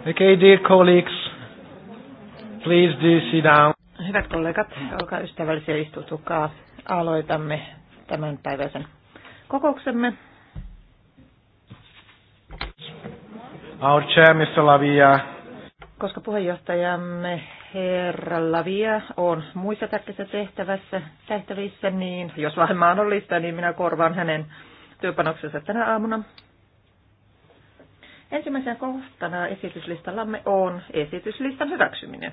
Okay, dear colleagues, please do sit down. Hyvät kollegat, olkaa ystävällisiä istutukaa. Aloitamme tämän päiväisen kokouksemme. Our chair, Mr. Lavia. Koska puheenjohtajamme herra Lavia on muissa tärkeissä tehtävässä, tehtävissä, niin jos vain mahdollista, niin minä korvaan hänen työpanoksensa tänä aamuna. Ensimmäisenä kohtana esityslistallamme on esityslistan hyväksyminen.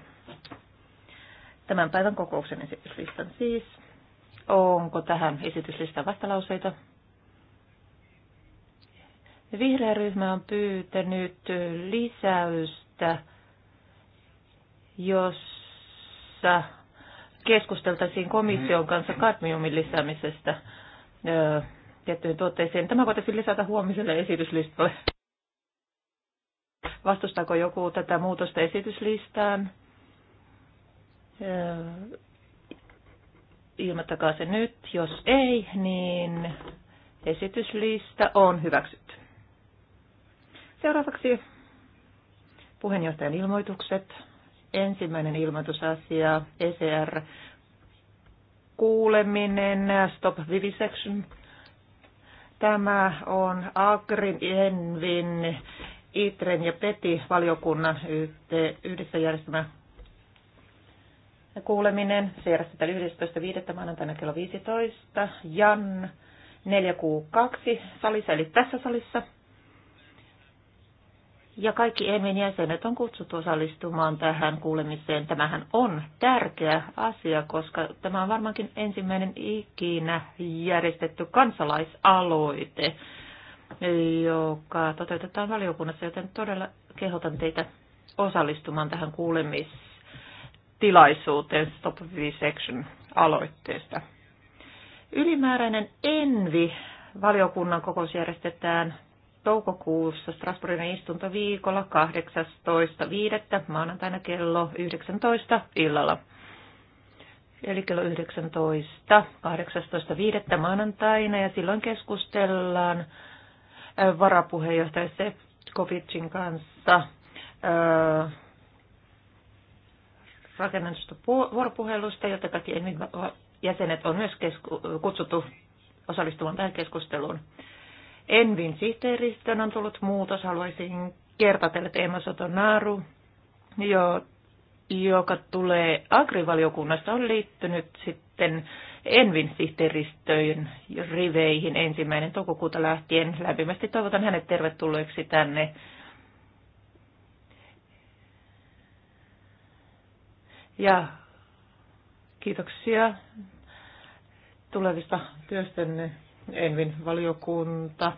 Tämän päivän kokouksen esityslistan siis. Onko tähän esityslistan vastalauseita? Vihreä ryhmä on pyytänyt lisäystä, jossa keskusteltaisiin komission kanssa kadmiumin lisäämisestä tiettyihin tuotteisiin. Tämä voitaisiin lisätä huomiselle esityslistalle. Vastustaako joku tätä muutosta esityslistaan? Ilmoittakaa se nyt. Jos ei, niin esityslista on hyväksytty. Seuraavaksi puheenjohtajan ilmoitukset. Ensimmäinen ilmoitusasia, ECR kuuleminen, Stop Vivisection. Tämä on Agrin Envin ITREN ja PETI-valiokunnan yhdessä järjestämä kuuleminen. Se järjestetään 11.5. maanantaina kello 15. Jan 462 salissa, eli tässä salissa. Ja kaikki EMin jäsenet on kutsuttu osallistumaan tähän kuulemiseen. Tämähän on tärkeä asia, koska tämä on varmaankin ensimmäinen ikinä järjestetty kansalaisaloite joka toteutetaan valiokunnassa, joten todella kehotan teitä osallistumaan tähän kuulemistilaisuuteen Stop Section aloitteesta. Ylimääräinen envi valiokunnan kokous järjestetään toukokuussa Strasbourgin istuntoviikolla 18.5. maanantaina kello 19 illalla. Eli kello 19.18.5. maanantaina ja silloin keskustellaan varapuheenjohtaja Sefcovicin kanssa rakennetusta vuoropuhelusta, jota kaikki jäsenet on myös kutsuttu osallistumaan tähän keskusteluun. Envin sihteeristön on tullut muutos. Haluaisin kertoa teille Teema Sotonaru, jo, joka tulee agrivaliokunnasta, on liittynyt sitten Envin sihteeristöjen riveihin ensimmäinen toukokuuta lähtien. Lämpimästi toivotan hänet tervetulleeksi tänne. Ja kiitoksia tulevista työstänne Envin valiokunta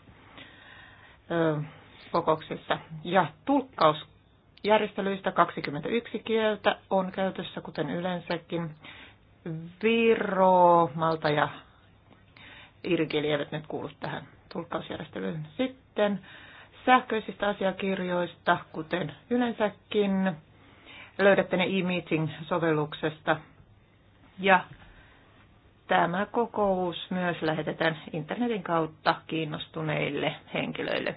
kokouksessa. Ja tulkkausjärjestelyistä 21 kieltä on käytössä, kuten yleensäkin. Viro, Malta ja Irkeli eivät nyt kuulu tähän tulkkausjärjestelyyn. Sitten sähköisistä asiakirjoista, kuten yleensäkin, löydätte ne e-meeting-sovelluksesta. Ja tämä kokous myös lähetetään internetin kautta kiinnostuneille henkilöille.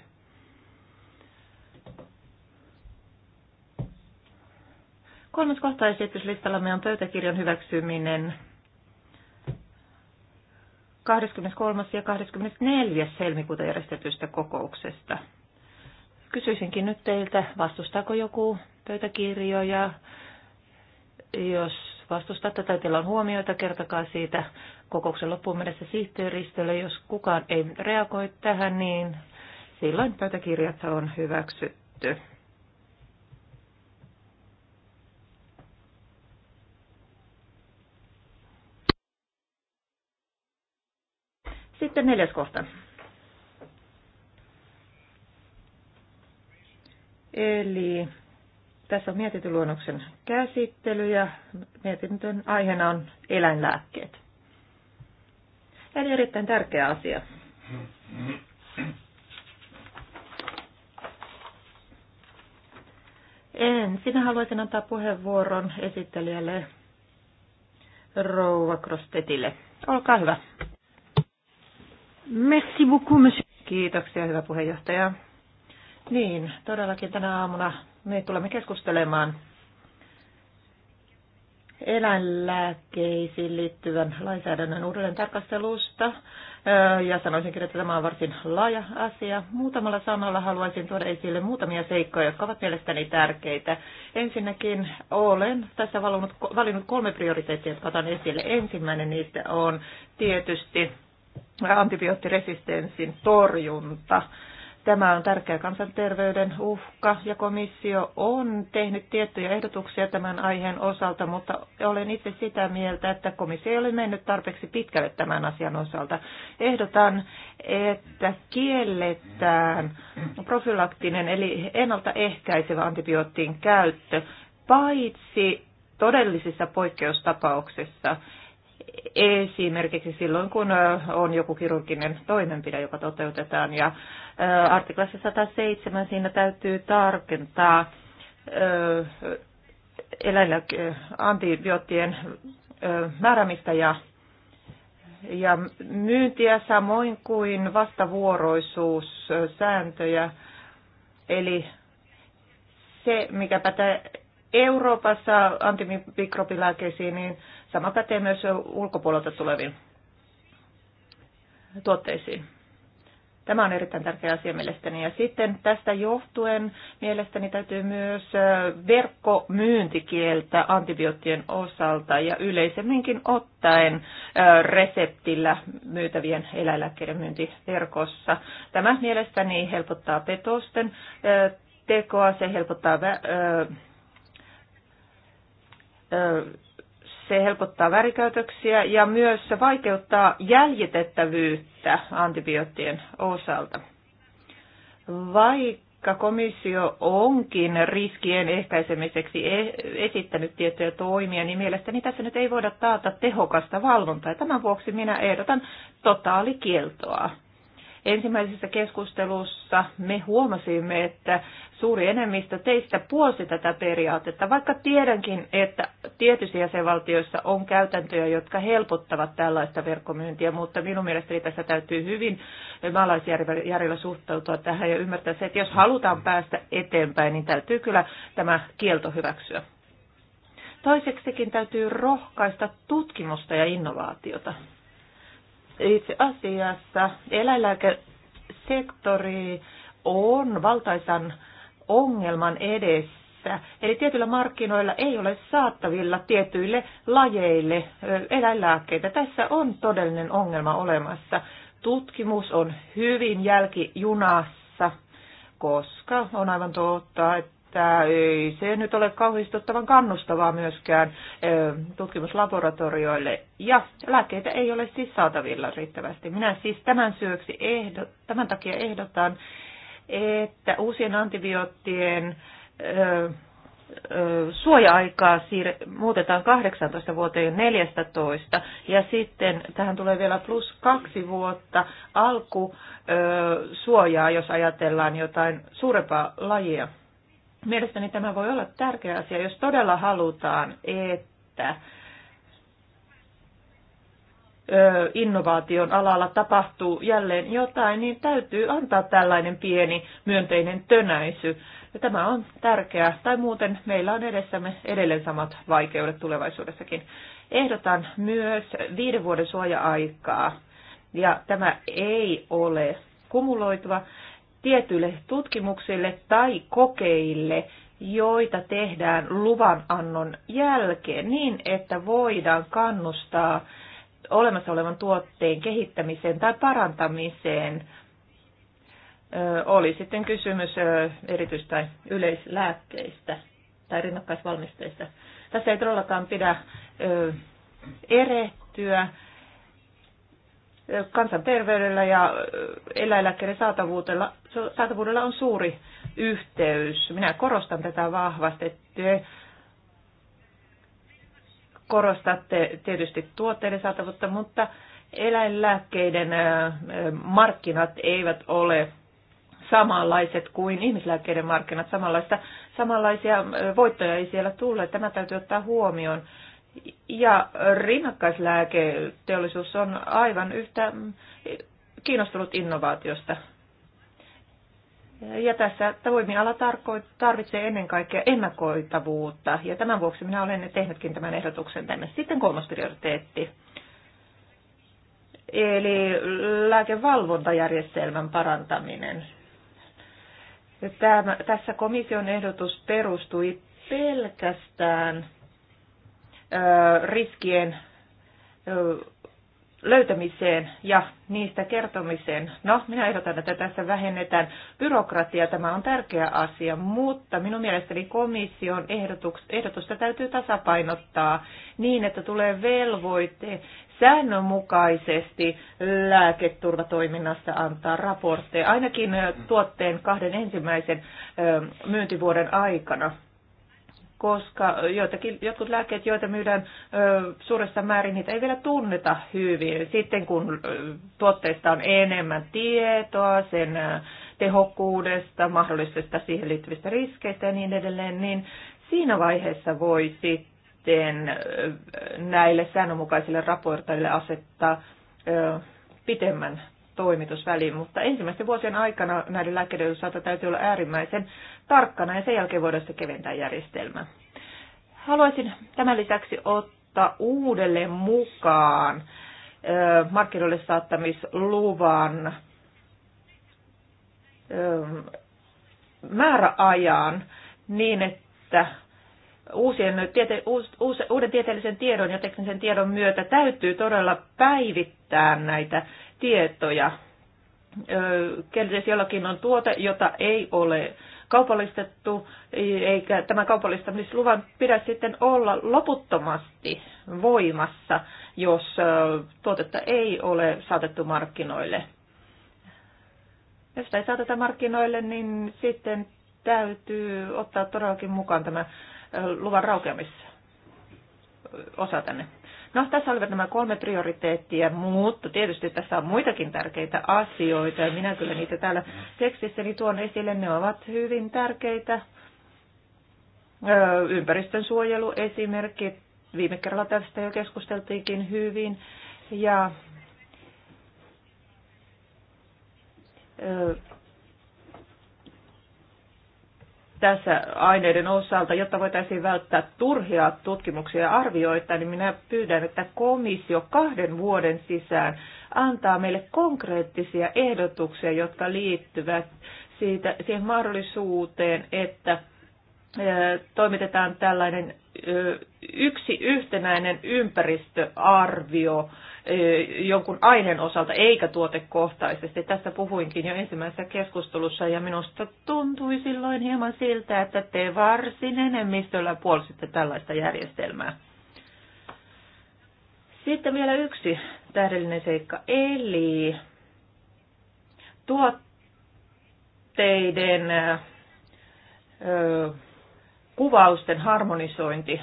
Kolmas kohta esityslistallamme on pöytäkirjan hyväksyminen 23. ja 24. helmikuuta järjestetystä kokouksesta. Kysyisinkin nyt teiltä, vastustaako joku pöytäkirjoja? Jos vastustatte tai teillä on huomioita, kertokaa siitä kokouksen loppuun mennessä sihteeristölle. Jos kukaan ei reagoi tähän, niin silloin pöytäkirjat on hyväksytty. Sitten neljäs kohta. Eli tässä on mietintöluonnoksen käsittely ja mietintön aiheena on eläinlääkkeet. Eli erittäin tärkeä asia. En. Sinä haluaisin antaa puheenvuoron esittelijälle Rouva Krostetille. Olkaa hyvä. Merci beaucoup, monsieur. Kiitoksia, hyvä puheenjohtaja. Niin, todellakin tänä aamuna me tulemme keskustelemaan eläinlääkkeisiin liittyvän lainsäädännön uudelleen tarkastelusta. Ja sanoisinkin, että tämä on varsin laaja asia. Muutamalla sanalla haluaisin tuoda esille muutamia seikkoja, jotka ovat mielestäni tärkeitä. Ensinnäkin olen tässä valinnut kolme prioriteettia, jotka otan esille. Ensimmäinen niistä on tietysti antibioottiresistenssin torjunta. Tämä on tärkeä kansanterveyden uhka ja komissio on tehnyt tiettyjä ehdotuksia tämän aiheen osalta, mutta olen itse sitä mieltä, että komissio ei ole mennyt tarpeeksi pitkälle tämän asian osalta. Ehdotan, että kielletään profylaktinen eli ennaltaehkäisevä antibioottin käyttö, paitsi todellisissa poikkeustapauksissa esimerkiksi silloin, kun on joku kirurginen toimenpide, joka toteutetaan. Ja artiklassa 107 siinä täytyy tarkentaa eläillä antibioottien määrämistä ja, ja myyntiä samoin kuin vastavuoroisuussääntöjä. Eli se, mikä pätee Euroopassa antimikrobilääkeisiin, niin Sama pätee myös ulkopuolelta tuleviin tuotteisiin. Tämä on erittäin tärkeä asia mielestäni. Ja sitten tästä johtuen mielestäni täytyy myös verkkomyyntikieltä antibioottien osalta ja yleisemminkin ottaen reseptillä myytävien eläinlääkkeiden myynti verkossa. Tämä mielestäni helpottaa petosten tekoa, se helpottaa se helpottaa värikäytöksiä ja myös se vaikeuttaa jäljitettävyyttä antibioottien osalta. Vaikka komissio onkin riskien ehkäisemiseksi e- esittänyt tiettyjä toimia, niin mielestäni tässä nyt ei voida taata tehokasta valvontaa. Tämän vuoksi minä ehdotan totaalikieltoa Ensimmäisessä keskustelussa me huomasimme, että suuri enemmistö teistä puolsi tätä periaatetta, vaikka tiedänkin, että tietyissä jäsenvaltioissa on käytäntöjä, jotka helpottavat tällaista verkkomyyntiä, mutta minun mielestäni tässä täytyy hyvin maalaisjärjellä suhtautua tähän ja ymmärtää se, että jos halutaan päästä eteenpäin, niin täytyy kyllä tämä kielto hyväksyä. Toiseksikin täytyy rohkaista tutkimusta ja innovaatiota. Itse asiassa eläinlääkesektori on valtaisan ongelman edessä. Eli tietyillä markkinoilla ei ole saattavilla tietyille lajeille eläinlääkkeitä. Tässä on todellinen ongelma olemassa. Tutkimus on hyvin jälkijunassa, koska on aivan totta, että että ei se nyt ole kauhistuttavan kannustavaa myöskään tutkimuslaboratorioille ja lääkkeitä ei ole siis saatavilla riittävästi. Minä siis tämän syöksi ehdo, tämän takia ehdotan, että uusien antibioottien suoja-aikaa siir- muutetaan 18 vuoteen 14 ja sitten tähän tulee vielä plus kaksi vuotta alkusuojaa, jos ajatellaan jotain suurempaa lajia Mielestäni tämä voi olla tärkeä asia, jos todella halutaan, että innovaation alalla tapahtuu jälleen jotain, niin täytyy antaa tällainen pieni myönteinen tönäisy. Ja tämä on tärkeää, tai muuten meillä on edessämme edelleen samat vaikeudet tulevaisuudessakin. Ehdotan myös viiden vuoden suoja-aikaa, ja tämä ei ole kumuloituva tietyille tutkimuksille tai kokeille, joita tehdään luvanannon jälkeen niin, että voidaan kannustaa olemassa olevan tuotteen kehittämiseen tai parantamiseen. Oli sitten kysymys erityis- tai yleislääkkeistä tai rinnakkaisvalmisteista. Tässä ei todellakaan pidä erehtyä kansanterveydellä ja eläinlääkkeiden saatavuudella, saatavuudella on suuri yhteys. Minä korostan tätä vahvasti. että korostatte tietysti tuotteiden saatavuutta, mutta eläinlääkkeiden markkinat eivät ole samanlaiset kuin ihmislääkkeiden markkinat, samanlaista, samanlaisia voittoja ei siellä tule. Tämä täytyy ottaa huomioon. Ja rinnakkaislääketeollisuus on aivan yhtä kiinnostunut innovaatiosta. Ja tässä toimiala tarvitsee ennen kaikkea ennakoitavuutta, ja tämän vuoksi minä olen tehnytkin tämän ehdotuksen tänne. Sitten kolmas prioriteetti, eli lääkevalvontajärjestelmän parantaminen. Tämä, tässä komission ehdotus perustui pelkästään riskien löytämiseen ja niistä kertomiseen. No, minä ehdotan, että tässä vähennetään byrokratiaa. Tämä on tärkeä asia, mutta minun mielestäni komission ehdotusta täytyy tasapainottaa niin, että tulee velvoite säännönmukaisesti lääketurvatoiminnasta antaa raportteja, ainakin tuotteen kahden ensimmäisen myyntivuoden aikana koska joitakin, jotkut lääkkeet, joita myydään ö, suuressa määrin, niitä ei vielä tunneta hyvin. Sitten kun ö, tuotteista on enemmän tietoa, sen ö, tehokkuudesta, mahdollisista siihen liittyvistä riskeistä ja niin edelleen, niin siinä vaiheessa voi sitten ö, näille säännönmukaisille raportoille asettaa ö, pitemmän toimitusväliin, mutta ensimmäisten vuosien aikana näiden lääkkeiden osalta täytyy olla äärimmäisen tarkkana ja sen jälkeen voidaan sitten keventää järjestelmä. Haluaisin tämän lisäksi ottaa uudelleen mukaan markkinoille saattamisluvan määräajan niin, että uusien, tiete, uus, uuden tieteellisen tiedon ja teknisen tiedon myötä täytyy todella päivittää näitä tietoja. Kenties jollakin on tuote, jota ei ole kaupallistettu, e, eikä tämä kaupallistamisluvan pidä sitten olla loputtomasti voimassa, jos tuotetta ei ole saatettu markkinoille. Jos sitä ei saateta markkinoille, niin sitten täytyy ottaa todellakin mukaan tämä luvan raukeamisosa tänne. No, tässä olivat nämä kolme prioriteettia, mutta tietysti tässä on muitakin tärkeitä asioita, ja minä kyllä niitä täällä tekstissäni tuon esille, ne ovat hyvin tärkeitä. Ympäristön suojelu esimerkki, viime kerralla tästä jo keskusteltiinkin hyvin, ja tässä aineiden osalta, jotta voitaisiin välttää turhia tutkimuksia ja arvioita, niin minä pyydän, että komissio kahden vuoden sisään antaa meille konkreettisia ehdotuksia, jotka liittyvät siitä, siihen mahdollisuuteen, että toimitetaan tällainen yksi yhtenäinen ympäristöarvio jonkun aiheen osalta eikä tuotekohtaisesti. Tästä puhuinkin jo ensimmäisessä keskustelussa ja minusta tuntui silloin hieman siltä, että te varsin enemmistöllä puolustitte tällaista järjestelmää. Sitten vielä yksi tähdellinen seikka, eli tuotteiden ö, kuvausten harmonisointi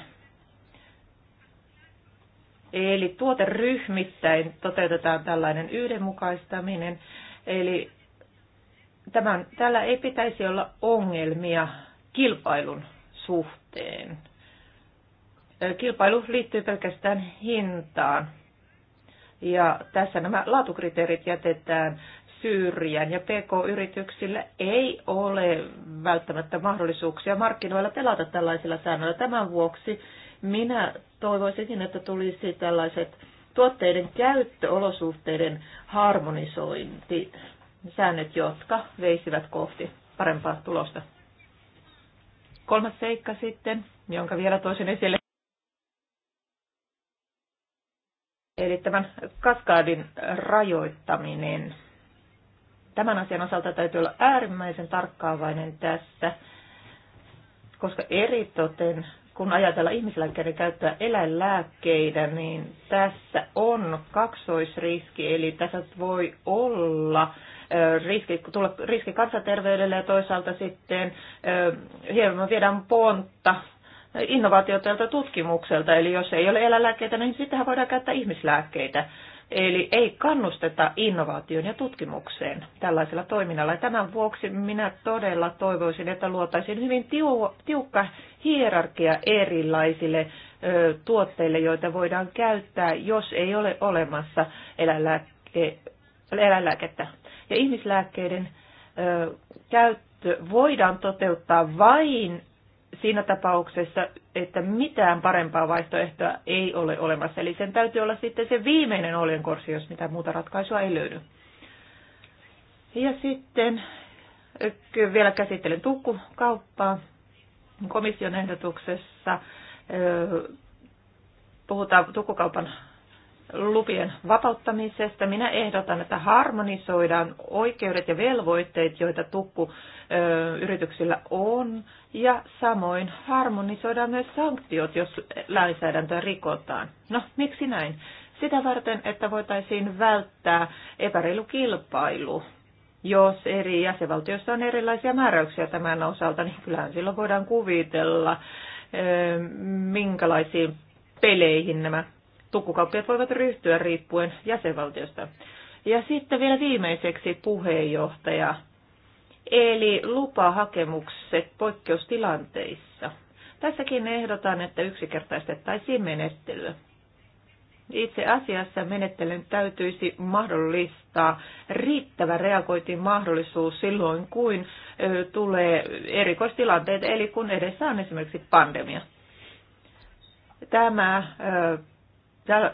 Eli tuoteryhmittäin toteutetaan tällainen yhdenmukaistaminen. Eli tämän, tällä ei pitäisi olla ongelmia kilpailun suhteen. Kilpailu liittyy pelkästään hintaan. Ja tässä nämä laatukriteerit jätetään syrjään ja PK-yrityksillä ei ole välttämättä mahdollisuuksia markkinoilla pelata tällaisilla säännöillä. Tämän vuoksi minä toivoisinkin, että tulisi tällaiset tuotteiden käyttöolosuhteiden harmonisointi, säännöt, jotka veisivät kohti parempaa tulosta. Kolmas seikka sitten, jonka vielä toisin esille, eli tämän kaskaadin rajoittaminen. Tämän asian osalta täytyy olla äärimmäisen tarkkaavainen tässä, koska eritoten kun ajatellaan ihmislääkkeiden käyttöä eläinlääkkeitä, niin tässä on kaksoisriski, eli tässä voi olla riski, tulla riski kansanterveydelle ja toisaalta sitten hieman viedään pontta innovaatiotelta tutkimukselta, eli jos ei ole eläinlääkkeitä, niin sittenhän voidaan käyttää ihmislääkkeitä. Eli ei kannusteta innovaatioon ja tutkimukseen tällaisella toiminnalla. Ja tämän vuoksi minä todella toivoisin, että luotaisiin hyvin tiukka hierarkia erilaisille ö, tuotteille, joita voidaan käyttää, jos ei ole olemassa eläinlääke, eläinlääkettä. Ja ihmislääkkeiden ö, käyttö voidaan toteuttaa vain siinä tapauksessa että mitään parempaa vaihtoehtoa ei ole olemassa. Eli sen täytyy olla sitten se viimeinen oljenkorsi, jos mitään muuta ratkaisua ei löydy. Ja sitten vielä käsittelen tukkukauppaa. Komission ehdotuksessa puhutaan tukkukaupan lupien vapauttamisesta. Minä ehdotan, että harmonisoidaan oikeudet ja velvoitteet, joita tukku yrityksillä on, ja samoin harmonisoidaan myös sanktiot, jos lainsäädäntöä rikotaan. No, miksi näin? Sitä varten, että voitaisiin välttää epäreilu kilpailu. Jos eri jäsenvaltioissa on erilaisia määräyksiä tämän osalta, niin kyllähän silloin voidaan kuvitella, minkälaisiin peleihin nämä tukkukauppiat voivat ryhtyä riippuen jäsenvaltiosta. Ja sitten vielä viimeiseksi puheenjohtaja, eli lupahakemukset poikkeustilanteissa. Tässäkin ehdotan, että yksinkertaistettaisiin menettelyä. Itse asiassa menettelyn täytyisi mahdollistaa riittävä reagointimahdollisuus silloin, kun tulee erikoistilanteet, eli kun edessä on esimerkiksi pandemia. Tämä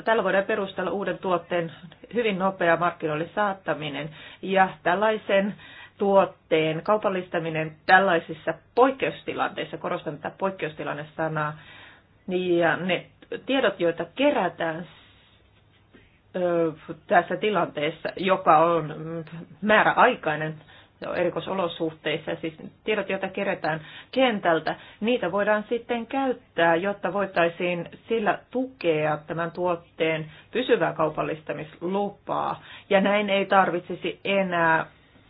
Tällä voidaan perustella uuden tuotteen hyvin nopea markkinoille saattaminen ja tällaisen tuotteen kaupallistaminen tällaisissa poikkeustilanteissa, korostan tätä poikkeustilanne-sanaa, ja ne tiedot, joita kerätään tässä tilanteessa, joka on määräaikainen erikoisolosuhteissa, siis tiedot, joita kerätään kentältä, niitä voidaan sitten käyttää, jotta voitaisiin sillä tukea tämän tuotteen pysyvää kaupallistamislupaa. Ja näin ei tarvitsisi enää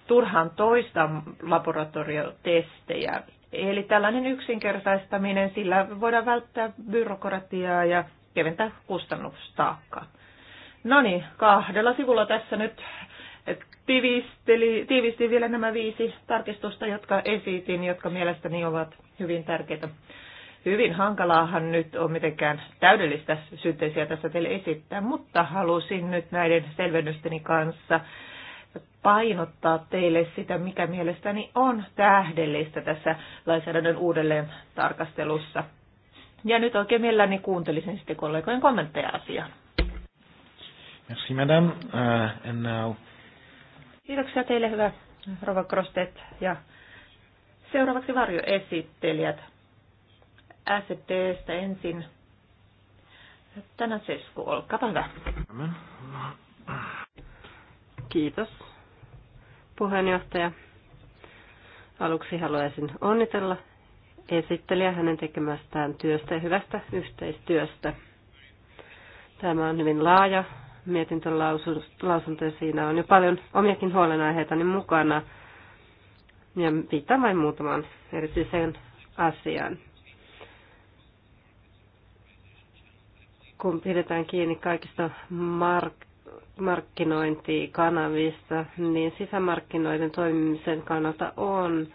turhan toista laboratoriotestejä. Eli tällainen yksinkertaistaminen, sillä voidaan välttää byrokratiaa ja keventää kustannustaakkaa. No niin, kahdella sivulla tässä nyt tiivisteli, tiivisti vielä nämä viisi tarkistusta, jotka esitin, jotka mielestäni ovat hyvin tärkeitä. Hyvin hankalaahan nyt on mitenkään täydellistä synteesiä tässä teille esittää, mutta halusin nyt näiden selvennysteni kanssa painottaa teille sitä, mikä mielestäni on tähdellistä tässä lainsäädännön uudelleen tarkastelussa. Ja nyt oikein mielelläni kuuntelisin sitten kollegojen kommentteja asiaan. Merci madame. Uh, and now Kiitoksia teille, hyvä Rova Krostet. Ja seuraavaksi varjoesittelijät. STstä ensin. Tänä Sesku, olkaa hyvä. Kiitos, puheenjohtaja. Aluksi haluaisin onnitella esittelijä hänen tekemästään työstä ja hyvästä yhteistyöstä. Tämä on hyvin laaja mietintölausunto ja siinä on jo paljon omiakin huolenaiheitani mukana. Ja viittaan vain muutamaan erityiseen asiaan. Kun pidetään kiinni kaikista mark- markkinointikanavista, niin sisämarkkinoiden toimimisen kannalta on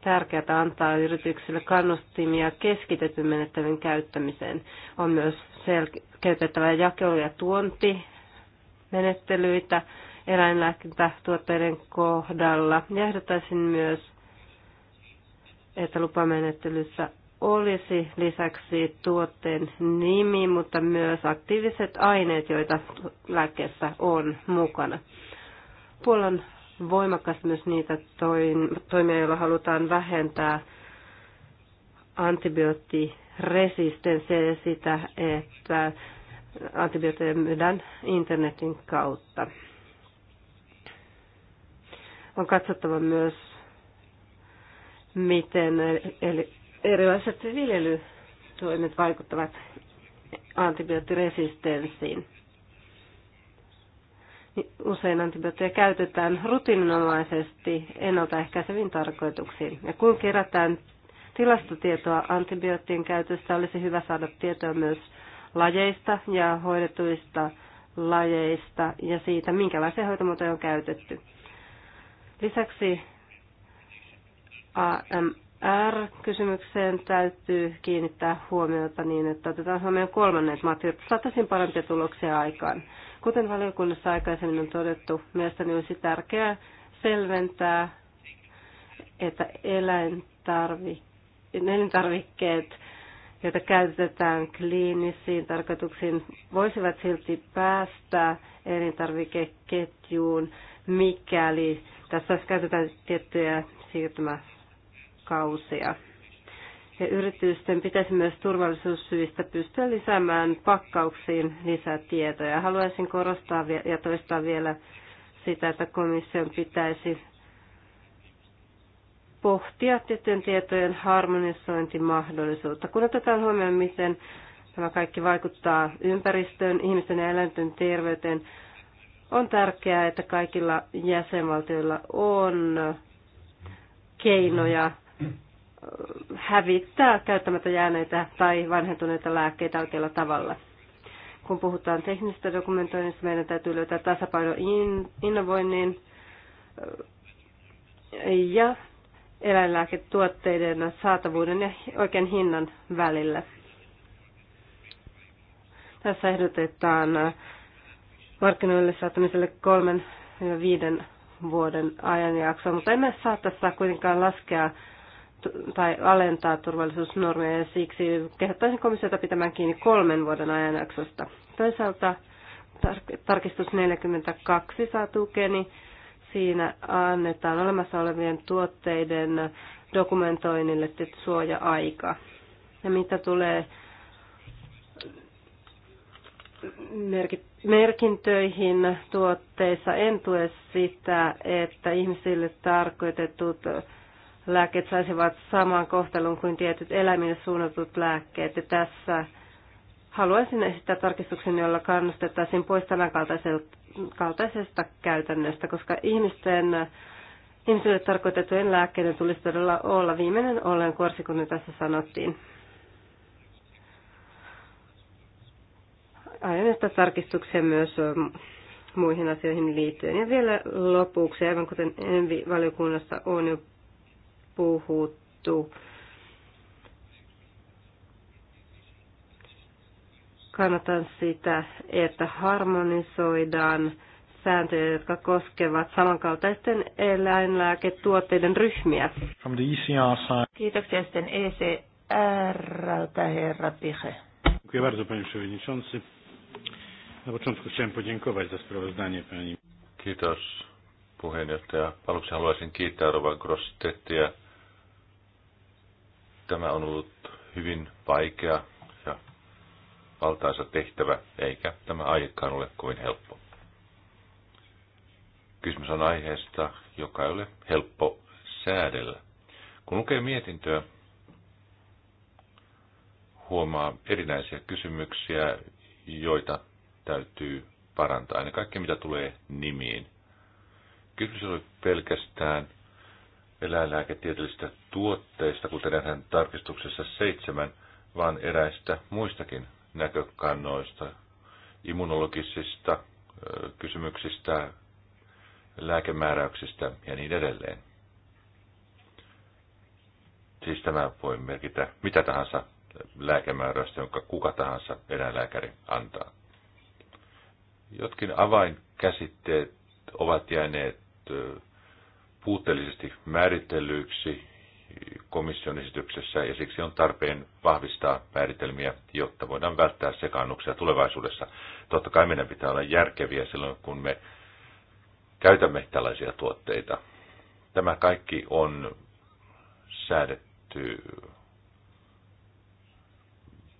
tärkeää antaa yrityksille kannustimia keskitetyn menettelyn käyttämiseen. On myös selkeytettävä jakelu- ja tuonti menettelyitä eläinlääkintätuotteiden kohdalla. Ja ehdottaisin myös, että lupamenettelyssä olisi lisäksi tuotteen nimi, mutta myös aktiiviset aineet, joita lääkkeessä on mukana. Puola on voimakas myös niitä toimia, joilla halutaan vähentää antibioottiresistenssiä ja sitä, että antibiootteja myydään internetin kautta. On katsottava myös, miten erilaiset viljelytoimet vaikuttavat antibioottiresistenssiin. Usein antibiootteja käytetään rutiininomaisesti ennaltaehkäiseviin tarkoituksiin. Ja kun kerätään tilastotietoa antibioottien käytöstä, olisi hyvä saada tietoa myös lajeista ja hoidetuista lajeista ja siitä, minkälaisia hoitomuotoja on käytetty. Lisäksi AMR-kysymykseen täytyy kiinnittää huomiota niin, että otetaan huomioon kolmannet maat, että saataisiin parempia tuloksia aikaan. Kuten valiokunnassa aikaisemmin on todettu, mielestäni olisi tärkeää selventää, että eläintarvikkeet elintarvikkeet joita käytetään kliinisiin tarkoituksiin, voisivat silti päästä elintarvikeketjuun, mikäli tässä käytetään tiettyjä siirtymäkausia. Ja yritysten pitäisi myös turvallisuussyistä pystyä lisäämään pakkauksiin lisätietoja. Haluaisin korostaa ja toistaa vielä sitä, että komission pitäisi pohtia tiettyjen tietojen harmonisointimahdollisuutta. Kun otetaan huomioon, miten tämä kaikki vaikuttaa ympäristöön, ihmisten ja eläinten terveyteen, on tärkeää, että kaikilla jäsenvaltioilla on keinoja hävittää käyttämättä jääneitä tai vanhentuneita lääkkeitä oikealla tavalla. Kun puhutaan teknisestä dokumentoinnista, meidän täytyy löytää tasapaino innovoinnin ja eläinlääketuotteiden saatavuuden ja oikean hinnan välillä. Tässä ehdotetaan markkinoille saattamiselle kolmen ja viiden vuoden ajanjaksoa, mutta emme saa tässä kuitenkaan laskea tai alentaa turvallisuusnormeja ja siksi kehottaisin komissiota pitämään kiinni kolmen vuoden ajanjaksosta. Toisaalta tarkistus 42 saa tukeni. Niin Siinä annetaan olemassa olevien tuotteiden dokumentoinnille suoja-aika. Ja mitä tulee merkintöihin tuotteissa, en tue sitä, että ihmisille tarkoitetut lääkkeet saisivat saman kohtelun kuin tietyt eläimille suunnatut lääkkeet. Ja tässä haluaisin esittää tarkistuksen, jolla kannustettaisiin pois tämänkaltaiselta kaltaisesta käytännöstä, koska ihmisten, ihmisille tarkoitettujen lääkkeiden tulisi todella olla viimeinen ollen korsi, kun tässä sanottiin. Aion näistä tarkistuksia myös muihin asioihin liittyen. Ja vielä lopuksi, aivan kuten Envi-valiokunnassa on jo puhuttu, Kannatan sitä, että harmonisoidaan sääntöjä, jotka koskevat samankaltaisten eläinlääketuotteiden ryhmiä. From the ECR side. Kiitoksia sitten ecr herra Pihe. Kiitos puheenjohtaja. Aluksi haluaisin kiittää Rova Grossettia. Tämä on ollut hyvin vaikea valtaisa tehtävä, eikä tämä aikaan ole kovin helppo. Kysymys on aiheesta, joka ei ole helppo säädellä. Kun lukee mietintöä, huomaa erinäisiä kysymyksiä, joita täytyy parantaa. Ennen kaikkea mitä tulee nimiin. Kysymys oli pelkästään eläinlääketieteellisistä tuotteista, kuten nähdään tarkistuksessa seitsemän, vaan eräistä muistakin näkökannoista, immunologisista kysymyksistä, lääkemääräyksistä ja niin edelleen. Siis tämä voi merkitä mitä tahansa lääkemääräystä, jonka kuka tahansa eläinlääkäri antaa. Jotkin avainkäsitteet ovat jääneet puutteellisesti määritellyiksi komission esityksessä ja siksi on tarpeen vahvistaa määritelmiä, jotta voidaan välttää sekaannuksia tulevaisuudessa. Totta kai meidän pitää olla järkeviä silloin, kun me käytämme tällaisia tuotteita. Tämä kaikki on säädetty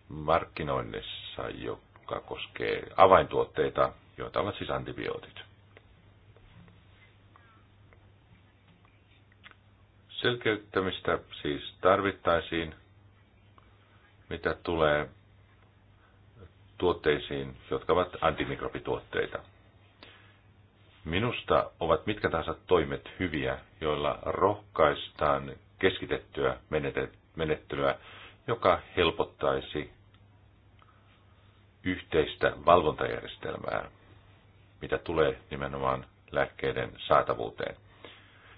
markkinoinnissa, joka koskee avaintuotteita, joita ovat siis antibiootit. Selkeyttämistä siis tarvittaisiin, mitä tulee tuotteisiin, jotka ovat antimikrobituotteita. Minusta ovat mitkä tahansa toimet hyviä, joilla rohkaistaan keskitettyä menettelyä, joka helpottaisi yhteistä valvontajärjestelmää, mitä tulee nimenomaan lääkkeiden saatavuuteen.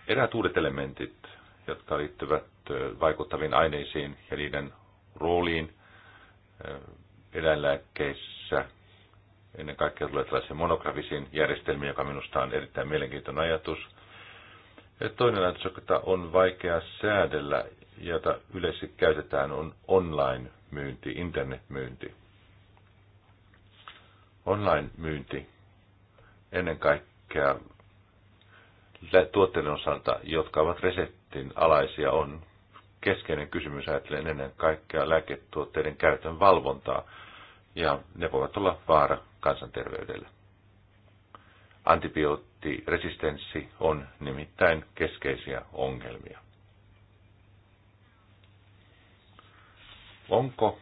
Eräät uudet elementit jotka liittyvät vaikuttaviin aineisiin ja niiden rooliin eläinlääkkeissä. Ennen kaikkea tulee tällaisia monografisiin järjestelmiin, joka minusta on erittäin mielenkiintoinen ajatus. Ja toinen ajatus, jota on vaikea säädellä, jota yleisesti käytetään, on online-myynti, internetmyynti. Online-myynti ennen kaikkea tuotteiden osalta, jotka ovat resepti patentin alaisia on keskeinen kysymys ajattelen ennen kaikkea lääketuotteiden käytön valvontaa, ja ne voivat olla vaara kansanterveydelle. Antibioottiresistenssi on nimittäin keskeisiä ongelmia. Onko,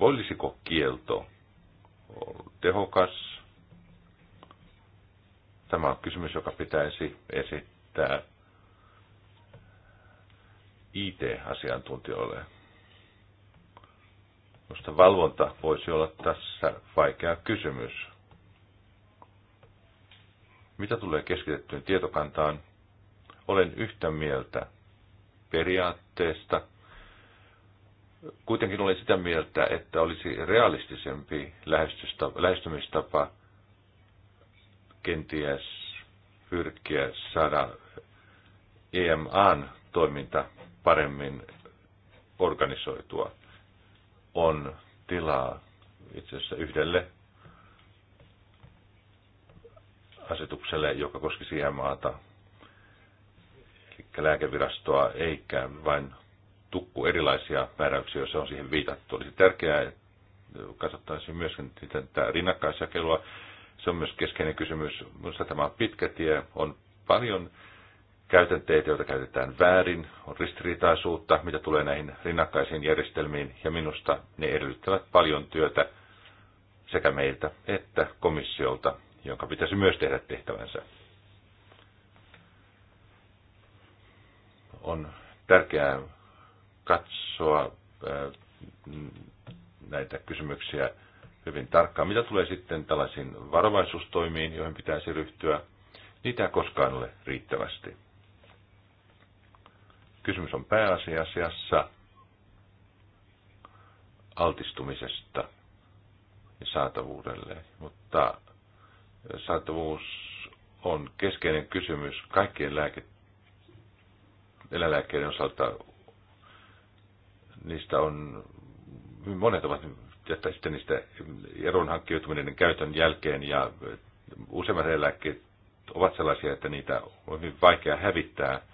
voisiko kielto tehokas? Tämä on kysymys, joka pitäisi esittää IT-asiantuntijoille. Minusta valvonta voisi olla tässä vaikea kysymys. Mitä tulee keskitettyyn tietokantaan? Olen yhtä mieltä periaatteesta. Kuitenkin olen sitä mieltä, että olisi realistisempi lähestymistapa kenties pyrkiä saada EMAn toiminta paremmin organisoitua. On tilaa itse asiassa yhdelle asetukselle, joka siihen maata, eli lääkevirastoa, eikä vain tukku erilaisia määräyksiä, joissa on siihen viitattu. Olisi tärkeää, että katsottaisiin myös, tätä rinnakkaisjakelua. Se on myös keskeinen kysymys. Minusta tämä on pitkä tie, on paljon käytänteet, joita käytetään väärin, on ristiriitaisuutta, mitä tulee näihin rinnakkaisiin järjestelmiin, ja minusta ne edellyttävät paljon työtä sekä meiltä että komissiolta, jonka pitäisi myös tehdä tehtävänsä. On tärkeää katsoa äh, näitä kysymyksiä hyvin tarkkaan. Mitä tulee sitten tällaisiin varovaisuustoimiin, joihin pitäisi ryhtyä, niitä ei koskaan ole riittävästi. Kysymys on pääasiassa altistumisesta ja saatavuudelle, mutta saatavuus on keskeinen kysymys kaikkien lääke- eläinlääkkeiden osalta. Niistä on, monet ovat että sitten niistä eron hankkiutuminen käytön jälkeen ja useimmat eläkkeet ovat sellaisia, että niitä on hyvin vaikea hävittää –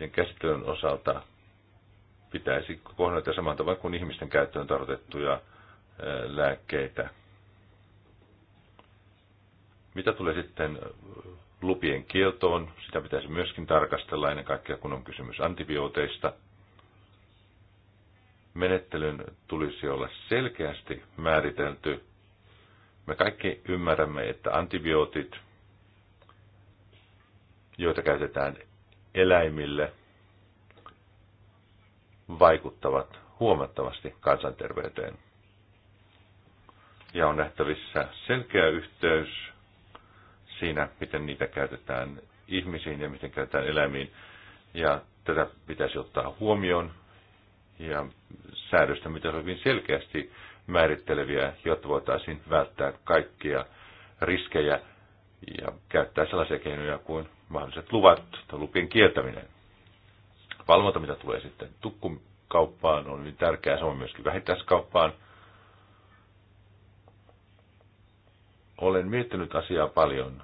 niiden käsittelyn osalta pitäisi kohdata saman tavalla kuin ihmisten käyttöön tarkoitettuja lääkkeitä. Mitä tulee sitten lupien kieltoon, sitä pitäisi myöskin tarkastella ennen kaikkea, kun on kysymys antibiooteista. Menettelyn tulisi olla selkeästi määritelty. Me kaikki ymmärrämme, että antibiootit, joita käytetään eläimille vaikuttavat huomattavasti kansanterveyteen. Ja on nähtävissä selkeä yhteys siinä, miten niitä käytetään ihmisiin ja miten käytetään eläimiin. Ja tätä pitäisi ottaa huomioon ja säädöstä, mitä on hyvin selkeästi määritteleviä, jotta voitaisiin välttää kaikkia riskejä ja käyttää sellaisia keinoja kuin mahdolliset luvat tai lupien kieltäminen. Valvonta, mitä tulee sitten tukkukauppaan, on hyvin tärkeää, samoin myöskin vähittäiskauppaan. Olen miettinyt asiaa paljon.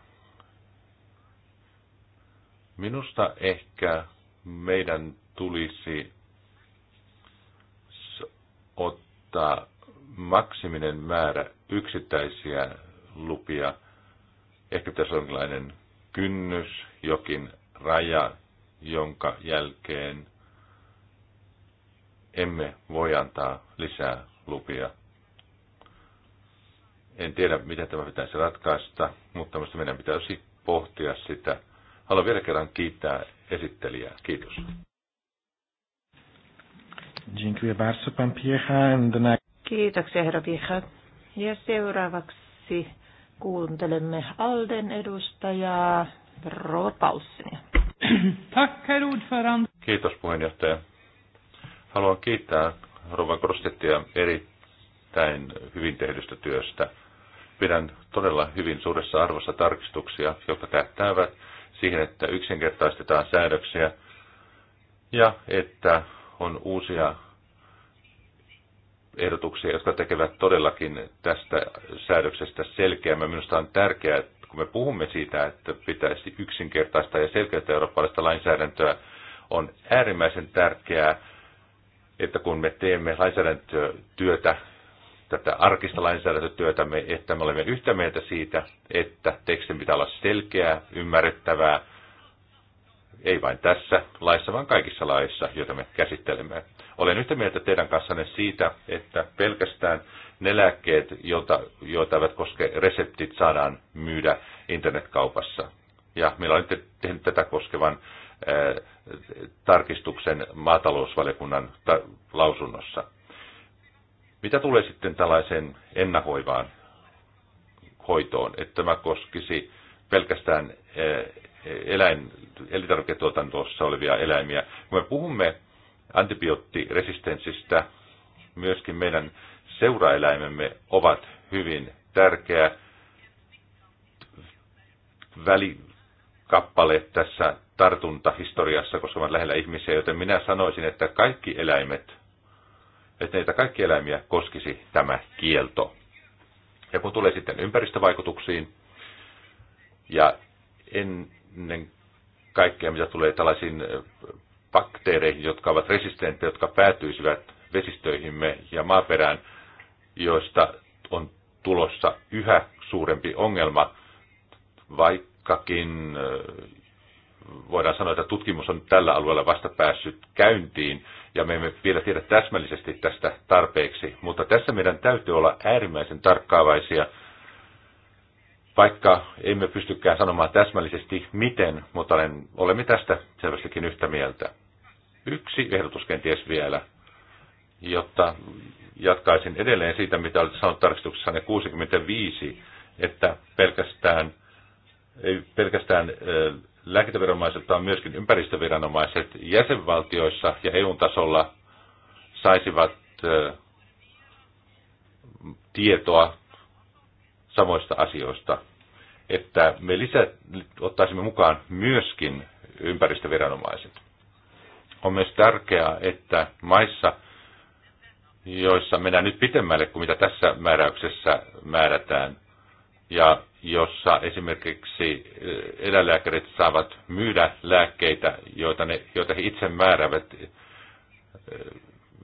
Minusta ehkä meidän tulisi ottaa maksiminen määrä yksittäisiä lupia. Ehkä pitäisi olla jonkinlainen kynnys, jokin raja, jonka jälkeen emme voi antaa lisää lupia. En tiedä, miten tämä pitäisi ratkaista, mutta minusta meidän pitäisi pohtia sitä. Haluan vielä kerran kiittää esittelijää. Kiitos. Kiitoksia, herra Piha. Ja seuraavaksi Kuuntelemme Alden edustajaa Rova Paussinia. Tack, herr ordförande. Kiitos puheenjohtaja. Haluan kiittää Rova Krostettia erittäin hyvin tehdystä työstä. Pidän todella hyvin suuressa arvossa tarkistuksia, jotka tähtäävät siihen, että yksinkertaistetaan säädöksiä ja että on uusia ehdotuksia, jotka tekevät todellakin tästä säädöksestä selkeämmän. Minusta on tärkeää, että kun me puhumme siitä, että pitäisi yksinkertaista ja selkeää eurooppalaista lainsäädäntöä, on äärimmäisen tärkeää, että kun me teemme lainsäädäntötyötä, tätä arkista lainsäädäntötyötämme, että me olemme yhtä mieltä siitä, että tekstin pitää olla selkeää, ymmärrettävää, ei vain tässä laissa, vaan kaikissa laissa, joita me käsittelemme. Olen yhtä mieltä teidän kanssanne siitä, että pelkästään ne lääkkeet, joita, joita eivät koske reseptit, saadaan myydä internetkaupassa. Ja meillä on nyt tehnyt tätä koskevan ää, tarkistuksen maatalousvaliokunnan ta- lausunnossa. Mitä tulee sitten tällaiseen ennakoivaan hoitoon, että tämä koskisi pelkästään eläin, elintarviketuotantossa olevia eläimiä. Kun me puhumme antibioottiresistenssistä, myöskin meidän seuraeläimemme ovat hyvin tärkeä välikappale tässä tartuntahistoriassa, koska ovat lähellä ihmisiä, joten minä sanoisin, että kaikki eläimet, että niitä kaikki eläimiä koskisi tämä kielto. Ja kun tulee sitten ympäristövaikutuksiin, ja en ennen kaikkea, mitä tulee tällaisiin bakteereihin, jotka ovat resistenttejä, jotka päätyisivät vesistöihimme ja maaperään, joista on tulossa yhä suurempi ongelma, vaikkakin voidaan sanoa, että tutkimus on tällä alueella vasta päässyt käyntiin, ja me emme vielä tiedä täsmällisesti tästä tarpeeksi, mutta tässä meidän täytyy olla äärimmäisen tarkkaavaisia – vaikka emme pystykään sanomaan täsmällisesti miten, mutta olen, olemme tästä selvästikin yhtä mieltä. Yksi ehdotus kenties vielä, jotta jatkaisin edelleen siitä, mitä olet sanonut tarkistuksessanne 65, että pelkästään, ei pelkästään lääkintäviranomaiset, vaan myöskin ympäristöviranomaiset jäsenvaltioissa ja EU-tasolla saisivat tietoa samoista asioista, että me lisä, ottaisimme mukaan myöskin ympäristöviranomaiset. On myös tärkeää, että maissa, joissa mennään nyt pitemmälle kuin mitä tässä määräyksessä määrätään, ja jossa esimerkiksi eh, eläinlääkärit saavat myydä lääkkeitä, joita, ne, joita he itse määrävät eh,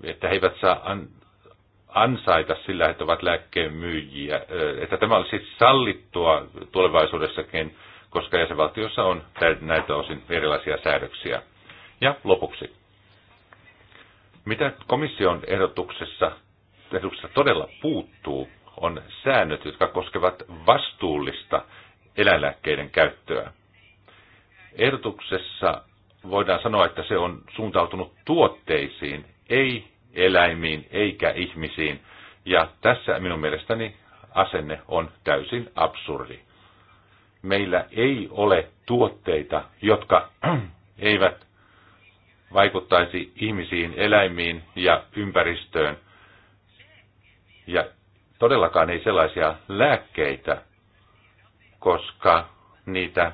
että he eivät saa ansaita sillä, että ovat lääkkeen myyjiä. Että tämä olisi siis sallittua tulevaisuudessakin, koska jäsenvaltiossa on näitä osin erilaisia säädöksiä. Ja lopuksi. Mitä komission ehdotuksessa, ehdotuksessa todella puuttuu, on säännöt, jotka koskevat vastuullista eläinlääkkeiden käyttöä. Ehdotuksessa voidaan sanoa, että se on suuntautunut tuotteisiin, ei eläimiin eikä ihmisiin. Ja tässä minun mielestäni asenne on täysin absurdi. Meillä ei ole tuotteita, jotka eivät vaikuttaisi ihmisiin, eläimiin ja ympäristöön. Ja todellakaan ei sellaisia lääkkeitä, koska niitä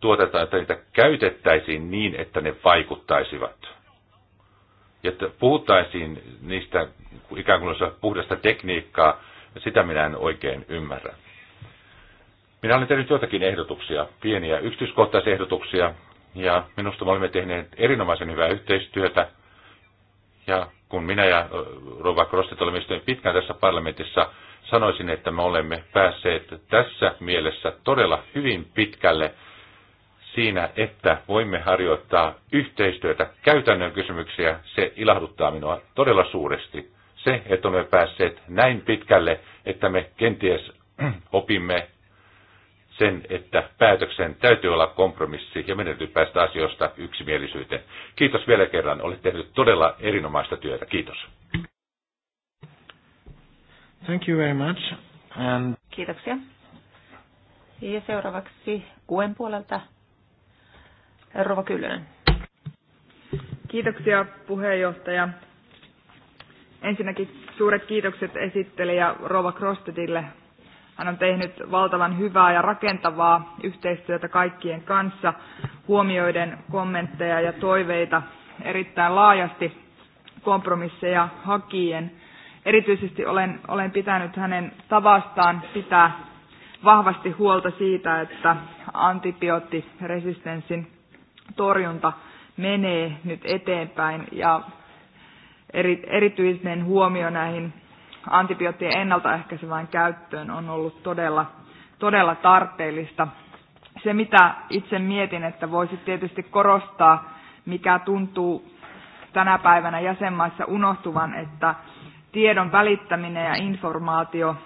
tuotetaan, että niitä käytettäisiin niin, että ne vaikuttaisivat että puhuttaisiin niistä ikään kuin olisi puhdasta tekniikkaa, sitä minä en oikein ymmärrä. Minä olen tehnyt joitakin ehdotuksia, pieniä yksityiskohtaisia ehdotuksia, ja minusta me olemme tehneet erinomaisen hyvää yhteistyötä. Ja kun minä ja Rova Krostet olemme istuneet pitkään tässä parlamentissa, sanoisin, että me olemme päässeet tässä mielessä todella hyvin pitkälle – siinä, että voimme harjoittaa yhteistyötä, käytännön kysymyksiä, se ilahduttaa minua todella suuresti. Se, että olemme päässeet näin pitkälle, että me kenties opimme sen, että päätöksen täytyy olla kompromissi ja meidän täytyy päästä asioista yksimielisyyteen. Kiitos vielä kerran. Olet tehnyt todella erinomaista työtä. Kiitos. Thank you very much. And... Kiitoksia. Ja seuraavaksi Kuen puolelta Rova Kyllönen. Kiitoksia puheenjohtaja. Ensinnäkin suuret kiitokset esittelijä Rova Krostetille. Hän on tehnyt valtavan hyvää ja rakentavaa yhteistyötä kaikkien kanssa, huomioiden kommentteja ja toiveita erittäin laajasti kompromisseja hakien. Erityisesti olen, olen pitänyt hänen tavastaan pitää vahvasti huolta siitä, että antibioottiresistenssin torjunta menee nyt eteenpäin ja eri, erityinen huomio näihin antibioottien ennaltaehkäisevään käyttöön on ollut todella, todella tarpeellista. Se, mitä itse mietin, että voisi tietysti korostaa, mikä tuntuu tänä päivänä jäsenmaissa unohtuvan, että tiedon välittäminen ja informaatio,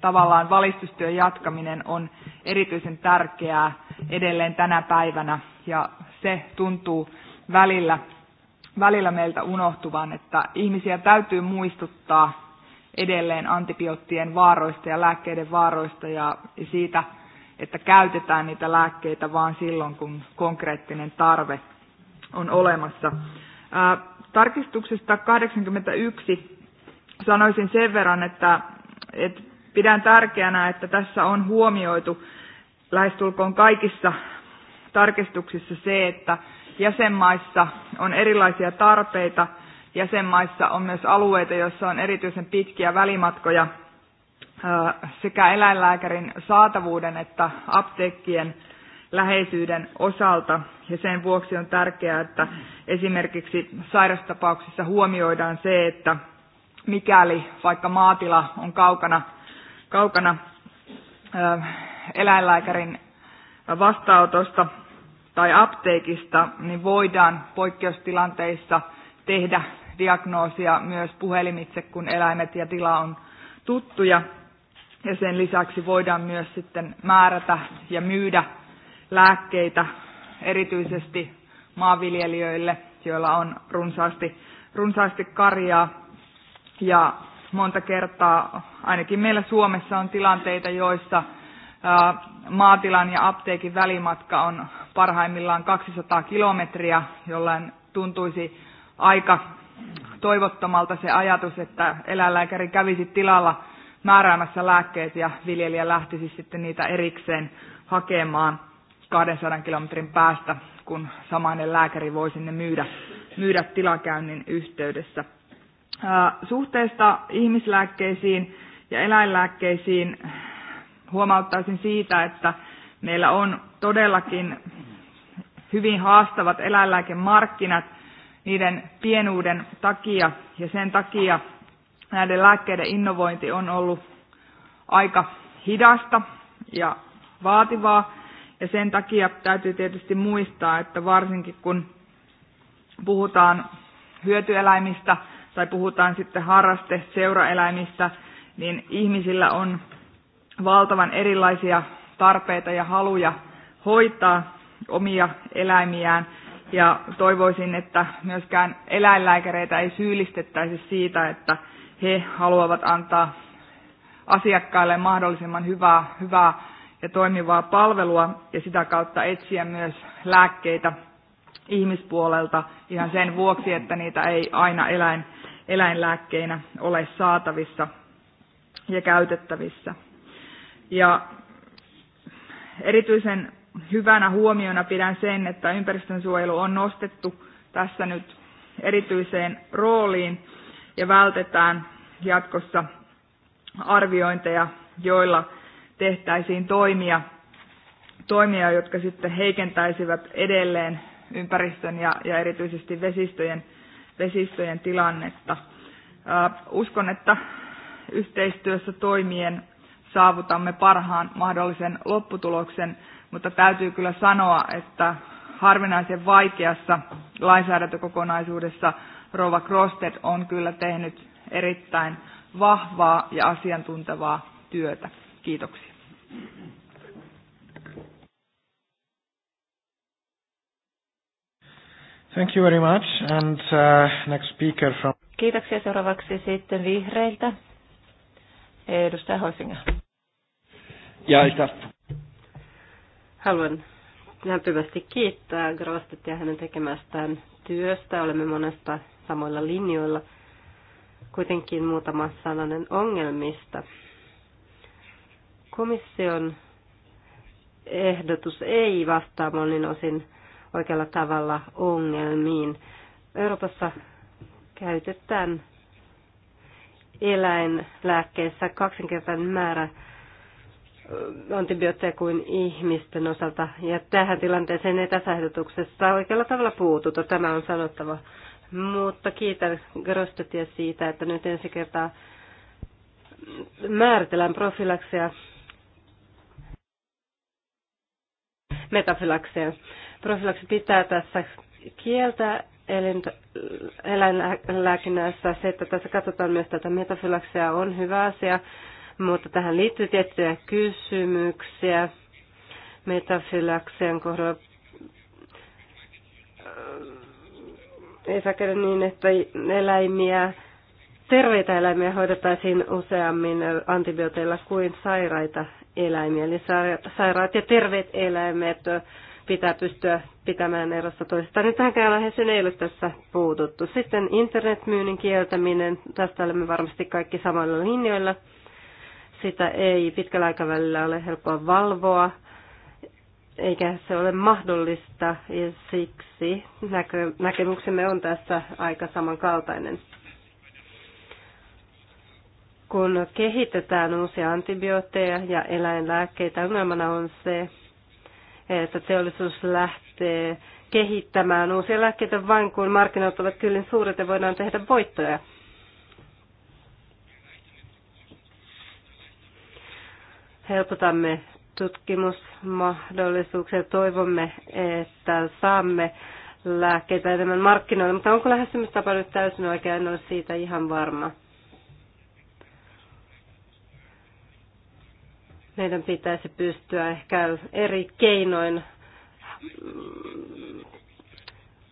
tavallaan valistustyön jatkaminen on erityisen tärkeää edelleen tänä päivänä ja se tuntuu välillä, välillä meiltä unohtuvan, että ihmisiä täytyy muistuttaa edelleen antibioottien vaaroista ja lääkkeiden vaaroista ja siitä, että käytetään niitä lääkkeitä vain silloin, kun konkreettinen tarve on olemassa. tarkistuksesta 81 sanoisin sen verran, että, että pidän tärkeänä, että tässä on huomioitu lähestulkoon kaikissa tarkistuksissa se, että jäsenmaissa on erilaisia tarpeita, jäsenmaissa on myös alueita, joissa on erityisen pitkiä välimatkoja sekä eläinlääkärin saatavuuden että apteekkien läheisyyden osalta. Ja sen vuoksi on tärkeää, että esimerkiksi sairastapauksissa huomioidaan se, että mikäli vaikka maatila on kaukana, kaukana eläinlääkärin vastaanotosta, tai apteekista, niin voidaan poikkeustilanteissa tehdä diagnoosia myös puhelimitse, kun eläimet ja tila on tuttuja. Ja sen lisäksi voidaan myös sitten määrätä ja myydä lääkkeitä erityisesti maanviljelijöille, joilla on runsaasti, runsaasti karjaa. Ja monta kertaa, ainakin meillä Suomessa on tilanteita, joissa maatilan ja apteekin välimatka on parhaimmillaan 200 kilometriä, jollain tuntuisi aika toivottomalta se ajatus, että eläinlääkäri kävisi tilalla määräämässä lääkkeet ja viljelijä lähtisi sitten niitä erikseen hakemaan 200 kilometrin päästä, kun samainen lääkäri voisi ne myydä, myydä tilakäynnin yhteydessä. Suhteesta ihmislääkkeisiin ja eläinlääkkeisiin huomauttaisin siitä, että Meillä on todellakin hyvin haastavat eläinlääkemarkkinat niiden pienuuden takia ja sen takia näiden lääkkeiden innovointi on ollut aika hidasta ja vaativaa. Ja sen takia täytyy tietysti muistaa, että varsinkin kun puhutaan hyötyeläimistä tai puhutaan sitten harraste seuraeläimistä, niin ihmisillä on valtavan erilaisia tarpeita ja haluja hoitaa omia eläimiään. Ja toivoisin, että myöskään eläinlääkäreitä ei syyllistettäisi siitä, että he haluavat antaa asiakkaille mahdollisimman hyvää, hyvää ja toimivaa palvelua ja sitä kautta etsiä myös lääkkeitä ihmispuolelta ihan sen vuoksi, että niitä ei aina eläin, eläinlääkkeinä ole saatavissa ja käytettävissä. Ja Erityisen hyvänä huomiona pidän sen, että ympäristönsuojelu on nostettu tässä nyt erityiseen rooliin ja vältetään jatkossa arviointeja, joilla tehtäisiin toimia, toimia jotka sitten heikentäisivät edelleen ympäristön ja, ja erityisesti vesistöjen, vesistöjen tilannetta. Uskon, että yhteistyössä toimien saavutamme parhaan mahdollisen lopputuloksen, mutta täytyy kyllä sanoa, että harvinaisen vaikeassa lainsäädäntökokonaisuudessa Rova Crosted on kyllä tehnyt erittäin vahvaa ja asiantuntevaa työtä. Kiitoksia. Thank you very much. And uh, next speaker from... Kiitoksia. Seuraavaksi sitten vihreiltä. Edustaja Hoisinga. Ja ich darf. Haluan lämpimästi kiittää ja hänen tekemästään työstä. Olemme monesta samoilla linjoilla. Kuitenkin muutama sananen ongelmista. Komission ehdotus ei vastaa monin osin oikealla tavalla ongelmiin. Euroopassa käytetään eläinlääkkeissä kaksinkertainen määrä antibiootteja kuin ihmisten osalta. Ja tähän tilanteeseen ei tässä ehdotuksessa oikealla tavalla puututa, tämä on sanottava. Mutta kiitän Grostetia siitä, että nyt ensi kertaa määritellään profilaksia, metafilaksia. Profilaksi pitää tässä kieltää eläinlääkinnässä se, että tässä katsotaan myös tätä metafilaksia on hyvä asia, mutta tähän liittyy tiettyjä kysymyksiä. Metafylaksian kohdalla äh, ei saa käydä niin, että eläimiä, terveitä eläimiä hoidettaisiin useammin antibiooteilla kuin sairaita eläimiä. Eli sairaat ja terveet eläimet pitää pystyä pitämään erossa toisistaan. Nyt tähänkään aiheeseen ei ole tässä puututtu. Sitten internetmyynnin kieltäminen, tästä olemme varmasti kaikki samalla linjoilla. Sitä ei pitkällä aikavälillä ole helppoa valvoa, eikä se ole mahdollista, ja siksi näkö, näkemyksemme on tässä aika samankaltainen. Kun kehitetään uusia antibiootteja ja eläinlääkkeitä, ongelmana on se, että teollisuus lähtee kehittämään uusia lääkkeitä vain kun markkinat ovat kyllin suuret ja voidaan tehdä voittoja. helpotamme tutkimusmahdollisuuksia. Toivomme, että saamme lääkkeitä enemmän markkinoille, mutta onko lähestymistapa nyt täysin oikein, en ole siitä ihan varma. Meidän pitäisi pystyä ehkä eri keinoin mm,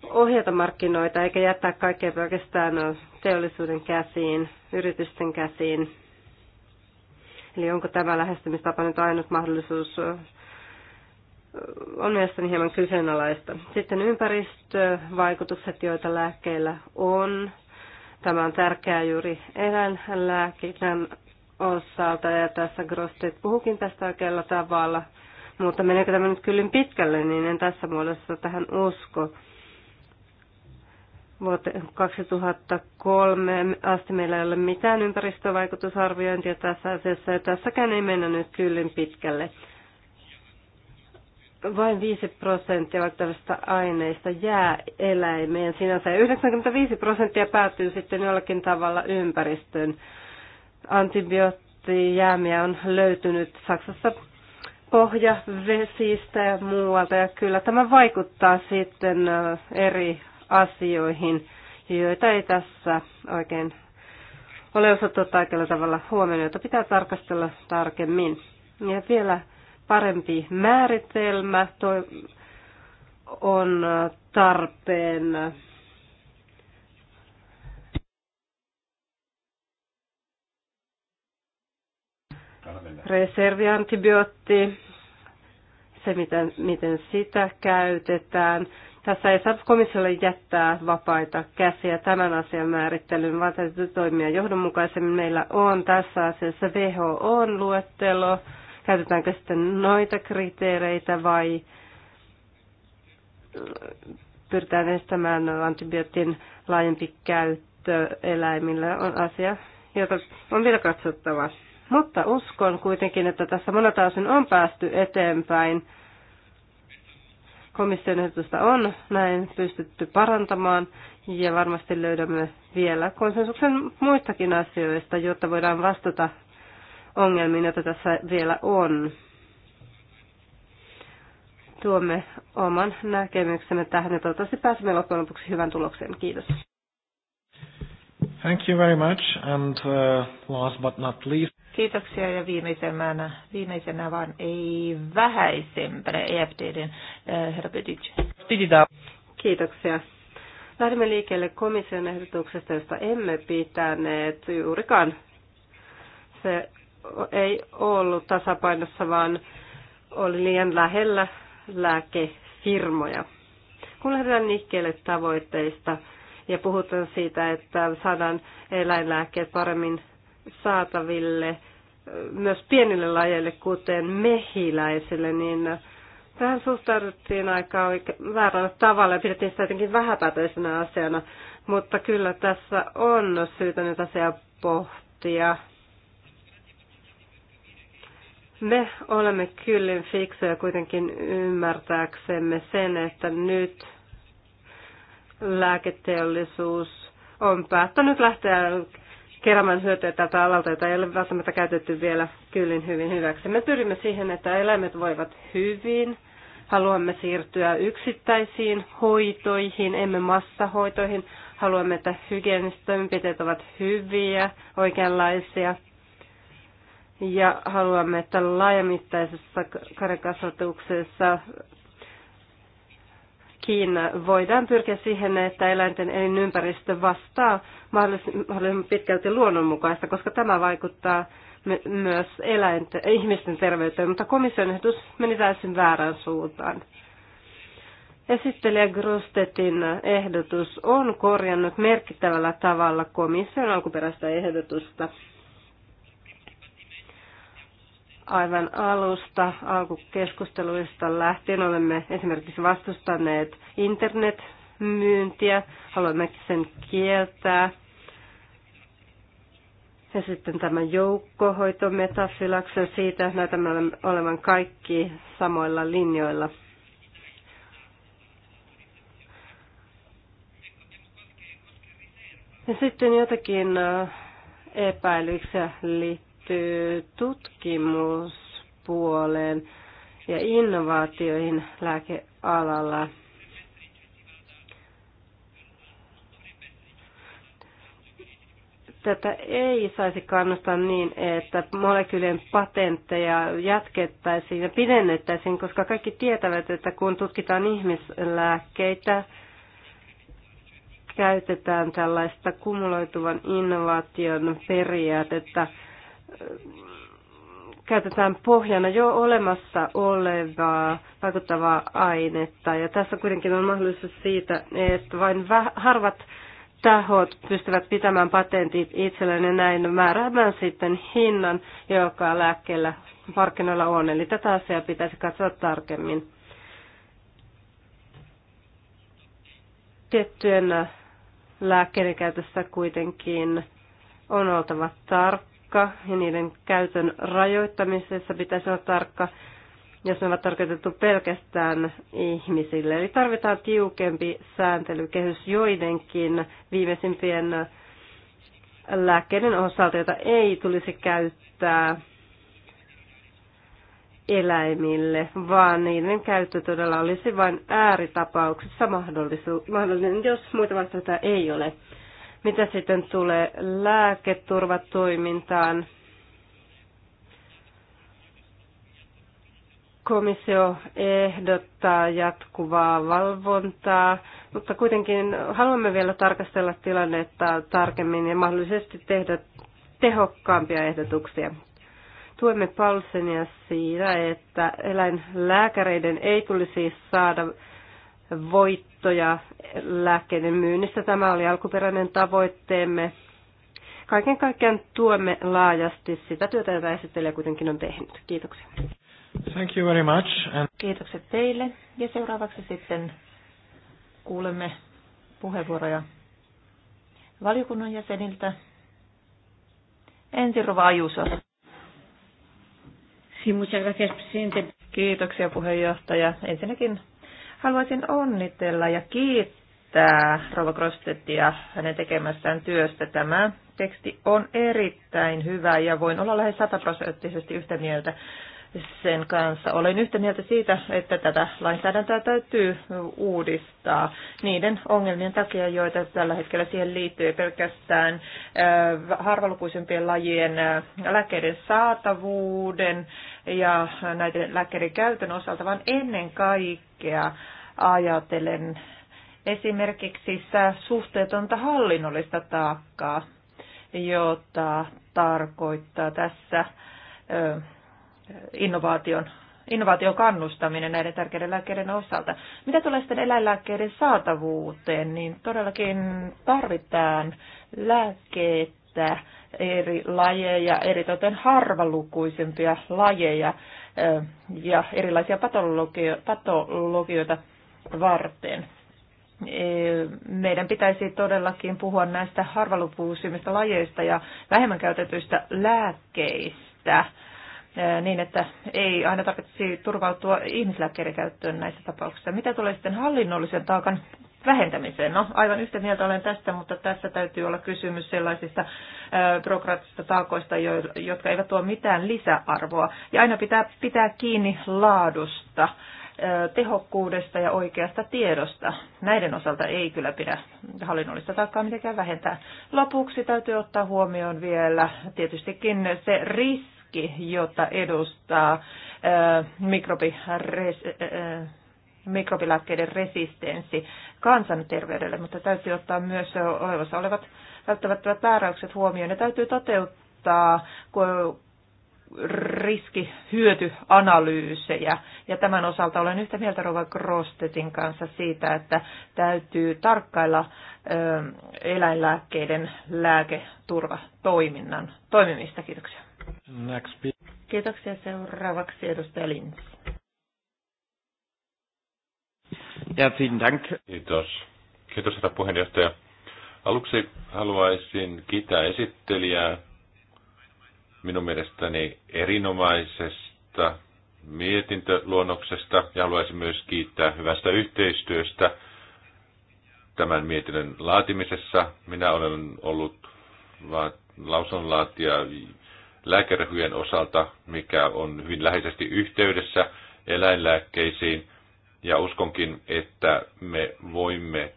ohjata markkinoita eikä jättää kaikkea pelkästään teollisuuden käsiin, yritysten käsiin. Eli onko tämä lähestymistapa nyt ainut mahdollisuus on mielestäni hieman kyseenalaista. Sitten ympäristövaikutukset, joita lääkkeillä on. Tämä on tärkeää juuri eläinlääkinnän osalta ja tässä Grosted puhukin tästä oikealla tavalla. Mutta meneekö tämä nyt kyllin pitkälle, niin en tässä muodossa tähän usko vuoteen 2003 asti meillä ei ole mitään ympäristövaikutusarviointia tässä asiassa ja tässäkään ei mennä nyt kyllin pitkälle. Vain 5 prosenttia vaikuttavista aineista jää eläimeen sinänsä ja 95 prosenttia päätyy sitten jollakin tavalla ympäristöön. Antibioottijäämiä on löytynyt Saksassa pohjavesistä ja muualta. Ja kyllä tämä vaikuttaa sitten äh, eri asioihin, joita ei tässä oikein ole osattu kaikella tavalla huomioon, joita pitää tarkastella tarkemmin. Ja vielä parempi määritelmä toi on tarpeen reserviantibiootti, se miten, miten sitä käytetään, tässä ei saa komissiolle jättää vapaita käsiä tämän asian määrittelyyn, vaan täytyy toimia johdonmukaisemmin. Meillä on tässä asiassa WHO-luettelo. Käytetäänkö sitten noita kriteereitä vai pyritään estämään antibioottien laajempi käyttö eläimillä on asia, jota on vielä katsottava. Mutta uskon kuitenkin, että tässä monelta osin on päästy eteenpäin komission ehdotusta on näin pystytty parantamaan ja varmasti löydämme vielä konsensuksen muistakin asioista, jotta voidaan vastata ongelmiin, joita tässä vielä on. Tuomme oman näkemyksemme tähän ja toivottavasti pääsemme loppujen lopuksi hyvän tulokseen. Kiitos. Thank you very much. And uh, last but not least. Kiitoksia ja viimeisenä viimeisenä vaan ei vähäisempänä EFTDn eh, herra Petice. Kiitoksia. Lähdemme liikkeelle komission ehdotuksesta, josta emme pitäneet juurikaan. Se ei ollut tasapainossa, vaan oli liian lähellä lääkefirmoja. Kun lähdetään liikkeelle tavoitteista ja puhutaan siitä, että saadaan eläinlääkkeet paremmin saataville myös pienille lajeille, kuten mehiläisille, niin tähän suhtauduttiin aika väärällä tavalla ja pidettiin sitä jotenkin vähäpätöisenä asiana. Mutta kyllä tässä on syytä nyt asiaa pohtia. Me olemme kyllin fiksuja kuitenkin ymmärtääksemme sen, että nyt lääketeollisuus on päättänyt lähteä keräämään hyötyä tältä alalta, jota ei ole välttämättä käytetty vielä kyllin hyvin hyväksi. Me pyrimme siihen, että eläimet voivat hyvin, haluamme siirtyä yksittäisiin hoitoihin, emme massahoitoihin, haluamme, että hygieniset toimenpiteet ovat hyviä, oikeanlaisia, ja haluamme, että laajamittaisessa karjakasvatuksessa Kiina voidaan pyrkiä siihen, että eläinten elinympäristö vastaa mahdollisimman pitkälti luonnonmukaista, koska tämä vaikuttaa myös eläinten, ihmisten terveyteen, mutta komission ehdotus meni täysin väärään suuntaan. Esittelijä Grostetin ehdotus on korjannut merkittävällä tavalla komission alkuperäistä ehdotusta aivan alusta alkukeskusteluista lähtien olemme esimerkiksi vastustaneet internetmyyntiä, haluamme sen kieltää. Ja sitten tämä joukkohoito metafylaksen siitä näytämme olevan kaikki samoilla linjoilla. Ja sitten jotakin äh, epäilyksiä liittyen liittyy tutkimuspuoleen ja innovaatioihin lääkealalla. Tätä ei saisi kannustaa niin, että molekyylien patentteja jatkettaisiin ja pidennettäisiin, koska kaikki tietävät, että kun tutkitaan ihmislääkkeitä, käytetään tällaista kumuloituvan innovaation periaatetta – käytetään pohjana jo olemassa olevaa vaikuttavaa ainetta. Ja tässä kuitenkin on mahdollisuus siitä, että vain harvat tahot pystyvät pitämään patentit itselleen ja näin määräämään sitten hinnan, joka lääkkeellä markkinoilla on. Eli tätä asiaa pitäisi katsoa tarkemmin. Tiettyjen lääkkeiden käytössä kuitenkin on oltava tarkka tarkka ja niiden käytön rajoittamisessa pitäisi olla tarkka, jos ne ovat tarkoitettu pelkästään ihmisille. Eli tarvitaan tiukempi sääntelykehys joidenkin viimeisimpien lääkkeiden osalta, jota ei tulisi käyttää eläimille, vaan niiden käyttö todella olisi vain ääritapauksissa mahdollinen, jos muita vaihtoehtoja ei ole. Mitä sitten tulee lääketurvatoimintaan? Komissio ehdottaa jatkuvaa valvontaa, mutta kuitenkin haluamme vielä tarkastella tilannetta tarkemmin ja mahdollisesti tehdä tehokkaampia ehdotuksia tuemme Paulsenia siitä, että eläinlääkäreiden ei tulisi saada voit, haittoja lääkkeiden myynnissä Tämä oli alkuperäinen tavoitteemme. Kaiken kaikkiaan tuemme laajasti sitä työtä, jota esittelijä kuitenkin on tehnyt. Kiitoksia. Thank you very much. And... Kiitokset teille. Ja seuraavaksi sitten kuulemme puheenvuoroja valiokunnan jäseniltä. Ensin Rova Ajuso. Sí, muchas gracias, presidente. Kiitoksia puheenjohtaja. Ensinnäkin Haluaisin onnitella ja kiittää Rova Krostettia hänen tekemästään työstä. Tämä teksti on erittäin hyvä ja voin olla lähes sataprosenttisesti yhtä mieltä sen kanssa. Olen yhtä mieltä siitä, että tätä lainsäädäntöä täytyy uudistaa niiden ongelmien takia, joita tällä hetkellä siihen liittyy. Pelkästään äh, harvalukuisempien lajien äh, lääkkeiden saatavuuden ja näiden lääkkeiden käytön osalta, vaan ennen kaikkea ajatellen esimerkiksi suhteetonta hallinnollista taakkaa, jota tarkoittaa tässä innovaation, innovaation kannustaminen näiden tärkeiden lääkkeiden osalta. Mitä tulee sitten eläinlääkkeiden saatavuuteen, niin todellakin tarvitaan lääkkeitä eri lajeja, eri toten harvalukuisempia lajeja ja erilaisia patologioita varten. E, meidän pitäisi todellakin puhua näistä harvalukuisimmista lajeista ja vähemmän käytetyistä lääkkeistä niin, että ei aina tarvitsisi turvautua ihmislääkkeiden käyttöön näissä tapauksissa. Mitä tulee sitten hallinnollisen taakan vähentämiseen. No, aivan yhtä mieltä olen tästä, mutta tässä täytyy olla kysymys sellaisista byrokraattisista taakoista, jotka eivät tuo mitään lisäarvoa. Ja aina pitää pitää kiinni laadusta, tehokkuudesta ja oikeasta tiedosta. Näiden osalta ei kyllä pidä hallinnollista taakkaa mitenkään vähentää. Lopuksi täytyy ottaa huomioon vielä tietystikin se riski, jota edustaa mikrobi mikrobilääkkeiden resistenssi kansanterveydelle, mutta täytyy ottaa myös olevassa olevat välttämättömät määräykset huomioon Ne täytyy toteuttaa riski Ja tämän osalta olen yhtä mieltä Rova Grostetin kanssa siitä, että täytyy tarkkailla ähm, eläinlääkkeiden lääketurvatoiminnan toimimista. Kiitoksia. Next. Kiitoksia seuraavaksi edustaja Lins. Ja vielen Dank. Kiitos. Kiitos, herra puheenjohtaja. Aluksi haluaisin kiittää esittelijää minun mielestäni erinomaisesta mietintöluonnoksesta ja haluaisin myös kiittää hyvästä yhteistyöstä tämän mietinnön laatimisessa. Minä olen ollut lausunlaatija lääkärehyjen osalta, mikä on hyvin läheisesti yhteydessä eläinlääkkeisiin. Ja uskonkin, että me voimme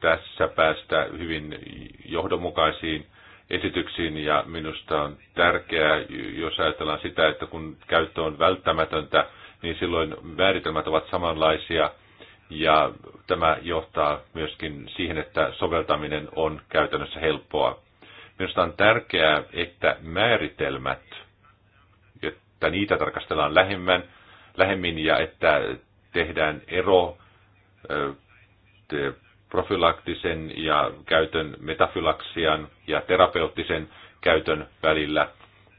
tässä päästä hyvin johdonmukaisiin esityksiin ja minusta on tärkeää, jos ajatellaan sitä, että kun käyttö on välttämätöntä, niin silloin määritelmät ovat samanlaisia ja tämä johtaa myöskin siihen, että soveltaminen on käytännössä helppoa. Minusta on tärkeää, että määritelmät, että niitä tarkastellaan lähemmän, lähemmin ja että tehdään ero profylaktisen ja käytön metafylaksian ja terapeuttisen käytön välillä.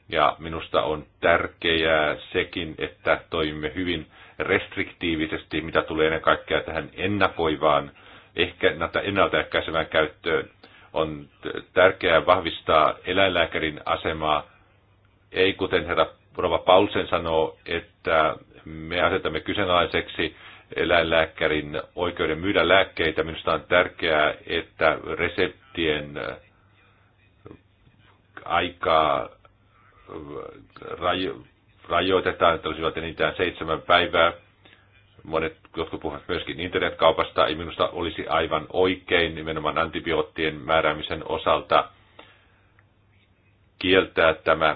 Ja minusta on tärkeää sekin, että toimimme hyvin restriktiivisesti, mitä tulee ennen kaikkea tähän ennakoivaan, ehkä ennaltaehkäisevään käyttöön. On tärkeää vahvistaa eläinlääkärin asemaa, ei kuten herra Rova Paulsen sanoo, että me asetamme kyseenalaiseksi eläinlääkärin oikeuden myydä lääkkeitä. Minusta on tärkeää, että reseptien äh, aikaa äh, rajo, rajoitetaan, että olisivat enintään seitsemän päivää. Monet, jotkut puhuvat myöskin internetkaupasta, ei minusta olisi aivan oikein nimenomaan antibioottien määräämisen osalta kieltää tämä.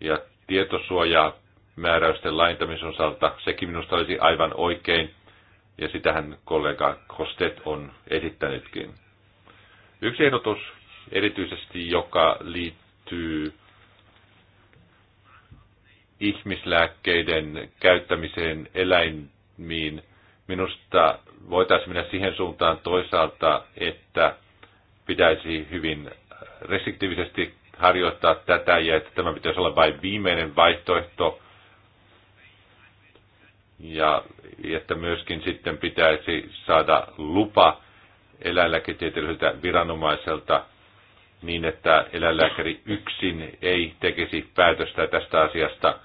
Ja tietosuoja määräysten laajentamisen osalta. Sekin minusta olisi aivan oikein, ja sitähän kollega Kostet on esittänytkin. Yksi ehdotus erityisesti, joka liittyy ihmislääkkeiden käyttämiseen eläimiin, minusta voitaisiin mennä siihen suuntaan toisaalta, että pitäisi hyvin restriktiivisesti harjoittaa tätä ja että tämä pitäisi olla vain viimeinen vaihtoehto ja että myöskin sitten pitäisi saada lupa eläinlääketieteelliseltä viranomaiselta niin, että eläinlääkäri yksin ei tekisi päätöstä tästä asiasta.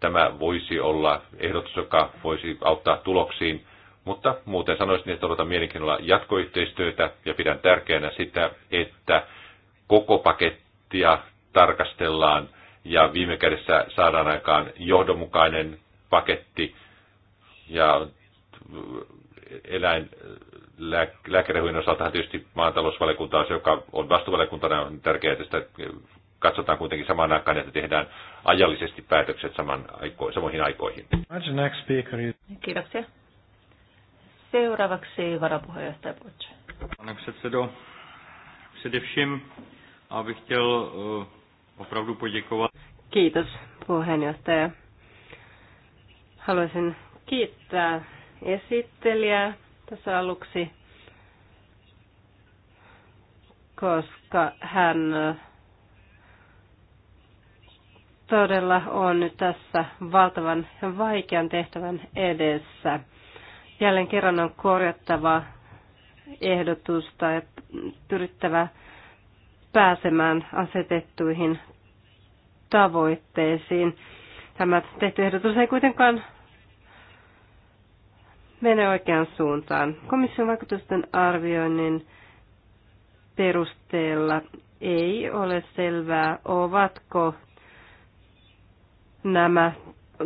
Tämä voisi olla ehdotus, joka voisi auttaa tuloksiin, mutta muuten sanoisin, että odotan mielenkiinnolla jatkoyhteistyötä ja pidän tärkeänä sitä, että koko pakettia tarkastellaan ja viime kädessä saadaan aikaan johdonmukainen paketti, ja lääkärehuin osalta tietysti maatalousvaliokunta on se, joka on vastuvaliokuntana, on tärkeää, että sitä katsotaan kuitenkin samaan aikaan, että tehdään ajallisesti päätökset saman aiko, samoihin aikoihin. Kiitoksia. Seuraavaksi varapuheenjohtaja Butch. Pane předsedo, především bych chtěl eh, opravdu poděkovat. Kiitos puheenjohtaja. Haluaisin kiittää esittelijää tässä aluksi, koska hän todella on nyt tässä valtavan vaikean tehtävän edessä. Jälleen kerran on korjattava ehdotusta ja pyrittävä pääsemään asetettuihin tavoitteisiin. Tämä tehty ehdotus ei kuitenkaan menee oikeaan suuntaan. Komission vaikutusten arvioinnin perusteella ei ole selvää, ovatko nämä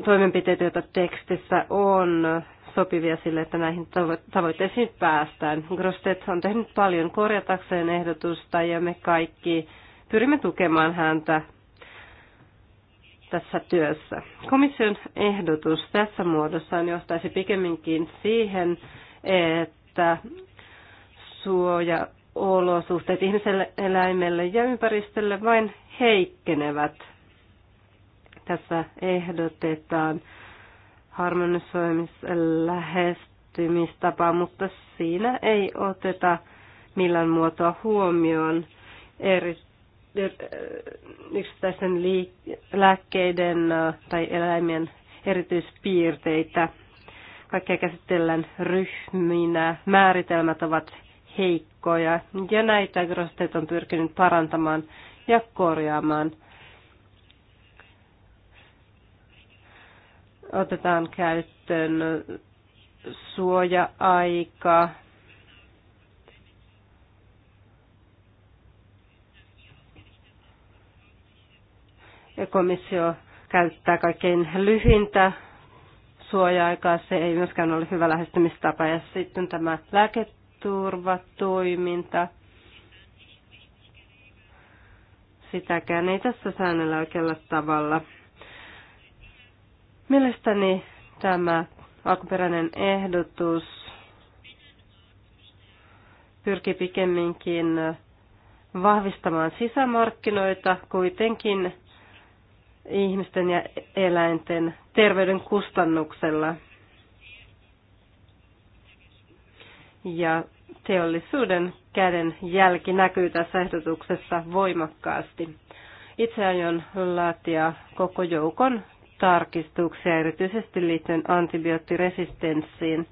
toimenpiteet, joita tekstissä on, sopivia sille, että näihin tavoitteisiin päästään. Grostet on tehnyt paljon korjatakseen ehdotusta ja me kaikki pyrimme tukemaan häntä tässä työssä. Komission ehdotus tässä muodossaan johtaisi pikemminkin siihen, että suojaolosuhteet ihmiselle, eläimelle ja ympäristölle vain heikkenevät. Tässä ehdotetaan harmonisoimislähestymistapaa, mutta siinä ei oteta millään muotoa huomioon eri Äh, yksittäisten lääkkeiden äh, tai eläimien erityispiirteitä. Kaikkea käsitellään ryhminä, määritelmät ovat heikkoja ja näitä Grossteet on pyrkinyt parantamaan ja korjaamaan. Otetaan käyttöön suoja-aika, komissio käyttää kaikkein lyhintä suoja-aikaa. Se ei myöskään ole hyvä lähestymistapa. Ja sitten tämä lääketurvatoiminta. Sitäkään ei tässä säännellä oikealla tavalla. Mielestäni tämä alkuperäinen ehdotus pyrki pikemminkin vahvistamaan sisämarkkinoita kuitenkin ihmisten ja eläinten terveyden kustannuksella. Ja teollisuuden käden jälki näkyy tässä ehdotuksessa voimakkaasti. Itse aion laatia koko joukon tarkistuksia erityisesti liittyen antibioottiresistenssiin.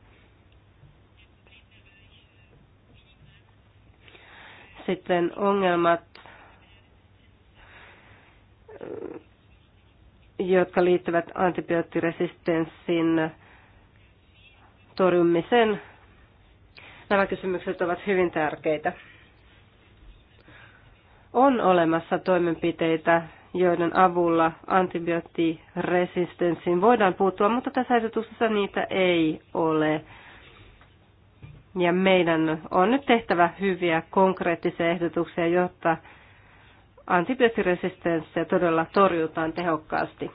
Sitten ongelmat jotka liittyvät antibioottiresistenssin torjumiseen. Nämä kysymykset ovat hyvin tärkeitä. On olemassa toimenpiteitä, joiden avulla antibioottiresistenssiin voidaan puuttua, mutta tässä ehdotuksessa niitä ei ole. Ja meidän on nyt tehtävä hyviä konkreettisia ehdotuksia, jotta antibioottiresistenssiä todella torjutaan tehokkaasti.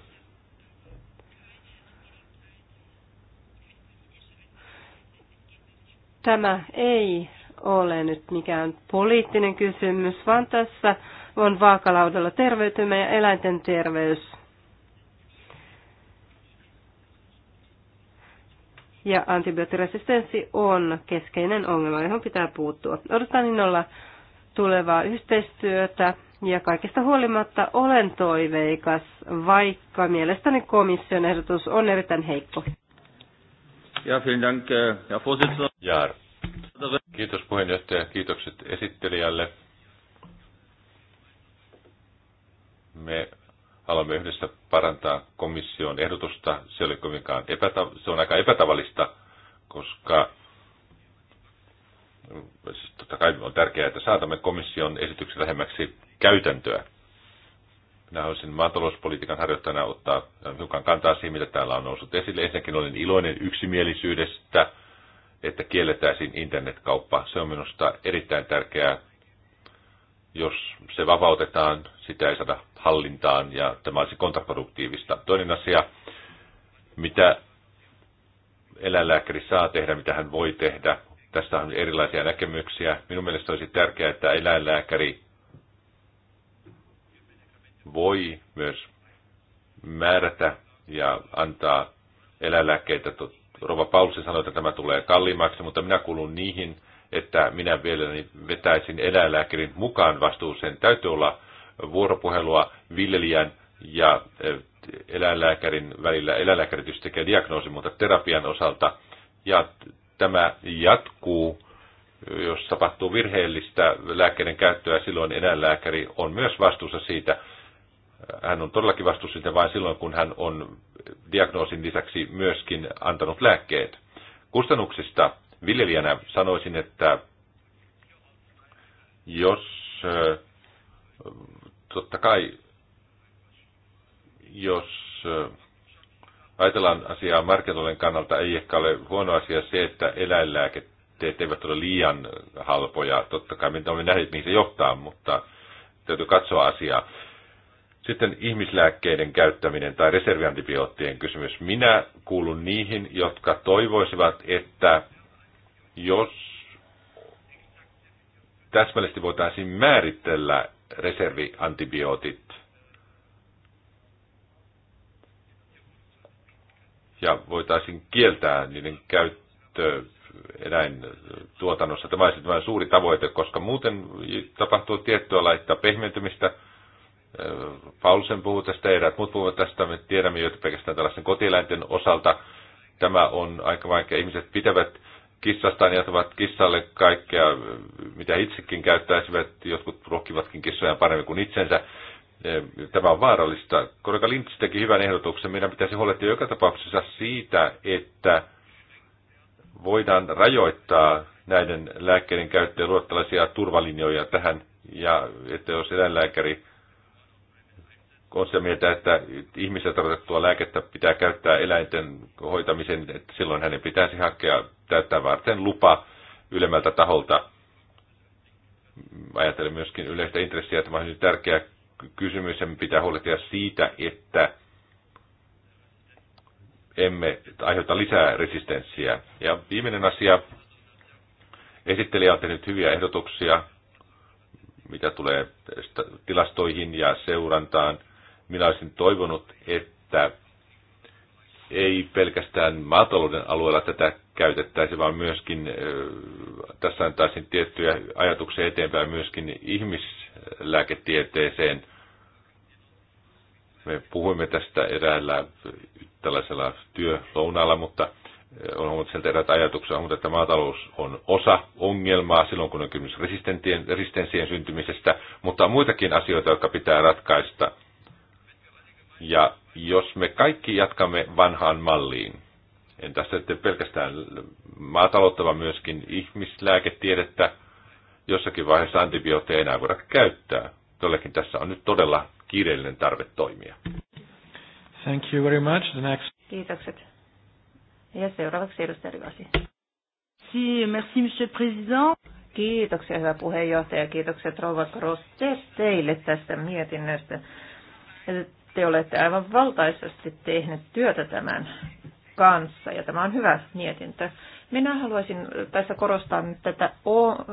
Tämä ei ole nyt mikään poliittinen kysymys, vaan tässä on vaakalaudella terveytymä ja eläinten terveys. Ja antibioottiresistenssi on keskeinen ongelma, johon pitää puuttua. Odotan innolla tulevaa yhteistyötä ja kaikesta huolimatta olen toiveikas, vaikka mielestäni komission ehdotus on erittäin heikko. Ja, dank, ja äh, ja. Kiitos puheenjohtaja, kiitokset esittelijälle. Me haluamme yhdessä parantaa komission ehdotusta. Se, oli kovinkaan epäta- se on aika epätavallista, koska Totta kai on tärkeää, että saatamme komission esityksen lähemmäksi käytäntöä. Minä haluaisin maatalouspolitiikan harjoittajana ottaa hiukan kantaa siihen, mitä täällä on noussut esille. Ensinnäkin olen iloinen yksimielisyydestä, että kielletäisiin internetkauppa. Se on minusta erittäin tärkeää. Jos se vapautetaan, sitä ei saada hallintaan ja tämä olisi kontraproduktiivista. Toinen asia, mitä eläinlääkäri saa tehdä, mitä hän voi tehdä, Tästä on erilaisia näkemyksiä. Minun mielestä olisi tärkeää, että eläinlääkäri voi myös määrätä ja antaa eläinlääkkeitä. Rova Paulsi sanoi, että tämä tulee kalliimmaksi, mutta minä kuulun niihin, että minä vielä vetäisin eläinlääkärin mukaan vastuuseen. Täytyy olla vuoropuhelua viljelijän ja eh, eläinlääkärin välillä. Eläinlääkäri tietysti tekee diagnoosin, mutta terapian osalta ja tämä jatkuu, jos tapahtuu virheellistä lääkkeiden käyttöä, silloin eläinlääkäri on myös vastuussa siitä. Hän on todellakin vastuussa siitä vain silloin, kun hän on diagnoosin lisäksi myöskin antanut lääkkeet. Kustannuksista viljelijänä sanoisin, että jos totta kai, jos ajatellaan asiaa markkinoiden kannalta, ei ehkä ole huono asia se, että eläinlääketeet eivät ole liian halpoja. Totta kai me olemme nähneet, mihin se johtaa, mutta täytyy katsoa asiaa. Sitten ihmislääkkeiden käyttäminen tai reserviantibioottien kysymys. Minä kuulun niihin, jotka toivoisivat, että jos täsmällisesti voitaisiin määritellä reserviantibiootit ja voitaisiin kieltää niiden käyttö eläintuotannossa. Tämä olisi tämä suuri tavoite, koska muuten tapahtuu tiettyä laittaa pehmentymistä. Äh, Paulsen puhuu tästä, eräät muut puhuvat tästä, me tiedämme jo, että pelkästään tällaisen kotieläinten osalta tämä on aika vaikea. Ihmiset pitävät kissastaan ja ovat kissalle kaikkea, mitä itsekin käyttäisivät. Jotkut ruokkivatkin kissoja paremmin kuin itsensä. Eh, tämä on vaarallista. Kollega Lintz teki hyvän ehdotuksen. Meidän pitäisi huolehtia joka tapauksessa siitä, että voidaan rajoittaa näiden lääkkeiden käyttöä, luottalaisia turvalinjoja tähän. Ja että jos eläinlääkäri on sitä mieltä, että ihmisen tarvittua lääkettä pitää käyttää eläinten hoitamiseen, että silloin hänen pitäisi hakea tätä varten lupa ylemmältä taholta. Ajattelen myöskin yleistä intressiä, tämä on hyvin tärkeä kysymys ja pitää huolehtia siitä, että emme aiheuta lisää resistenssiä. Ja viimeinen asia, esittelijä on tehnyt hyviä ehdotuksia, mitä tulee tilastoihin ja seurantaan. Minä olisin toivonut, että ei pelkästään maatalouden alueella tätä käytettäisi, vaan myöskin tässä antaisin tiettyjä ajatuksia eteenpäin myöskin ihmis, lääketieteeseen. Me puhuimme tästä eräällä tällaisella työlounalla, mutta eh, on ollut sieltä eräät ajatuksia, mutta että maatalous on osa ongelmaa silloin, kun on kysymys resistenssien syntymisestä, mutta on muitakin asioita, jotka pitää ratkaista. Ja jos me kaikki jatkamme vanhaan malliin, en tässä pelkästään maataloutta, vaan myöskin ihmislääketiedettä, jossakin vaiheessa antibiootteja enää voida käyttää. Tollekin tässä on nyt todella kiireellinen tarve toimia. Thank you very much. The next... Kiitokset. Ja seuraavaksi edustaja Rivasi. Si, merci, monsieur le président. Kiitoksia, hyvä puheenjohtaja. Kiitokset rouva Krostes teille tästä mietinnöstä. Te olette aivan valtaisesti tehneet työtä tämän kanssa ja tämä on hyvä mietintö. Minä haluaisin tässä korostaa nyt tätä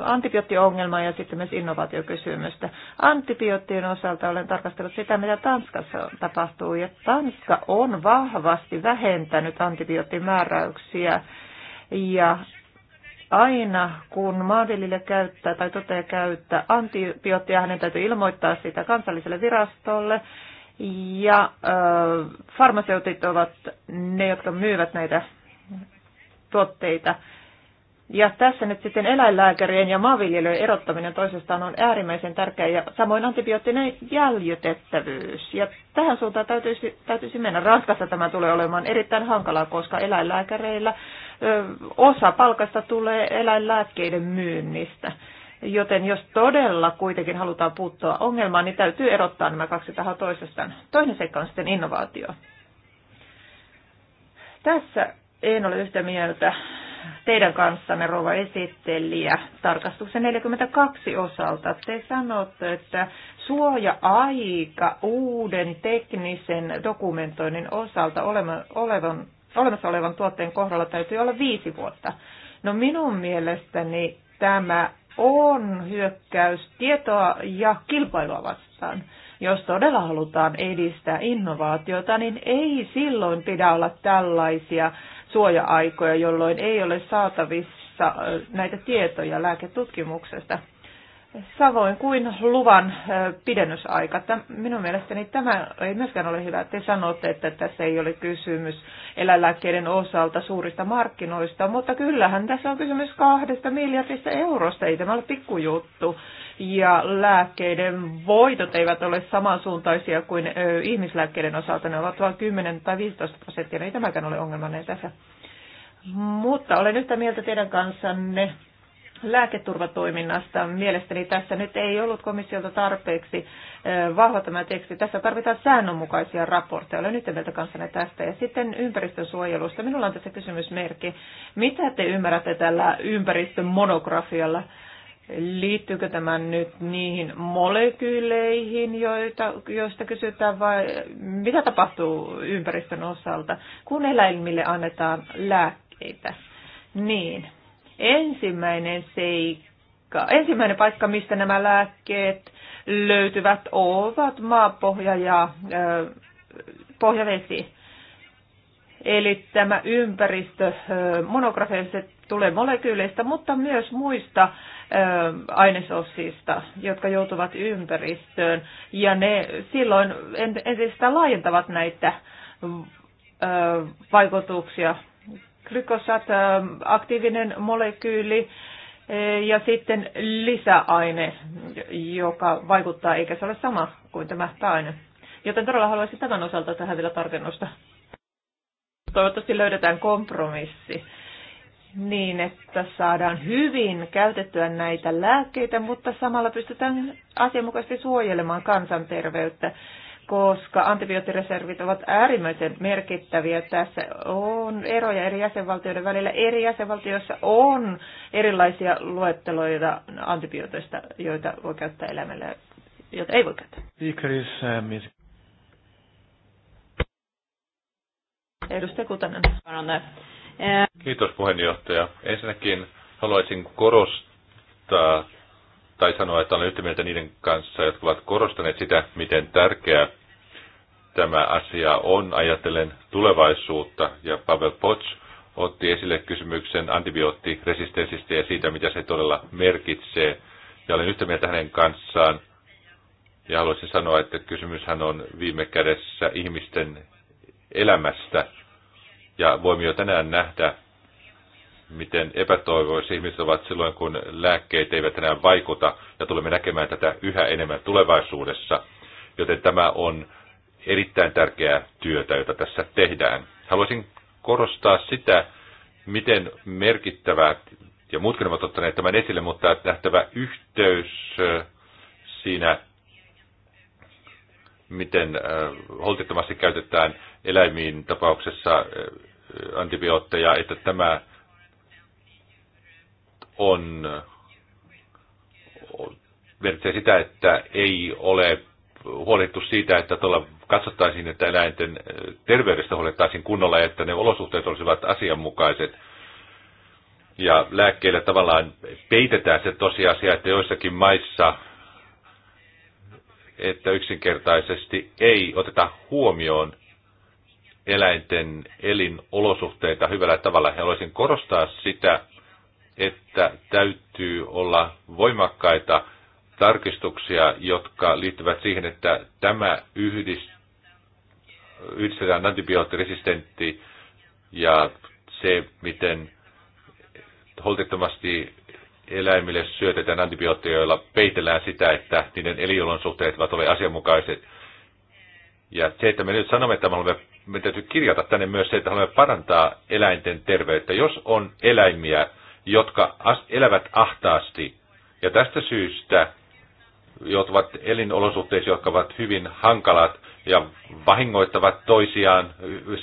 antibioottiongelmaa ja sitten myös innovaatiokysymystä. Antibioottien osalta olen tarkastellut sitä, mitä Tanskassa tapahtuu, ja Tanska on vahvasti vähentänyt antibioottimääräyksiä ja aina kun maanviljelijä käyttää tai toteaa käyttää antibioottia, hänen täytyy ilmoittaa sitä kansalliselle virastolle. Ja farmaseutit ovat ne, jotka myyvät näitä tuotteita. Ja tässä nyt sitten eläinlääkärien ja maanviljelijöiden erottaminen toisestaan on äärimmäisen tärkeää, ja samoin antibioottinen jäljitettävyys. Ja tähän suuntaan täytyisi, täytyisi mennä. Ranskassa tämä tulee olemaan erittäin hankalaa, koska eläinlääkäreillä ö, osa palkasta tulee eläinlääkkeiden myynnistä. Joten jos todella kuitenkin halutaan puuttua ongelmaan, niin täytyy erottaa nämä kaksi tahoa toisestaan. Toinen seikka on sitten innovaatio. Tässä en ole yhtä mieltä teidän kanssanne, rouva esittelijä, tarkastuksen 42 osalta. Te sanotte, että suoja-aika uuden teknisen dokumentoinnin osalta olevan, olemassa olevan tuotteen kohdalla täytyy olla viisi vuotta. No minun mielestäni tämä on hyökkäys tietoa ja kilpailua vastaan. Jos todella halutaan edistää innovaatiota, niin ei silloin pidä olla tällaisia suoja-aikoja, jolloin ei ole saatavissa näitä tietoja lääketutkimuksesta. Savoin kuin luvan pidennysaika. Minun mielestäni tämä ei myöskään ole hyvä. Te sanotte, että tässä ei ole kysymys eläinlääkkeiden osalta suurista markkinoista, mutta kyllähän tässä on kysymys kahdesta miljardista eurosta. Ei tämä ole pikkujuttu. Ja lääkkeiden voitot eivät ole samansuuntaisia kuin ihmislääkkeiden osalta. Ne ovat vain 10 tai 15 prosenttia. No ei tämäkään ole ongelmanne tässä. Mutta olen yhtä mieltä teidän kanssanne lääketurvatoiminnasta. Mielestäni tässä nyt ei ollut komissiolta tarpeeksi vahva tämä teksti. Tässä tarvitaan säännönmukaisia raportteja. Olen yhtä mieltä kanssanne tästä. Ja sitten ympäristönsuojelusta. Minulla on tässä kysymysmerkki. Mitä te ymmärrätte tällä ympäristön monografialla? Liittyykö tämä nyt niihin molekyyleihin, joita, joista kysytään, vai mitä tapahtuu ympäristön osalta, kun eläimille annetaan lääkkeitä? Niin, Ensimmäinen seikka, ensimmäinen paikka, mistä nämä lääkkeet löytyvät, ovat maapohja ja ö, pohjavesi. Eli tämä ympäristö monografia tulee molekyyleistä, mutta myös muista ainesosista, jotka joutuvat ympäristöön. Ja ne silloin entistä laajentavat näitä vaikutuksia glykosat, aktiivinen molekyyli ja sitten lisäaine, joka vaikuttaa eikä se ole sama kuin tämä pääaine. Joten todella haluaisin tämän osalta tähän vielä tarkennusta. Toivottavasti löydetään kompromissi niin, että saadaan hyvin käytettyä näitä lääkkeitä, mutta samalla pystytään asianmukaisesti suojelemaan kansanterveyttä koska antibioottireservit ovat äärimmäisen merkittäviä. Tässä on eroja eri jäsenvaltioiden välillä. Eri jäsenvaltioissa on erilaisia luetteloita antibiooteista, joita voi käyttää eläimellä, joita ei voi käyttää. Uh, Edustaja Kutanen. Kiitos puheenjohtaja. Ensinnäkin haluaisin korostaa tai sanoa, että olen yhtä mieltä niiden kanssa, jotka ovat korostaneet sitä, miten tärkeä tämä asia on, ajatellen tulevaisuutta. Ja Pavel Potts otti esille kysymyksen antibioottiresistenssistä ja siitä, mitä se todella merkitsee. Ja olen yhtä mieltä hänen kanssaan. Ja haluaisin sanoa, että kysymyshän on viime kädessä ihmisten elämästä. Ja voimme jo tänään nähdä, miten epätoivoisia ihmiset ovat silloin, kun lääkkeet eivät enää vaikuta, ja tulemme näkemään tätä yhä enemmän tulevaisuudessa. Joten tämä on erittäin tärkeää työtä, jota tässä tehdään. Haluaisin korostaa sitä, miten merkittävää, ja muutkin ovat ottaneet tämän esille, mutta nähtävä yhteys äh, siinä, miten äh, holtittomasti käytetään eläimiin tapauksessa äh, antibiootteja, että tämä on, merkitsee sitä, että ei ole huolehdittu siitä, että tuolla katsottaisiin, että eläinten äh, terveydestä huolehtaisiin kunnolla että ne olosuhteet olisivat asianmukaiset. Ja lääkkeillä tavallaan peitetään se tosiasia, että joissakin maissa että yksinkertaisesti ei oteta huomioon eläinten elinolosuhteita hyvällä tavalla. haluaisin korostaa sitä, että täytyy olla voimakkaita tarkistuksia, jotka liittyvät siihen, että tämä yhdist, yhdistetään antibioottiresistentti ja se, miten holtittomasti eläimille syötetään antibiootteja, joilla peitellään sitä, että niiden eliolonsuhteet ovat ole asianmukaiset. Ja se, että me nyt sanomme, että me, olemme, me täytyy kirjata tänne myös se, että haluamme parantaa eläinten terveyttä. Jos on eläimiä, jotka elävät ahtaasti. Ja tästä syystä joutuvat elinolosuhteisiin, jotka ovat hyvin hankalat ja vahingoittavat toisiaan.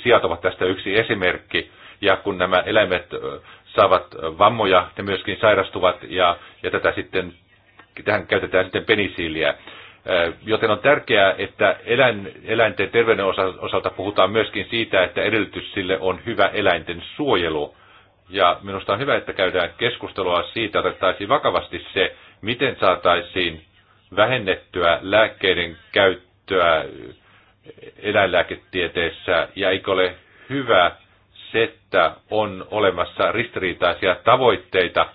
Sijat ovat tästä yksi esimerkki. Ja kun nämä eläimet saavat vammoja, ne myöskin sairastuvat ja, ja tätä sitten, tähän käytetään sitten penisiiliä. Joten on tärkeää, että eläin, eläinten terveyden osalta puhutaan myöskin siitä, että edellytys sille on hyvä eläinten suojelu. Ja minusta on hyvä, että käydään keskustelua siitä, otettaisiin vakavasti se, miten saataisiin vähennettyä lääkkeiden käyttöä eläinlääketieteessä, ja eikö ole hyvä se, että on olemassa ristiriitaisia tavoitteita,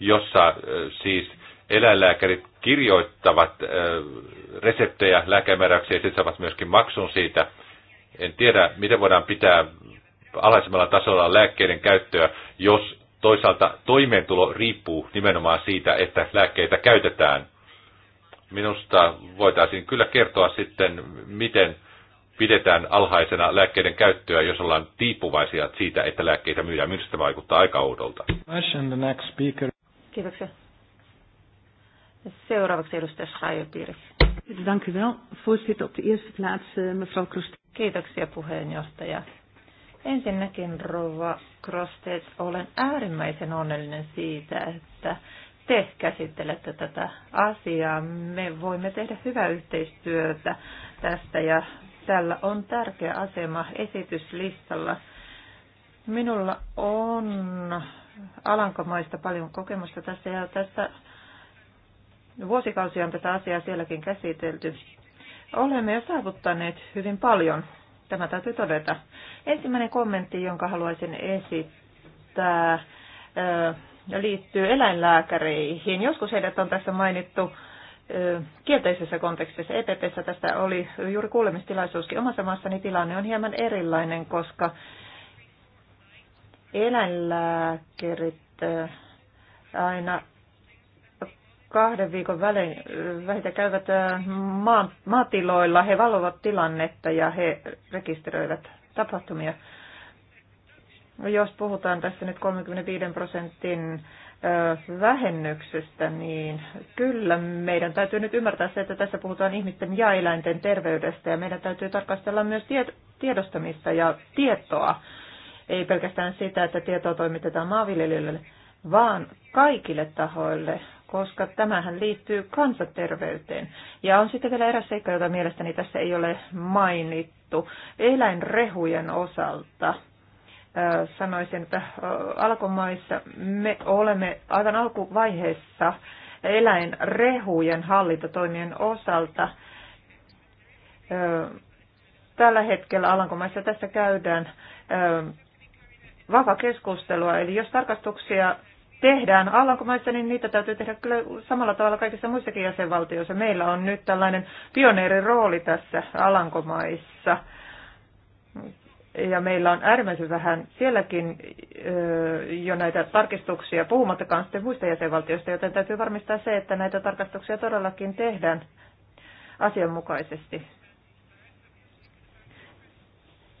jossa äh, siis eläinlääkärit kirjoittavat äh, reseptejä lääkemääräyksiä ja sitten saavat myöskin maksun siitä. En tiedä, miten voidaan pitää alhaisemmalla tasolla lääkkeiden käyttöä, jos toisaalta toimeentulo riippuu nimenomaan siitä, että lääkkeitä käytetään. Minusta voitaisiin kyllä kertoa sitten, miten pidetään alhaisena lääkkeiden käyttöä, jos ollaan tiippuvaisia siitä, että lääkkeitä myydään. Minusta tämä vaikuttaa aika oudolta. Kiitoksia. Seuraavaksi edustaja Schreier-Piiri. Dank u wel, voorzitter. Op de eerste plaats, eh, mevrouw Kroes. Kiitoksia puheenjohtaja. Ensinnäkin, Rova Krostet, olen äärimmäisen onnellinen siitä, että te käsittelette tätä asiaa. Me voimme tehdä hyvää yhteistyötä tästä ja tällä on tärkeä asema esityslistalla. Minulla on Alankomaista paljon kokemusta tässä ja tässä vuosikausia on tätä asiaa sielläkin käsitelty. Olemme jo saavuttaneet hyvin paljon Tämä täytyy todeta. Ensimmäinen kommentti, jonka haluaisin esittää, liittyy eläinlääkäreihin. Joskus heidät on tässä mainittu kielteisessä kontekstissa. EPPssä tästä oli juuri kuulemistilaisuuskin. Omassa maassani tilanne on hieman erilainen, koska eläinlääkärit aina kahden viikon välein vähitä käyvät äh, maan, maatiloilla. He valvovat tilannetta ja he rekisteröivät tapahtumia. No, jos puhutaan tässä nyt 35 prosentin äh, vähennyksestä, niin kyllä meidän täytyy nyt ymmärtää se, että tässä puhutaan ihmisten ja eläinten terveydestä ja meidän täytyy tarkastella myös tiedostamista ja tietoa. Ei pelkästään sitä, että tietoa toimitetaan maanviljelijöille, vaan kaikille tahoille, koska tämähän liittyy kansanterveyteen. Ja on sitten vielä eräs seikka, jota mielestäni tässä ei ole mainittu. Eläinrehujen osalta sanoisin, että alkumaissa me olemme aivan alkuvaiheessa eläinrehujen hallintatoimien osalta. Tällä hetkellä Alankomaissa tässä käydään vapaa keskustelua, eli jos tarkastuksia tehdään Alankomaissa, niin niitä täytyy tehdä kyllä samalla tavalla kaikissa muissakin jäsenvaltioissa. Meillä on nyt tällainen pioneerin rooli tässä Alankomaissa. Ja meillä on äärimmäisen vähän sielläkin jo näitä tarkistuksia, puhumattakaan sitten muista jäsenvaltioista, joten täytyy varmistaa se, että näitä tarkastuksia todellakin tehdään asianmukaisesti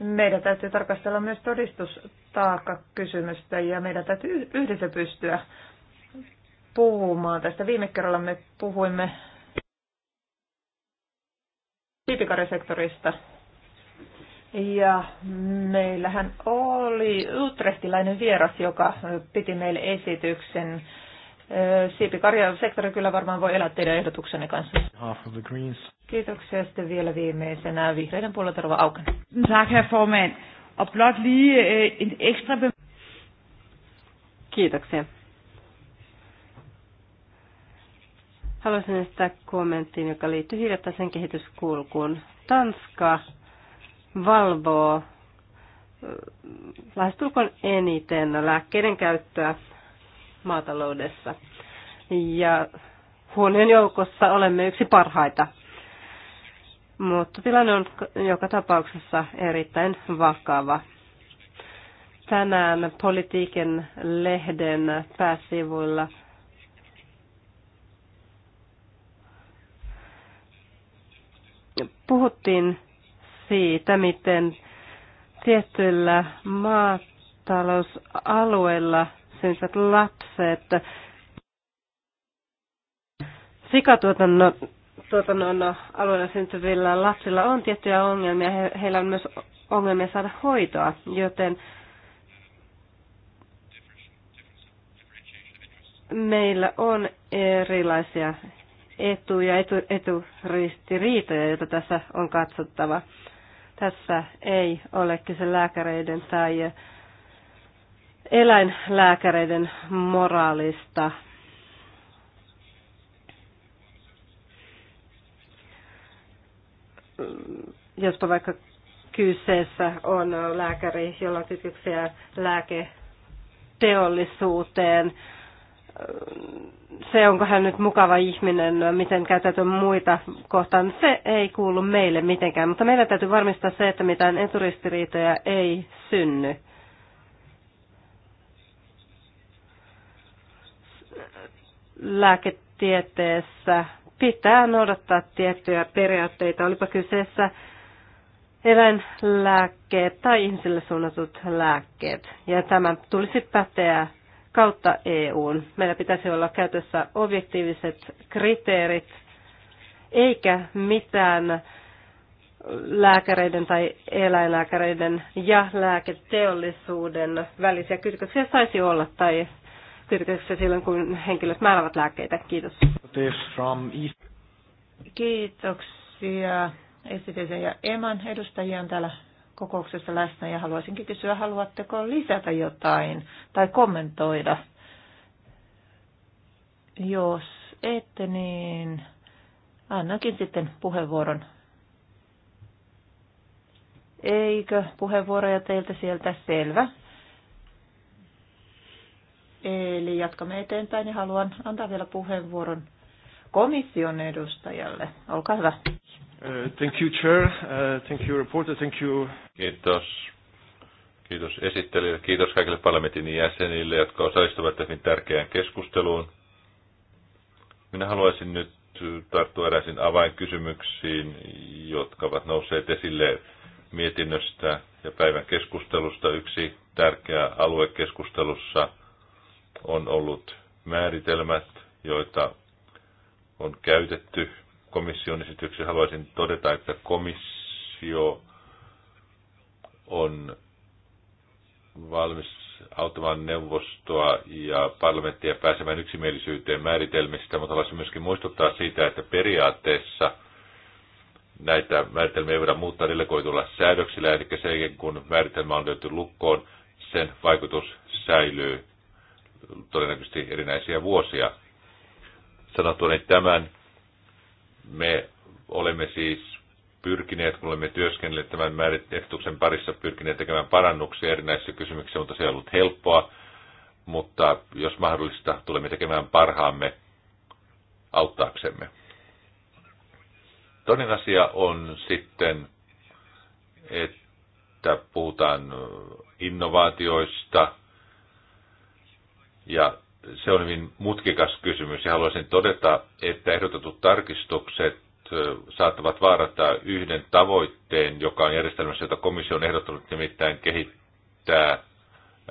meidän täytyy tarkastella myös todistustaakakysymystä ja meidän täytyy yhdessä pystyä puhumaan tästä. Viime kerralla me puhuimme siipikarjasektorista. Ja meillähän oli utrehtilainen vieras, joka piti meille esityksen Siipikarjasektori kyllä varmaan voi elää teidän ehdotuksenne kanssa. Kiitoksia. Sitten vielä viimeisenä vihreiden puolelta Rova Auken. Øh, Kiitoksia. Haluaisin esittää kommentin, joka liittyy hiljattaisen kehityskulkuun. Tanska valvoo lähestulkoon eniten lääkkeiden käyttöä maataloudessa. Ja huoneen joukossa olemme yksi parhaita. Mutta tilanne on joka tapauksessa erittäin vakava. Tänään politiikan lehden pääsivuilla puhuttiin siitä, miten tietyillä maatalousalueilla – itsensä lapset. Sikatuotannon tuotannon alueella syntyvillä lapsilla on tiettyjä ongelmia. He, heillä on myös ongelmia saada hoitoa, joten meillä on erilaisia etuja, etu, eturistiriitoja, joita tässä on katsottava. Tässä ei ole kyse lääkäreiden tai eläinlääkäreiden moraalista. josta vaikka kyseessä on lääkäri, jolla on kytköksiä lääketeollisuuteen. Se, onko hän nyt mukava ihminen, miten käytetään muita kohtaan, se ei kuulu meille mitenkään. Mutta meidän täytyy varmistaa se, että mitään eturistiriitoja ei synny. lääketieteessä pitää noudattaa tiettyjä periaatteita, olipa kyseessä eläinlääkkeet tai ihmisille suunnatut lääkkeet. Ja tämä tulisi päteä kautta EUn. Meillä pitäisi olla käytössä objektiiviset kriteerit, eikä mitään lääkäreiden tai eläinlääkäreiden ja lääketeollisuuden välisiä kytköksiä saisi olla tai yrityksessä silloin, kun henkilöt määrävät lääkkeitä. Kiitos. Kiitoksia. esitysen ja EMAN edustajia on täällä kokouksessa läsnä ja haluaisinkin kysyä, haluatteko lisätä jotain tai kommentoida? Jos ette, niin annakin sitten puheenvuoron. Eikö puheenvuoroja teiltä sieltä? Selvä. Eli jatkamme eteenpäin ja haluan antaa vielä puheenvuoron komission edustajalle. Olkaa hyvä. Uh, thank you, Chair. Uh, thank you, reporter. Thank you. Kiitos. Kiitos esittelijä. Kiitos kaikille parlamentin jäsenille, jotka osallistuvat tähän tärkeään keskusteluun. Minä haluaisin nyt tarttua eräisiin avainkysymyksiin, jotka ovat nousseet esille mietinnöstä ja päivän keskustelusta. Yksi tärkeä alue keskustelussa – on ollut määritelmät, joita on käytetty komission esityksessä. Haluaisin todeta, että komissio on valmis auttamaan neuvostoa ja parlamenttia pääsemään yksimielisyyteen määritelmistä, mutta haluaisin myöskin muistuttaa siitä, että periaatteessa näitä määritelmiä ei voida muuttaa delegoitulla säädöksillä, eli sen kun määritelmä on löytynyt lukkoon, sen vaikutus säilyy todennäköisesti erinäisiä vuosia. Sanottuani tämän, me olemme siis pyrkineet, kun olemme työskennelleet tämän määritehtuksen parissa, pyrkineet tekemään parannuksia erinäisissä kysymyksissä, mutta se ei ollut helppoa. Mutta jos mahdollista, tulemme tekemään parhaamme auttaaksemme. Toinen asia on sitten, että puhutaan innovaatioista, ja se on hyvin mutkikas kysymys ja haluaisin todeta, että ehdotetut tarkistukset saattavat vaarantaa yhden tavoitteen, joka on järjestelmässä, jota komissio on ehdottanut nimittäin kehittää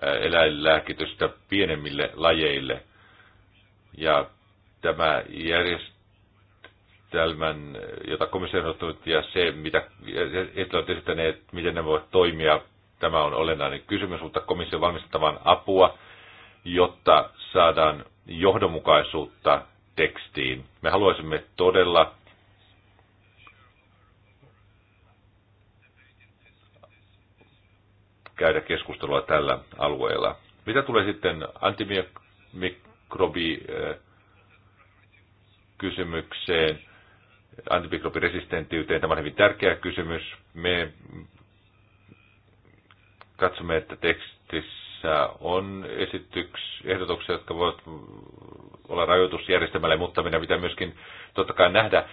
eläinlääkitystä pienemmille lajeille. Ja tämä järjestelmän, jota komissio on ehdottanut ja se, mitä ovat esittäneet, miten ne voivat toimia, tämä on olennainen kysymys, mutta komissio on valmistettavan apua – jotta saadaan johdonmukaisuutta tekstiin. Me haluaisimme todella käydä keskustelua tällä alueella. Mitä tulee sitten antimikrobi kysymykseen, antimikrobiresistentiyteen, tämä on hyvin tärkeä kysymys. Me katsomme, että tekstissä tässä on esityks, ehdotuksia, jotka voivat olla rajoitusjärjestelmälle, mutta meidän pitää myöskin totta kai nähdä,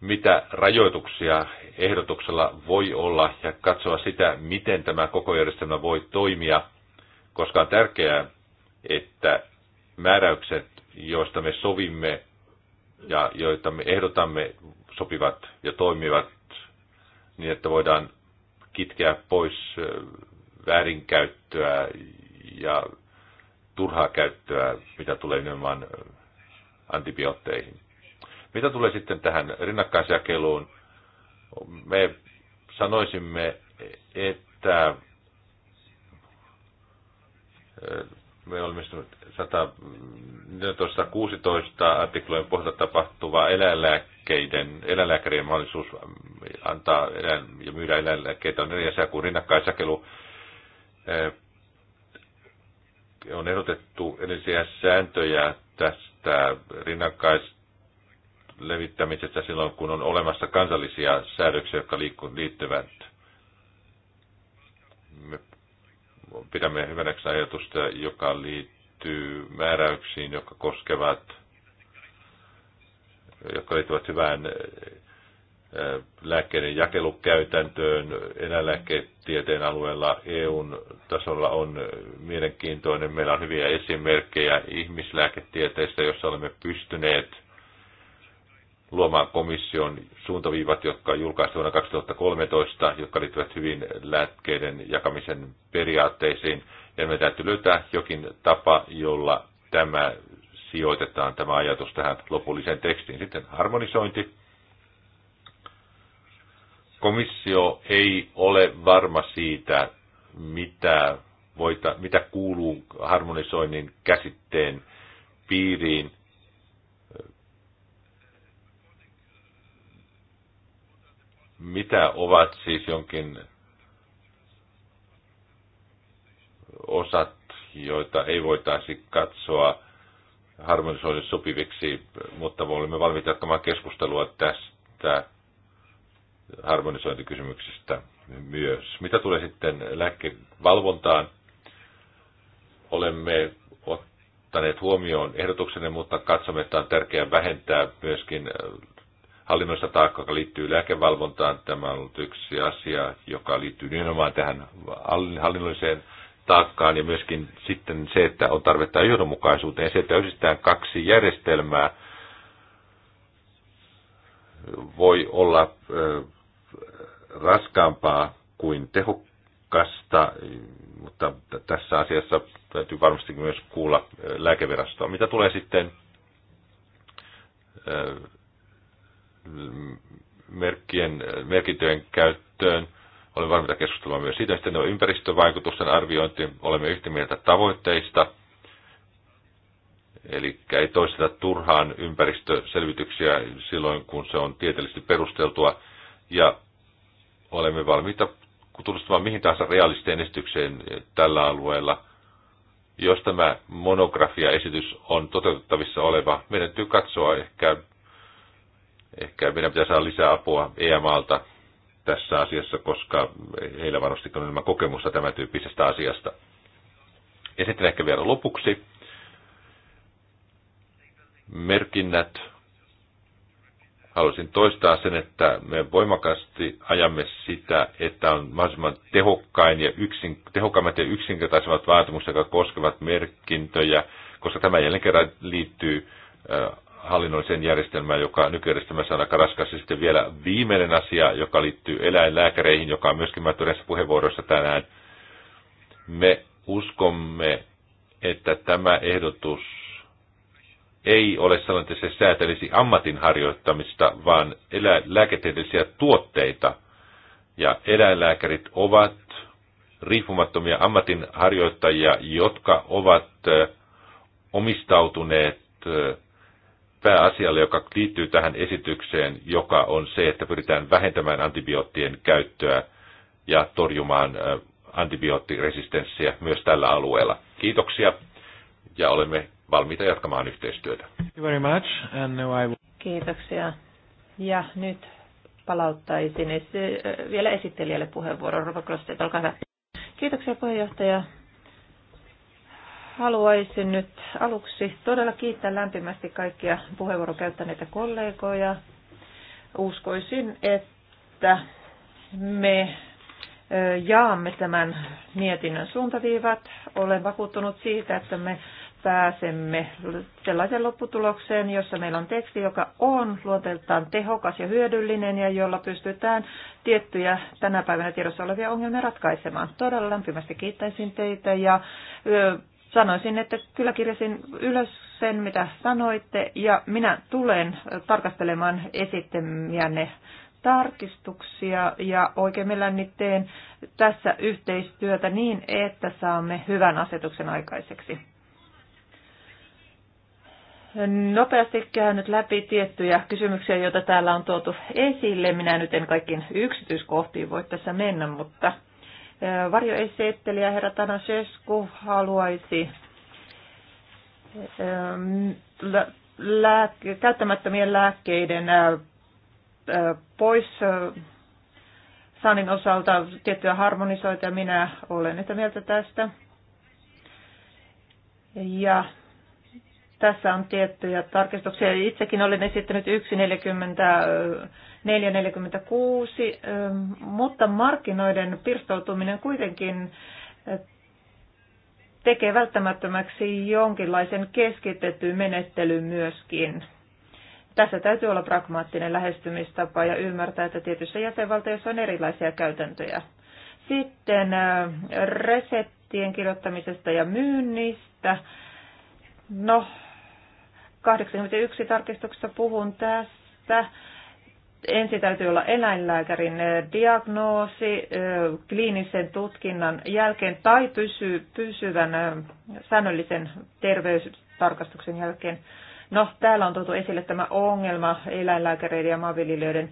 mitä rajoituksia ehdotuksella voi olla ja katsoa sitä, miten tämä koko järjestelmä voi toimia, koska on tärkeää, että määräykset, joista me sovimme ja joita me ehdotamme, sopivat ja toimivat niin, että voidaan kitkeä pois väärinkäyttöä ja turhaa käyttöä, mitä tulee nimenomaan antibiootteihin. Mitä tulee sitten tähän rinnakkaisjakeluun? Me sanoisimme, että me olemme 116 artiklojen pohjalta tapahtuva eläinlääkkeiden, eläinlääkärien mahdollisuus antaa eläin, ja myydä eläinlääkkeitä on eri asia kuin rinnakkaisjakelu on erotettu erillisiä sääntöjä tästä rinnakkaislevittämisestä silloin, kun on olemassa kansallisia säädöksiä, jotka liittyvät. Me pidämme hyvänäksi ajatusta, joka liittyy määräyksiin, jotka koskevat jotka liittyvät hyvään lääkkeiden jakelukäytäntöön eläinlääketieteen alueella EUn tasolla on mielenkiintoinen. Meillä on hyviä esimerkkejä ihmislääketieteestä, jossa olemme pystyneet luomaan komission suuntaviivat, jotka julkaistiin vuonna 2013, jotka liittyvät hyvin lääkkeiden jakamisen periaatteisiin. Ja me täytyy löytää jokin tapa, jolla tämä sijoitetaan, tämä ajatus tähän lopulliseen tekstiin. Sitten harmonisointi komissio ei ole varma siitä, mitä, voita, mitä kuuluu harmonisoinnin käsitteen piiriin. Mitä ovat siis jonkin osat, joita ei voitaisi katsoa harmonisoinnin sopiviksi, mutta me olemme valmiita jatkamaan keskustelua tästä harmonisointikysymyksistä myös. Mitä tulee sitten lääkevalvontaan, olemme ottaneet huomioon ehdotuksenne, mutta katsomme, että on tärkeää vähentää myöskin äh, hallinnollista taakkaa, joka liittyy lääkevalvontaan. Tämä on ollut yksi asia, joka liittyy nimenomaan tähän hallinnolliseen taakkaan ja myöskin sitten se, että on tarvetta johdonmukaisuuteen. Se, että yhdistetään kaksi järjestelmää, voi olla äh, raskaampaa kuin tehokasta, mutta tässä asiassa täytyy varmasti myös kuulla lääkevirastoa. Mitä tulee sitten merkkien, merkintöjen käyttöön, olen valmiita keskustelemaan myös siitä. Sitten ympäristövaikutusten arviointi, olemme yhtä mieltä tavoitteista, eli ei toisteta turhaan ympäristöselvityksiä silloin, kun se on tieteellisesti perusteltua. Ja olemme valmiita tutustumaan mihin tahansa realistiseen esitykseen tällä alueella. Jos tämä monografiaesitys on toteutettavissa oleva, meidän täytyy katsoa ehkä, ehkä meidän pitää saada lisää apua EMAlta tässä asiassa, koska heillä varmasti on enemmän kokemusta tämän tyyppisestä asiasta. Ja sitten ehkä vielä lopuksi merkinnät haluaisin toistaa sen, että me voimakkaasti ajamme sitä, että on mahdollisimman tehokkain ja yksin, tehokkaimmat ja yksinkertaisemmat vaatimukset, jotka koskevat merkintöjä, koska tämä jälleen kerran liittyy hallinnolliseen järjestelmään, joka nykyjärjestelmässä on aika raskas. Ja sitten vielä viimeinen asia, joka liittyy eläinlääkäreihin, joka on myöskin mainittu puheenvuoroissa tänään. Me uskomme, että tämä ehdotus ei ole sanonut, että se säätelisi ammatin harjoittamista, vaan elä- lääketieteellisiä tuotteita. Ja eläinlääkärit ovat riippumattomia ammatin harjoittajia, jotka ovat omistautuneet pääasialle, joka liittyy tähän esitykseen, joka on se, että pyritään vähentämään antibioottien käyttöä ja torjumaan antibioottiresistenssiä myös tällä alueella. Kiitoksia ja olemme valmiita jatkamaan yhteistyötä. Very much, and now I will... Kiitoksia. Ja nyt palauttaisin esi- vielä esittelijälle puheenvuoron. Rova Krosset, olkaa hyvä. Kiitoksia puheenjohtaja. Haluaisin nyt aluksi todella kiittää lämpimästi kaikkia puheenvuoron käyttäneitä kollegoja. Uskoisin, että me jaamme tämän mietinnön suuntaviivat. Olen vakuuttunut siitä, että me pääsemme sellaisen lopputulokseen, jossa meillä on teksti, joka on luonteeltaan tehokas ja hyödyllinen ja jolla pystytään tiettyjä tänä päivänä tiedossa olevia ongelmia ratkaisemaan. Todella lämpimästi kiittäisin teitä ja sanoisin, että kyllä kirjasin ylös sen, mitä sanoitte ja minä tulen tarkastelemaan esittämiänne tarkistuksia ja oikein mielelläni teen tässä yhteistyötä niin, että saamme hyvän asetuksen aikaiseksi nopeasti käynyt läpi tiettyjä kysymyksiä, joita täällä on tuotu esille. Minä nyt en kaikkiin yksityiskohtiin voi tässä mennä, mutta varjoesittelijä herra Tanasesku haluaisi käyttämättömien lääkkeiden pois Sanin osalta tiettyä harmonisoita. Minä olen yhtä mieltä tästä. Ja tässä on tiettyjä tarkistuksia. Itsekin olen esittänyt 1.44.46, mutta markkinoiden pirstoutuminen kuitenkin tekee välttämättömäksi jonkinlaisen keskitetyn menettelyn myöskin. Tässä täytyy olla pragmaattinen lähestymistapa ja ymmärtää, että tietyissä jäsenvaltioissa on erilaisia käytäntöjä. Sitten reseptien kirjoittamisesta ja myynnistä. No, 81 tarkistuksessa puhun tästä. Ensin täytyy olla eläinlääkärin diagnoosi kliinisen tutkinnan jälkeen tai pysy, pysyvän säännöllisen terveystarkastuksen jälkeen. No, täällä on tuotu esille tämä ongelma eläinlääkäreiden ja maanviljelijöiden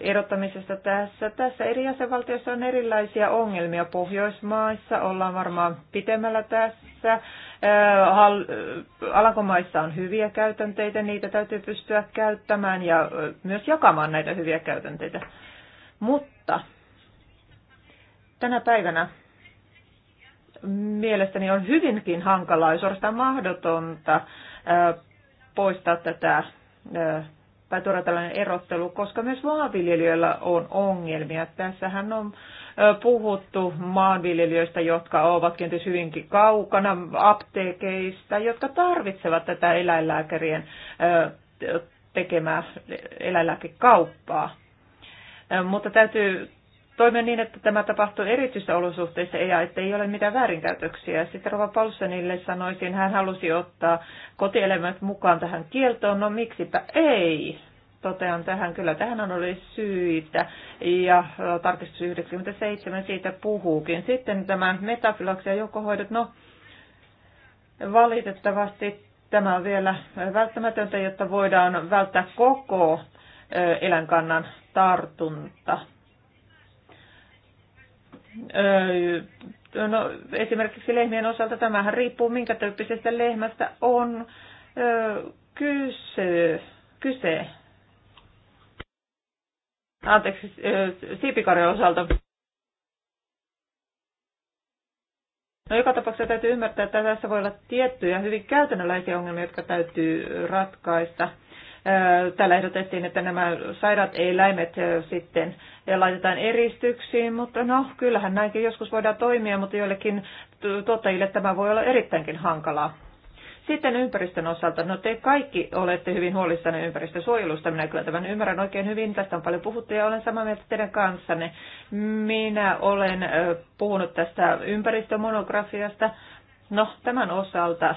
erottamisesta tässä. Tässä eri jäsenvaltioissa on erilaisia ongelmia. Pohjoismaissa ollaan varmaan pitemmällä tässä. Alankomaissa on hyviä käytänteitä, niitä täytyy pystyä käyttämään ja myös jakamaan näitä hyviä käytänteitä. Mutta tänä päivänä mielestäni on hyvinkin hankalaa ja suorastaan mahdotonta poistaa tätä tai tuoda tällainen erottelu, koska myös maanviljelijöillä on ongelmia. Tässähän on puhuttu maanviljelijöistä, jotka ovat kenties hyvinkin kaukana apteekeista, jotka tarvitsevat tätä eläinlääkärien tekemää eläinlääkekauppaa. Mutta täytyy toimia niin, että tämä tapahtuu erityisissä olosuhteissa ja ettei ole mitään väärinkäytöksiä. Sitten Rova Paulsenille sanoisin, hän halusi ottaa kotielämät mukaan tähän kieltoon. No miksipä ei? Totean tähän, kyllä tähän on oli syitä ja tarkistus 97 siitä puhuukin. Sitten tämä metafylaksia joukkohoidot, no valitettavasti tämä on vielä välttämätöntä, jotta voidaan välttää koko eläinkannan tartunta. Öö, no, esimerkiksi lehmien osalta tämähän riippuu, minkä tyyppisestä lehmästä on öö, kyse. kyse. Anteeksi, öö, siipikarjan osalta. No joka tapauksessa täytyy ymmärtää, että tässä voi olla tiettyjä hyvin käytännönläisiä ongelmia, jotka täytyy ratkaista. Täällä ehdotettiin, että nämä sairaat eläimet sitten laitetaan eristyksiin, mutta no kyllähän näinkin joskus voidaan toimia, mutta joillekin tuottajille tämä voi olla erittäinkin hankalaa. Sitten ympäristön osalta, no te kaikki olette hyvin huolissanne ympäristösuojelusta, minä kyllä tämän ymmärrän oikein hyvin, tästä on paljon puhuttu ja olen samaa mieltä teidän kanssanne. Minä olen puhunut tästä ympäristömonografiasta, No, tämän osalta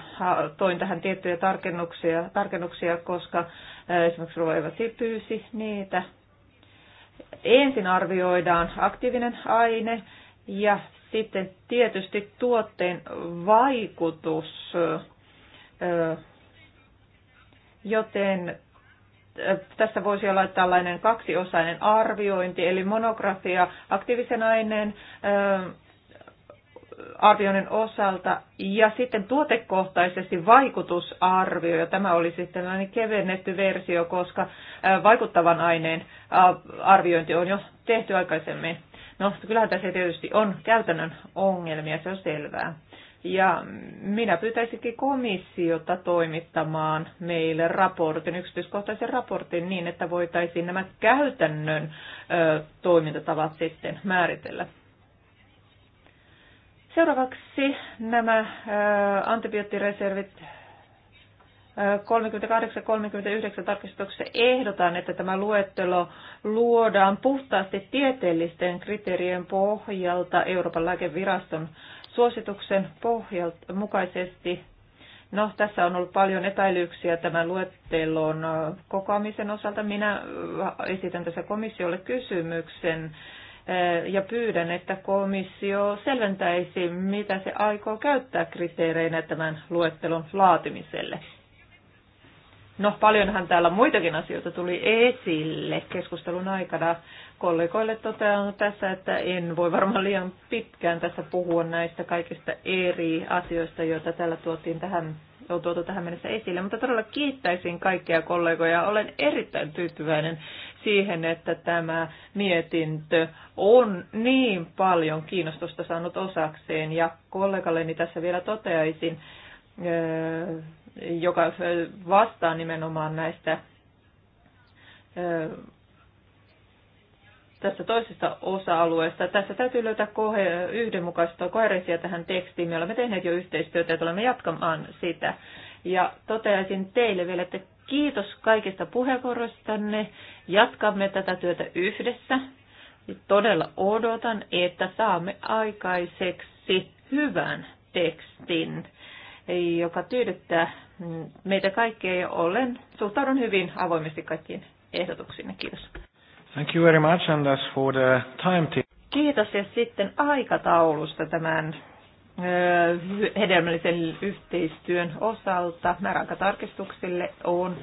toin tähän tiettyjä tarkennuksia, tarkennuksia koska esimerkiksi ruoiva pyysi niitä ensin arvioidaan aktiivinen aine ja sitten tietysti tuotteen vaikutus, joten tässä voisi olla tällainen kaksiosainen arviointi, eli monografia aktiivisen aineen arvioinnin osalta ja sitten tuotekohtaisesti vaikutusarvio, ja tämä oli sitten tällainen kevennetty versio, koska vaikuttavan aineen arviointi on jo tehty aikaisemmin. No, kyllähän tässä tietysti on käytännön ongelmia, se on selvää. Ja minä pyytäisinkin komissiota toimittamaan meille raportin, yksityiskohtaisen raportin niin, että voitaisiin nämä käytännön ö, toimintatavat sitten määritellä. Seuraavaksi nämä äh, antibioottireservit 38-39 äh, tarkistuksessa ehdotan, että tämä luettelo luodaan puhtaasti tieteellisten kriteerien pohjalta Euroopan lääkeviraston suosituksen pohjalta mukaisesti. No, tässä on ollut paljon epäilyksiä tämän luettelon äh, kokoamisen osalta. Minä esitän tässä komissiolle kysymyksen ja pyydän, että komissio selventäisi, mitä se aikoo käyttää kriteereinä tämän luettelon laatimiselle. No, paljonhan täällä muitakin asioita tuli esille keskustelun aikana. Kollegoille totean tässä, että en voi varmaan liian pitkään tässä puhua näistä kaikista eri asioista, joita täällä tuotiin tähän, on tuotu tähän mennessä esille, mutta todella kiittäisin kaikkia kollegoja. Olen erittäin tyytyväinen siihen, että tämä mietintö on niin paljon kiinnostusta saanut osakseen. Ja kollegalleni tässä vielä toteaisin, eh, joka vastaa nimenomaan näistä eh, tästä toisesta osa-alueesta. Tässä täytyy löytää kohe, yhdenmukaista koherensia tähän tekstiin. Me olemme tehneet jo yhteistyötä ja tulemme jatkamaan sitä. Ja toteaisin teille vielä, että Kiitos kaikista puheenvuoroistanne. Jatkamme tätä työtä yhdessä. Todella odotan, että saamme aikaiseksi hyvän tekstin, joka tyydyttää meitä kaikkia ja olen, suhtaudun hyvin avoimesti kaikkiin ehdotuksiin. Kiitos. Thank you very much and for the time Kiitos ja sitten aikataulusta tämän hedelmällisen yhteistyön osalta määräaikatarkistuksille on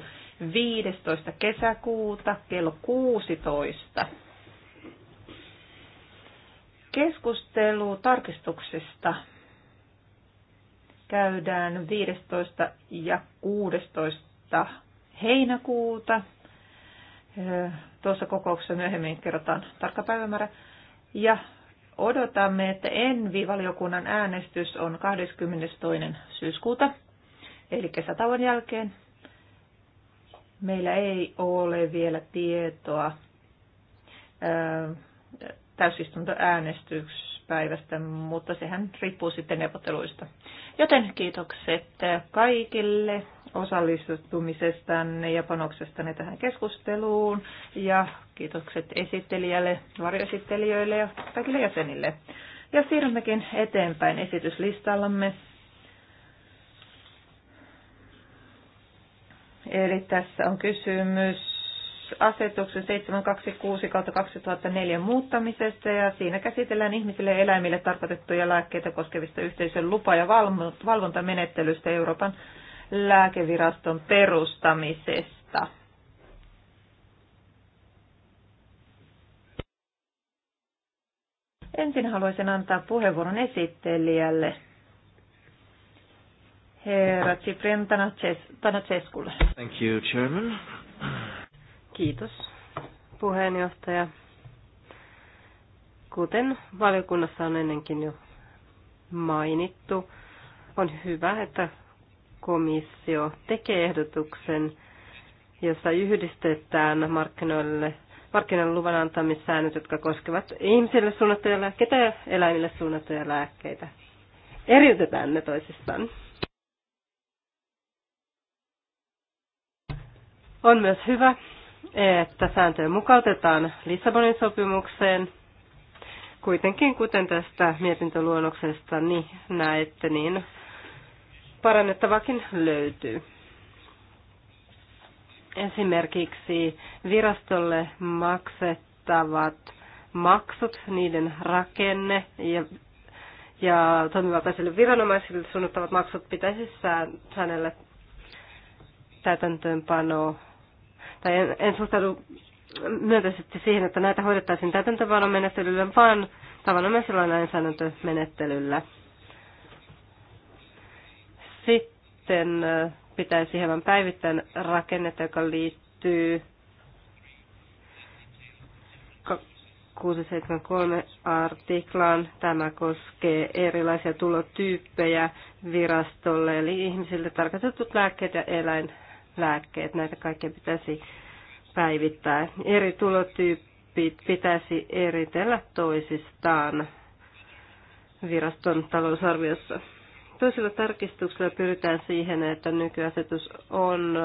15. kesäkuuta kello 16. Keskustelu tarkistuksista käydään 15. ja 16. heinäkuuta. Tuossa kokouksessa myöhemmin kerrotaan tarkka päivämäärä. Ja odotamme, että Envi-valiokunnan äänestys on 22. syyskuuta, eli kesätauon jälkeen. Meillä ei ole vielä tietoa täysistuntoäänestyspäivästä, mutta sehän riippuu sitten neuvotteluista. Joten kiitokset kaikille osallistumisestanne ja panoksestanne tähän keskusteluun ja Kiitokset esittelijälle, varjoesittelijöille ja kaikille jäsenille. Ja siirrymmekin eteenpäin esityslistallamme. Eli tässä on kysymys asetuksen 726-2004 muuttamisesta ja siinä käsitellään ihmisille ja eläimille tarkoitettuja lääkkeitä koskevista yhteisön lupa- ja valvontamenettelystä Euroopan lääkeviraston perustamisesta. Ensin haluaisin antaa puheenvuoron esittelijälle, herra Tsiprin Tanatseskulle. Thank you, Chairman. Kiitos, puheenjohtaja. Kuten valiokunnassa on ennenkin jo mainittu, on hyvä, että komissio tekee ehdotuksen, jossa yhdistetään markkinoille markkinoille luvan antamissäännöt, jotka koskevat ihmisille suunnattuja lääkkeitä ja eläimille suunnattuja lääkkeitä. Eriytetään ne toisistaan. On myös hyvä, että sääntöjä mukautetaan Lissabonin sopimukseen. Kuitenkin, kuten tästä mietintöluonnoksesta niin näette, niin parannettavakin löytyy. Esimerkiksi virastolle maksettavat maksut, niiden rakenne ja, ja toimivaltaisille viranomaisille suunnattavat maksut pitäisi säännellä täytäntöönpanoa. Tai en, en suhtaudu myönteisesti siihen, että näitä hoidettaisiin täytäntöönpanon menettelyllä, vaan tavanomaisella lainsäädäntömenettelyllä. Sitten pitäisi hieman päivittää rakennetta, joka liittyy 673 artiklaan. Tämä koskee erilaisia tulotyyppejä virastolle, eli ihmisille tarkoitetut lääkkeet ja eläinlääkkeet. Näitä kaikkea pitäisi päivittää. Eri tulotyyppit pitäisi eritellä toisistaan viraston talousarviossa. Toisella tarkistuksella pyritään siihen, että nykyasetus on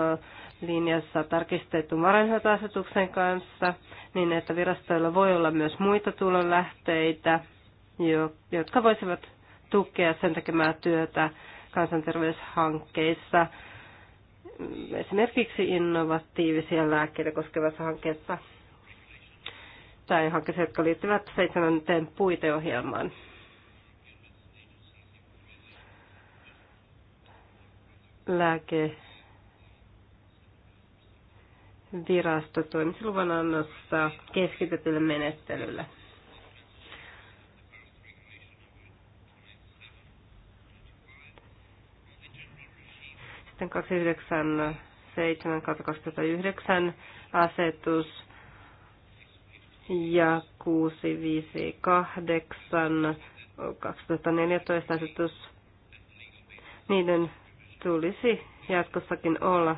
linjassa tarkistettu varainhoitoasetuksen kanssa, niin että virastoilla voi olla myös muita tulonlähteitä, jotka voisivat tukea sen tekemää työtä kansanterveyshankkeissa, esimerkiksi innovatiivisia lääkkeitä koskevassa hankkeessa tai hankkeessa, jotka liittyvät seitsemänteen puiteohjelmaan. lääke virasto toimisluvan annossa keskitetyllä menettelyllä. Sitten 297-2009 asetus ja 658 2014 asetus. Niiden tulisi jatkossakin olla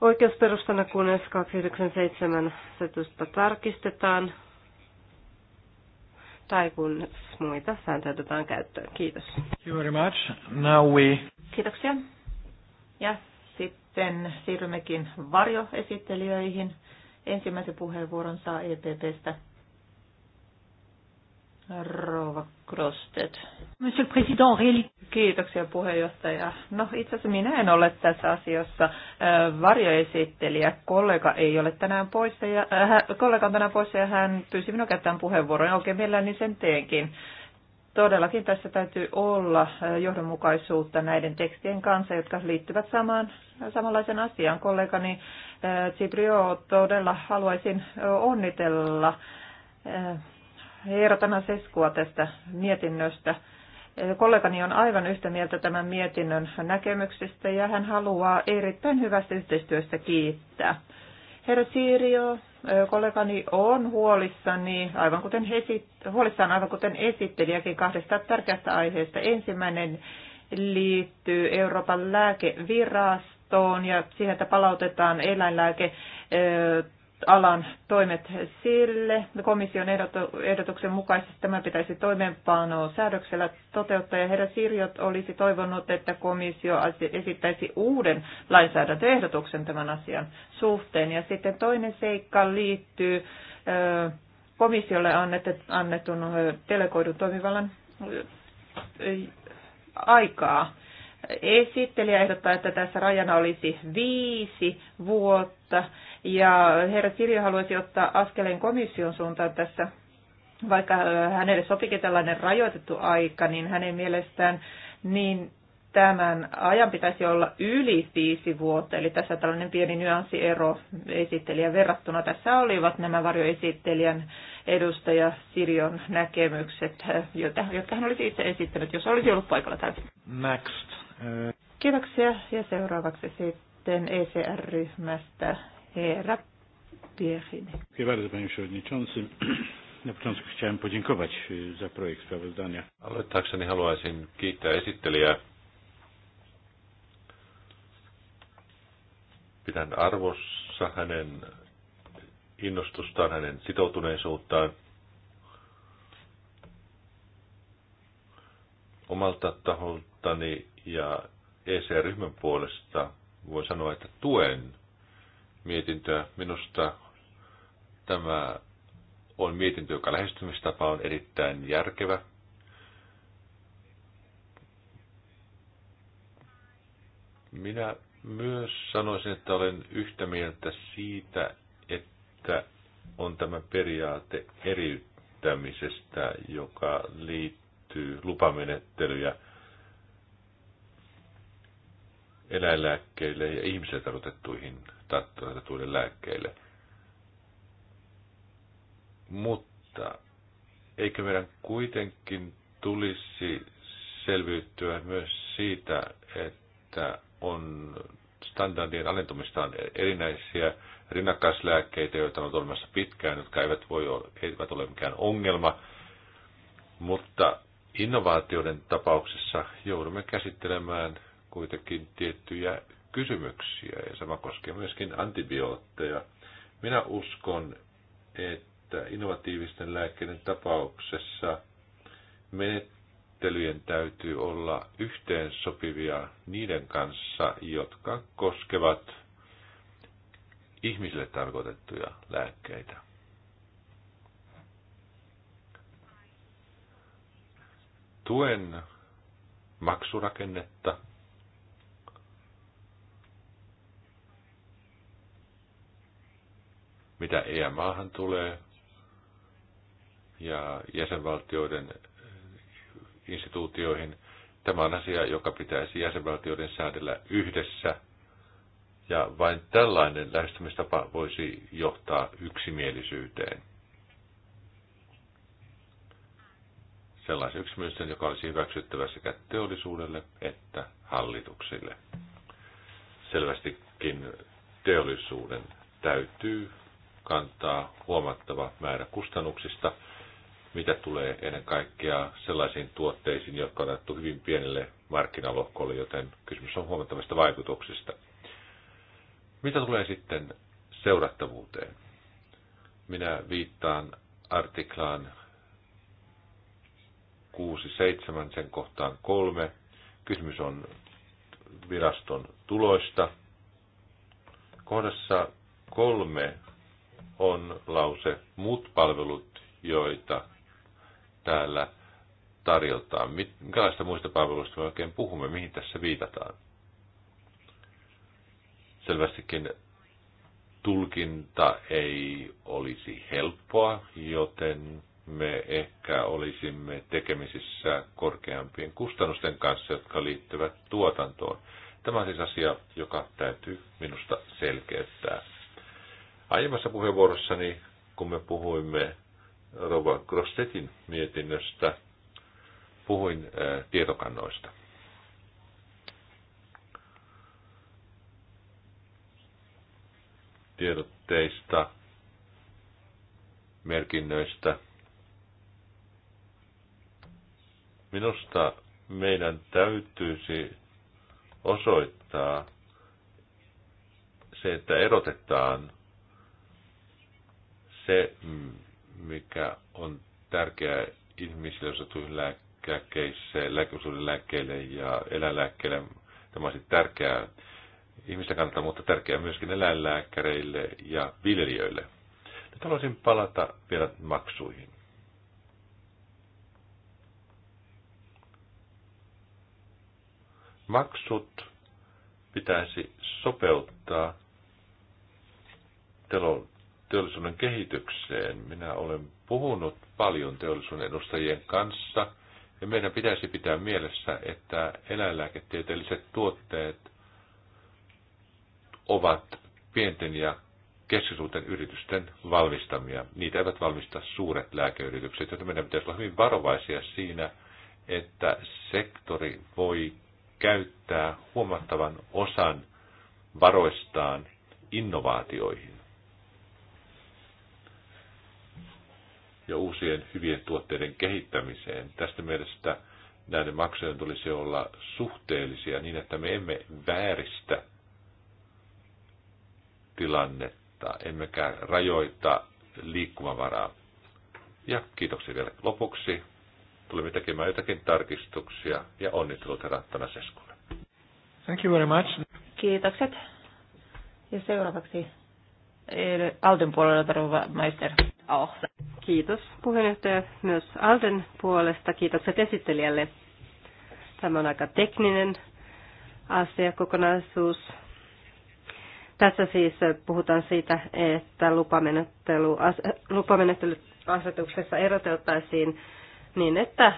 oikeusperustana, kunnes 297 tarkistetaan tai kun muita sääntöjä otetaan käyttöön. Kiitos. Thank you very much. Now we... Kiitoksia. Ja sitten siirrymmekin varjoesittelijöihin. Ensimmäisen puheenvuoron saa EPPstä Rouva Krostet. Monsieur le Président, Kiitoksia puheenjohtaja. No itse asiassa minä en ole tässä asiassa äh, varjoesittelijä. Kollega ei ole tänään poissa ja, äh, kollega on tänään poissa ja hän pyysi minua käyttämään puheenvuoron. Oikein mielelläni niin sen teenkin. Todellakin tässä täytyy olla äh, johdonmukaisuutta näiden tekstien kanssa, jotka liittyvät samaan, samanlaisen asiaan. Kollegani äh, Cibrio todella haluaisin onnitella Eero Seskua tästä mietinnöstä. Kollegani on aivan yhtä mieltä tämän mietinnön näkemyksistä ja hän haluaa erittäin hyvästä yhteistyöstä kiittää. Herra Siirio, kollegani on huolissani, aivan kuten esit, huolissaan aivan kuten esittelijäkin kahdesta tärkeästä aiheesta. Ensimmäinen liittyy Euroopan lääkevirastoon ja siihen, että palautetaan eläinlääke alan toimet sille. Komission ehdotuksen mukaisesti tämä pitäisi toimeenpanoa säädöksellä toteuttaa ja herra Sirjot olisi toivonut, että komissio esittäisi uuden lainsäädäntöehdotuksen tämän asian suhteen. Ja sitten toinen seikka liittyy komissiolle annetun delegoidun toimivallan aikaa. Esittelijä ehdottaa, että tässä rajana olisi viisi vuotta ja herra Sirjo haluaisi ottaa askeleen komission suuntaan tässä. Vaikka hänelle sopikin tällainen rajoitettu aika, niin hänen mielestään niin tämän ajan pitäisi olla yli viisi vuotta, eli tässä tällainen pieni nyanssiero esittelijä verrattuna. Tässä olivat nämä varjoesittelijän edustaja Sirion näkemykset, joita, jotka hän olisi itse esittänyt, jos olisi ollut paikalla täällä. Next. Kiitoksia, ja seuraavaksi sitten ECR-ryhmästä Herra Piechiny. Dziękuję bardzo, panie przewodniczący. Na początku chciałem podziękować za projekt sprawozdania. Ale nie haluaisin kiittää esittelijää. Pidän arvossa hänen innostustaan, hänen sitoutuneisuuttaan. Omalta taholtani ja EC-ryhmän puolesta voi sanoa, että tuen mietintöä. Minusta tämä on mietintö, joka lähestymistapa on erittäin järkevä. Minä myös sanoisin, että olen yhtä mieltä siitä, että on tämä periaate eriyttämisestä, joka liittyy lupamenettelyjä eläinlääkkeille ja ihmisille tarkoitettuihin haittaa tuotetuille lääkkeille. Mutta eikö meidän kuitenkin tulisi selviytyä myös siitä, että on standardien alentumista on erinäisiä rinnakkaislääkkeitä, joita on olemassa pitkään, jotka eivät, voi olla, eivät ole mikään ongelma. Mutta innovaatioiden tapauksessa joudumme käsittelemään kuitenkin tiettyjä kysymyksiä ja sama koskee myöskin antibiootteja. Minä uskon, että innovatiivisten lääkkeiden tapauksessa menettelyjen täytyy olla yhteensopivia niiden kanssa, jotka koskevat ihmisille tarkoitettuja lääkkeitä. Tuen maksurakennetta – mitä e maahan tulee ja jäsenvaltioiden instituutioihin. Tämä on asia, joka pitäisi jäsenvaltioiden säädellä yhdessä ja vain tällainen lähestymistapa voisi johtaa yksimielisyyteen. Sellaisen yksimielisyyteen, joka olisi hyväksyttävä sekä teollisuudelle että hallituksille. Selvästikin teollisuuden täytyy kantaa huomattava määrä kustannuksista, mitä tulee ennen kaikkea sellaisiin tuotteisiin, jotka on otettu hyvin pienelle markkinalohkolle, joten kysymys on huomattavista vaikutuksista. Mitä tulee sitten seurattavuuteen? Minä viittaan artiklaan 6.7, sen kohtaan 3. Kysymys on viraston tuloista. Kohdassa kolme on lause muut palvelut, joita täällä tarjotaan. Minkälaista muista palveluista me oikein puhumme, mihin tässä viitataan? Selvästikin tulkinta ei olisi helppoa, joten me ehkä olisimme tekemisissä korkeampien kustannusten kanssa, jotka liittyvät tuotantoon. Tämä on siis asia, joka täytyy minusta selkeyttää. Aiemmassa puheenvuorossani, kun me puhuimme Rova Grossetin mietinnöstä, puhuin tietokannoista. Tiedotteista, merkinnöistä. Minusta meidän täytyisi osoittaa se, että erotetaan se, mikä on tärkeää ihmisille jos tulee lääkeosuuden lääkkeille ja eläinlääkkeille. Tämä on sitten siis tärkeää ihmisten kannalta, mutta tärkeää myöskin eläinlääkäreille ja viljelijöille. Nyt haluaisin palata vielä maksuihin. Maksut pitäisi sopeuttaa teollisuuden kehitykseen. Minä olen puhunut paljon teollisuuden edustajien kanssa ja meidän pitäisi pitää mielessä, että eläinlääketieteelliset tuotteet ovat pienten ja keskisuuten yritysten valmistamia. Niitä eivät valmista suuret lääkeyritykset, joten meidän pitäisi olla hyvin varovaisia siinä, että sektori voi käyttää huomattavan osan varoistaan innovaatioihin. ja uusien hyvien tuotteiden kehittämiseen. Tästä mielestä näiden maksujen tulisi olla suhteellisia niin, että me emme vääristä tilannetta, emmekä rajoita liikkumavaraa. Ja kiitoksia vielä lopuksi. Tulemme tekemään jotakin tarkistuksia ja onnittelut herra Tanaseskulle. Thank you very much. Kiitokset. Ja seuraavaksi Alden puolella tarvitaan maisteri auch. Kiitos puheenjohtaja myös Alden puolesta. Kiitokset esittelijälle. Tämä on aika tekninen asiakokonaisuus. Tässä siis puhutaan siitä, että lupamenettely, lupamenettelyasetuksessa eroteltaisiin niin, että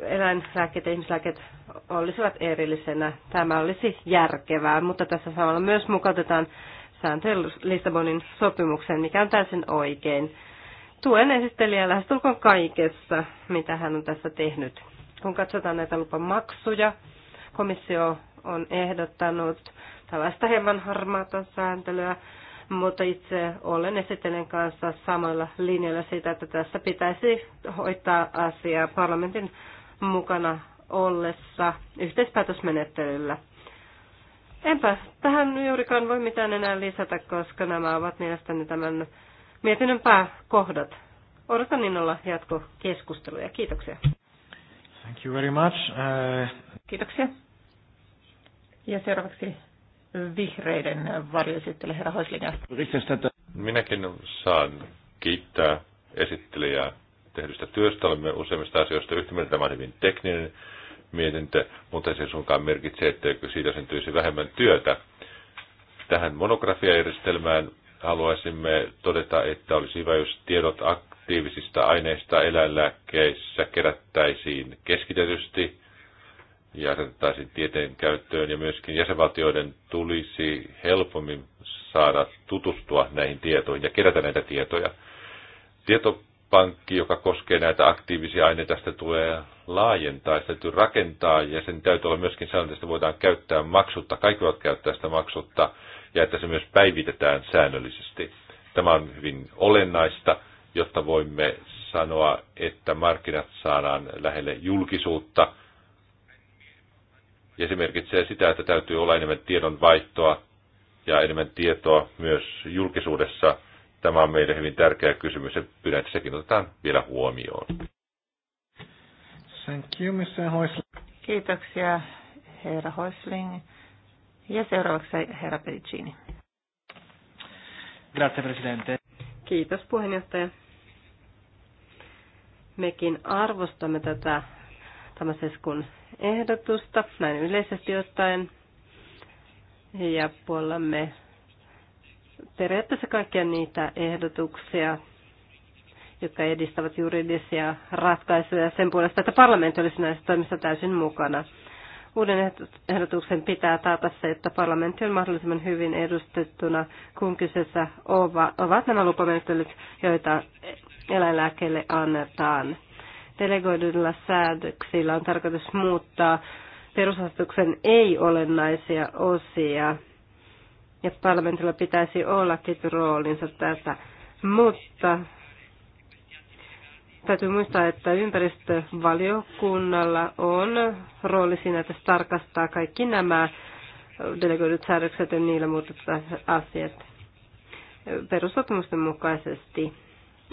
eläinlääkkeet ja ihmislääkkeet olisivat erillisenä. Tämä olisi järkevää, mutta tässä samalla myös mukautetaan sääntöjen Lissabonin sopimukseen, mikä on täysin oikein tuen esittelijä lähestulkoon kaikessa, mitä hän on tässä tehnyt. Kun katsotaan näitä lupamaksuja, komissio on ehdottanut tällaista hieman harmaata sääntelyä, mutta itse olen esittelen kanssa samalla linjalla siitä, että tässä pitäisi hoitaa asiaa parlamentin mukana ollessa yhteispäätösmenettelyllä. Enpä tähän juurikaan voi mitään enää lisätä, koska nämä ovat mielestäni tämän mietinnön pääkohdat. Odotan innolla jatkokeskusteluja. Kiitoksia. Thank you very much. Uh... Kiitoksia. Ja seuraavaksi vihreiden varjoesittely herra Hoislinja. Minäkin saan kiittää esittelijää tehdystä työstä. Olemme useimmista asioista yhtä mieltä. Tämä on hyvin tekninen mietintö, mutta se suinkaan merkitsee, että siitä syntyisi vähemmän työtä. Tähän monografiajärjestelmään haluaisimme todeta, että olisi hyvä, jos tiedot aktiivisista aineista eläinlääkkeissä kerättäisiin keskitetysti ja asetettaisiin tieteen käyttöön, ja myöskin jäsenvaltioiden tulisi helpommin saada tutustua näihin tietoihin ja kerätä näitä tietoja. Tietopankki, joka koskee näitä aktiivisia aineita, sitä tulee laajentaa, sitä täytyy rakentaa, ja sen täytyy olla myöskin sellainen, että sitä voidaan käyttää maksutta, kaikki voivat käyttää sitä maksutta, ja että se myös päivitetään säännöllisesti. Tämä on hyvin olennaista, jotta voimme sanoa, että markkinat saadaan lähelle julkisuutta. Ja se merkitsee sitä, että täytyy olla enemmän tiedonvaihtoa ja enemmän tietoa myös julkisuudessa. Tämä on meille hyvin tärkeä kysymys ja pyydän, että sekin otetaan vielä huomioon. Thank you, Mr. Kiitoksia, herra Hoisling. Ja seuraavaksi herra Pedicini. Grazie, presidente. Kiitos puheenjohtaja. Mekin arvostamme tätä Tamaseskun ehdotusta näin yleisesti ottaen ja puolamme periaatteessa kaikkia niitä ehdotuksia, jotka edistävät juridisia ratkaisuja sen puolesta, että parlamentti olisi näissä toimissa täysin mukana. Uuden ehdotuksen pitää taata se, että parlamentti on mahdollisimman hyvin edustettuna, kun kyseessä ovat nämä lupamenettelyt, joita eläinlääkkeelle annetaan. Delegoiduilla säädöksillä on tarkoitus muuttaa perusasetuksen ei-olennaisia osia, ja parlamentilla pitäisi olla roolinsa tässä, mutta Täytyy muistaa, että ympäristövaliokunnalla on rooli siinä, että se tarkastaa kaikki nämä delegoidut säädökset ja niillä muutetaan asiat perussopimusten mukaisesti.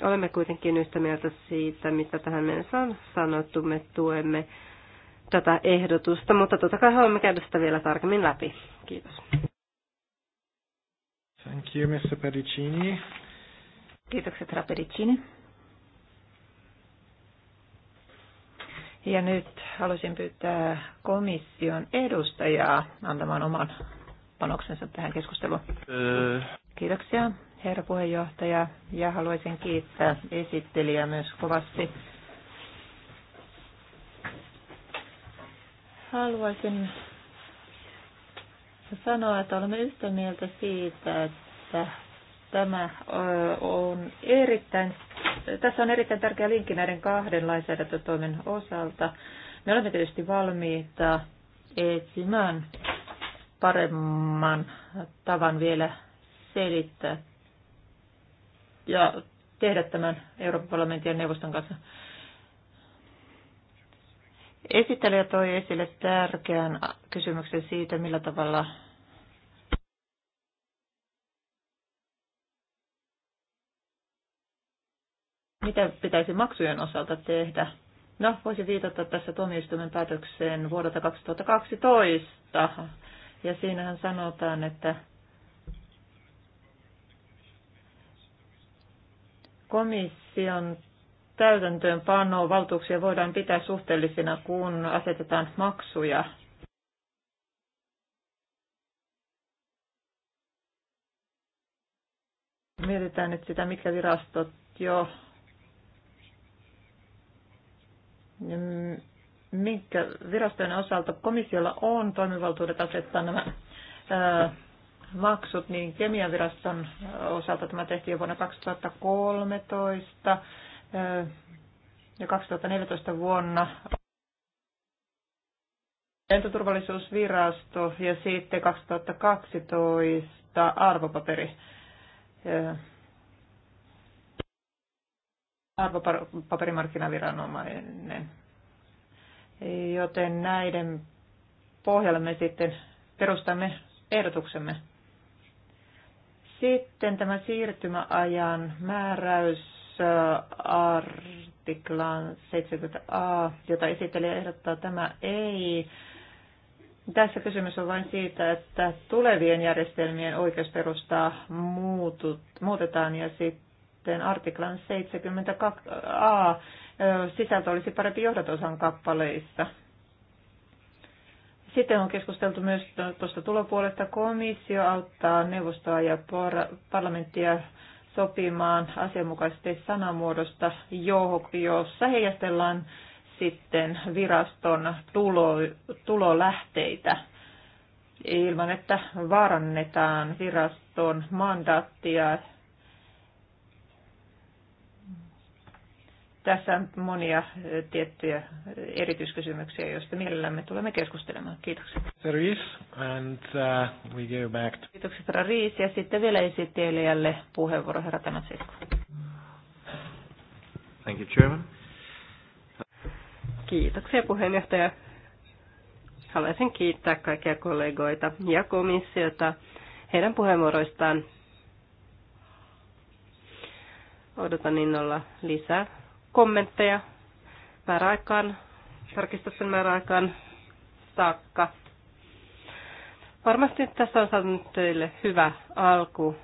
Olemme kuitenkin yhtä mieltä siitä, mitä tähän mennessä on sanottu. Me tuemme tätä ehdotusta, mutta totta kai haluamme käydä sitä vielä tarkemmin läpi. Kiitos. Thank you, Mr. Pedicini. Kiitokset, herra Pedicini. Ja nyt haluaisin pyytää komission edustajaa antamaan oman panoksensa tähän keskusteluun. Äh. Kiitoksia, herra puheenjohtaja, ja haluaisin kiittää esittelijää myös kovasti. Haluaisin sanoa, että olemme yhtä mieltä siitä, että tämä on erittäin tässä on erittäin tärkeä linkki näiden kahden lainsäädäntötoimen osalta. Me olemme tietysti valmiita etsimään paremman tavan vielä selittää ja tehdä tämän Euroopan parlamentin ja neuvoston kanssa. Esittelijä toi esille tärkeän kysymyksen siitä, millä tavalla mitä pitäisi maksujen osalta tehdä? No, voisi viitata tässä tuomioistuimen päätökseen vuodelta 2012. Ja siinähän sanotaan, että komission täytäntöönpanoa valtuuksia voidaan pitää suhteellisina, kun asetetaan maksuja. Mietitään nyt sitä, mitkä virastot jo minkä virastojen osalta komissiolla on toimivaltuudet asettaa nämä maksut, niin Kemian viraston osalta tämä tehtiin jo vuonna 2013 ja 2014 vuonna lentoturvallisuusvirasto ja sitten 2012 arvopaperi arvopaperimarkkinaviranomainen. Joten näiden pohjalle me sitten perustamme ehdotuksemme. Sitten tämä siirtymäajan määräys äh, artiklaan 70a, jota esittelijä ehdottaa, tämä ei. Tässä kysymys on vain siitä, että tulevien järjestelmien oikeusperustaa muutut, muutetaan ja sitten suhteen artiklan 72a sisältö olisi parempi johdatosan kappaleissa. Sitten on keskusteltu myös tuosta tulopuolesta. Komissio auttaa neuvostoa ja parlamenttia sopimaan asianmukaisesti sanamuodosta, jossa heijastellaan sitten viraston tulo, tulolähteitä ilman, että vaarannetaan viraston mandaattia Tässä on monia tiettyjä erityiskysymyksiä, joista mielellämme tulemme keskustelemaan. Kiitoksia. Riis, and uh, we go back to... Kiitoksia, herra Riis. Ja sitten vielä esittelijälle puheenvuoro, herra Tanasisko. Thank you, Chairman. Kiitoksia, puheenjohtaja. Haluaisin kiittää kaikkia kollegoita ja komissiota heidän puheenvuoroistaan. Odotan innolla lisää kommentteja määräaikaan, tarkistusten määräaikaan saakka. Varmasti tässä on saatu teille hyvä alku.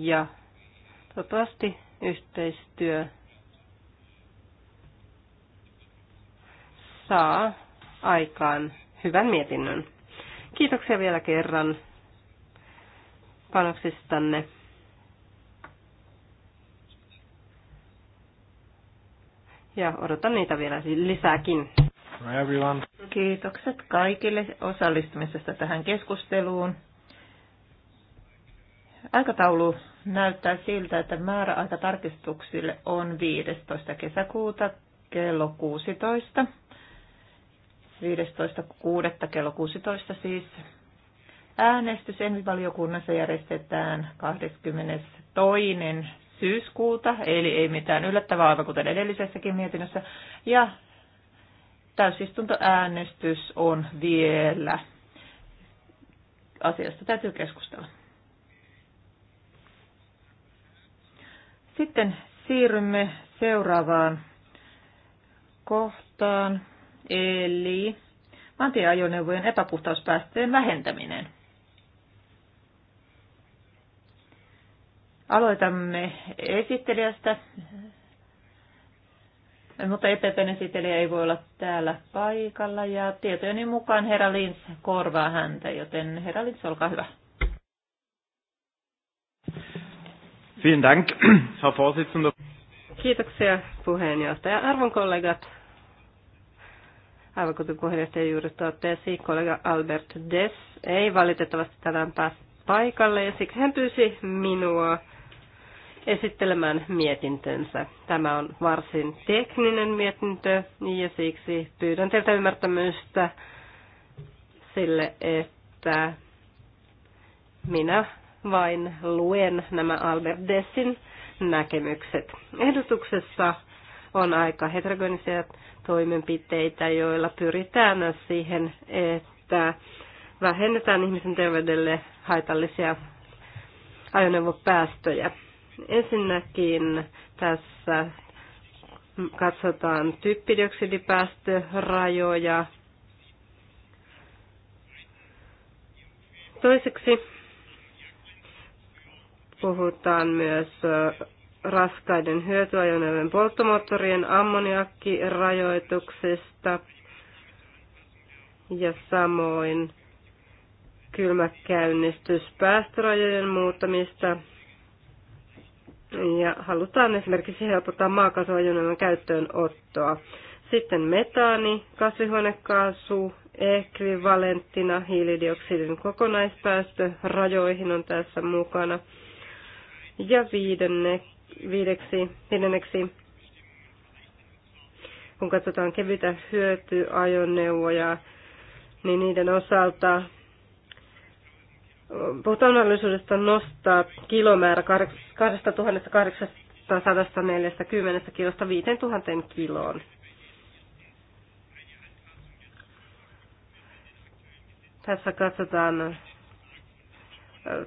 Ja toivottavasti yhteistyö saa aikaan hyvän mietinnön. Kiitoksia vielä kerran panoksistanne. Ja odotan niitä vielä lisääkin. Kiitokset kaikille osallistumisesta tähän keskusteluun. Aikataulu näyttää siltä, että määräaika tarkistuksille on 15. kesäkuuta kello 16. 15.6. kello 16 siis Äänestys envivaliokunnassa järjestetään 22. syyskuuta, eli ei mitään yllättävää, aivan kuten edellisessäkin mietinnössä. Ja täysistuntoäänestys on vielä. Asiasta täytyy keskustella. Sitten siirrymme seuraavaan kohtaan, eli maantieajoneuvojen epäpuhtauspäästöjen vähentäminen. Aloitamme esittelijästä, mutta EPPn esittelijä ei voi olla täällä paikalla ja tietojeni mukaan herra Lins korvaa häntä, joten herra Lins, olkaa hyvä. Kiitoksia puheenjohtaja. Arvon kollegat, aivan kuten puheenjohtaja juuri tuotteesi, kollega Albert Des ei valitettavasti tänään päässyt paikalle ja siksi hän pyysi minua esittelemään mietintönsä. Tämä on varsin tekninen mietintö ja siksi pyydän teiltä ymmärtämystä sille, että minä vain luen nämä Albert Dessin näkemykset. Ehdotuksessa on aika heterogeenisia toimenpiteitä, joilla pyritään siihen, että vähennetään ihmisen terveydelle haitallisia ajoneuvopäästöjä. Ensinnäkin tässä katsotaan typpidioksidipäästörajoja. Toiseksi puhutaan myös raskaiden hyötyajoneuvojen polttomoottorien ammoniakkirajoituksista ja samoin kylmäkäynnistyspäästörajojen muuttamista ja halutaan esimerkiksi helpottaa käyttöön käyttöönottoa. Sitten metaani, kasvihuonekaasu, ekvivalenttina hiilidioksidin kokonaispäästö rajoihin on tässä mukana. Ja viidenne, viideksi, viidenneksi, kun katsotaan kevyitä hyötyajoneuvoja, niin niiden osalta puhtaanallisuudesta nostaa kilomäärä 2840 kilosta 5000 kiloon. Tässä katsotaan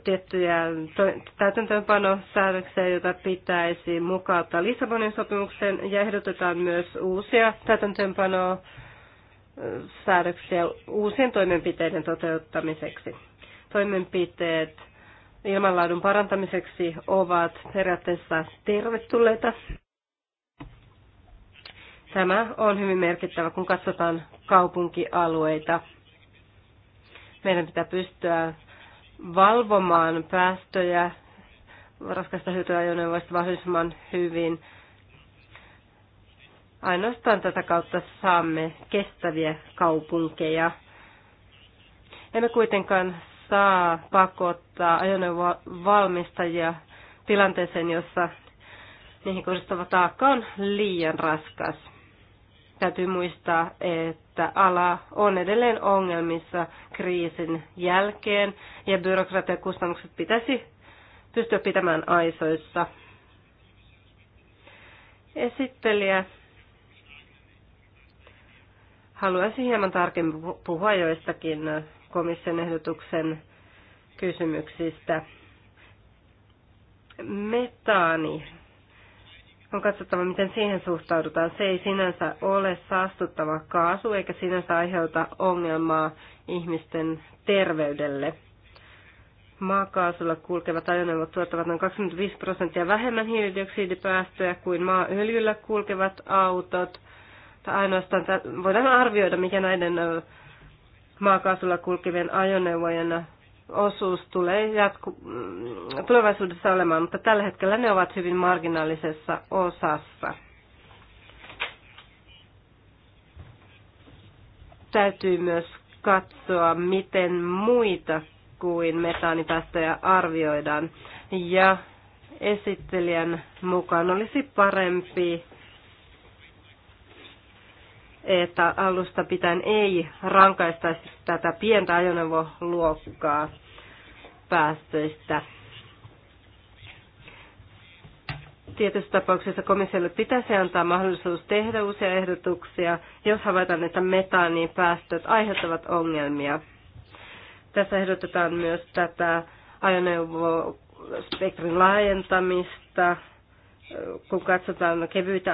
tiettyjä täytäntöönpanosäädöksiä, joita pitäisi mukauttaa Lissabonin sopimukseen ja ehdotetaan myös uusia täytäntöönpanosäädöksiä uusien toimenpiteiden toteuttamiseksi toimenpiteet ilmanlaadun parantamiseksi ovat periaatteessa tervetulleita. Tämä on hyvin merkittävä, kun katsotaan kaupunkialueita. Meidän pitää pystyä valvomaan päästöjä raskasta hyötyajoneuvoista mahdollisimman hyvin. Ainoastaan tätä kautta saamme kestäviä kaupunkeja. Emme kuitenkaan saa pakottaa ajoneuvovalmistajia tilanteeseen, jossa niihin kohdistuva taakka on liian raskas. Täytyy muistaa, että ala on edelleen ongelmissa kriisin jälkeen ja byrokratiakustannukset pitäisi pystyä pitämään aisoissa. Esittelijä haluaisi hieman tarkemmin puhua joistakin komission ehdotuksen kysymyksistä. Metaani. On katsottava, miten siihen suhtaudutaan. Se ei sinänsä ole saastuttava kaasu eikä sinänsä aiheuta ongelmaa ihmisten terveydelle. Maakaasulla kulkevat ajoneuvot tuottavat noin 25 prosenttia vähemmän hiilidioksidipäästöjä kuin maaöljyllä kulkevat autot. ainoastaan voidaan arvioida, mikä näiden maakaasulla kulkevien ajoneuvojen osuus tulee jatku, tulevaisuudessa olemaan, mutta tällä hetkellä ne ovat hyvin marginaalisessa osassa. Täytyy myös katsoa, miten muita kuin metaanipäästöjä arvioidaan. Ja esittelijän mukaan olisi parempi että alusta pitäen ei rankaistaisi tätä pientä ajoneuvoluokkaa päästöistä. Tietyissä tapauksissa komissiolle pitäisi antaa mahdollisuus tehdä uusia ehdotuksia, jos havaitaan, että metaanipäästöt aiheuttavat ongelmia. Tässä ehdotetaan myös tätä ajoneuvospektrin laajentamista kun katsotaan kevyitä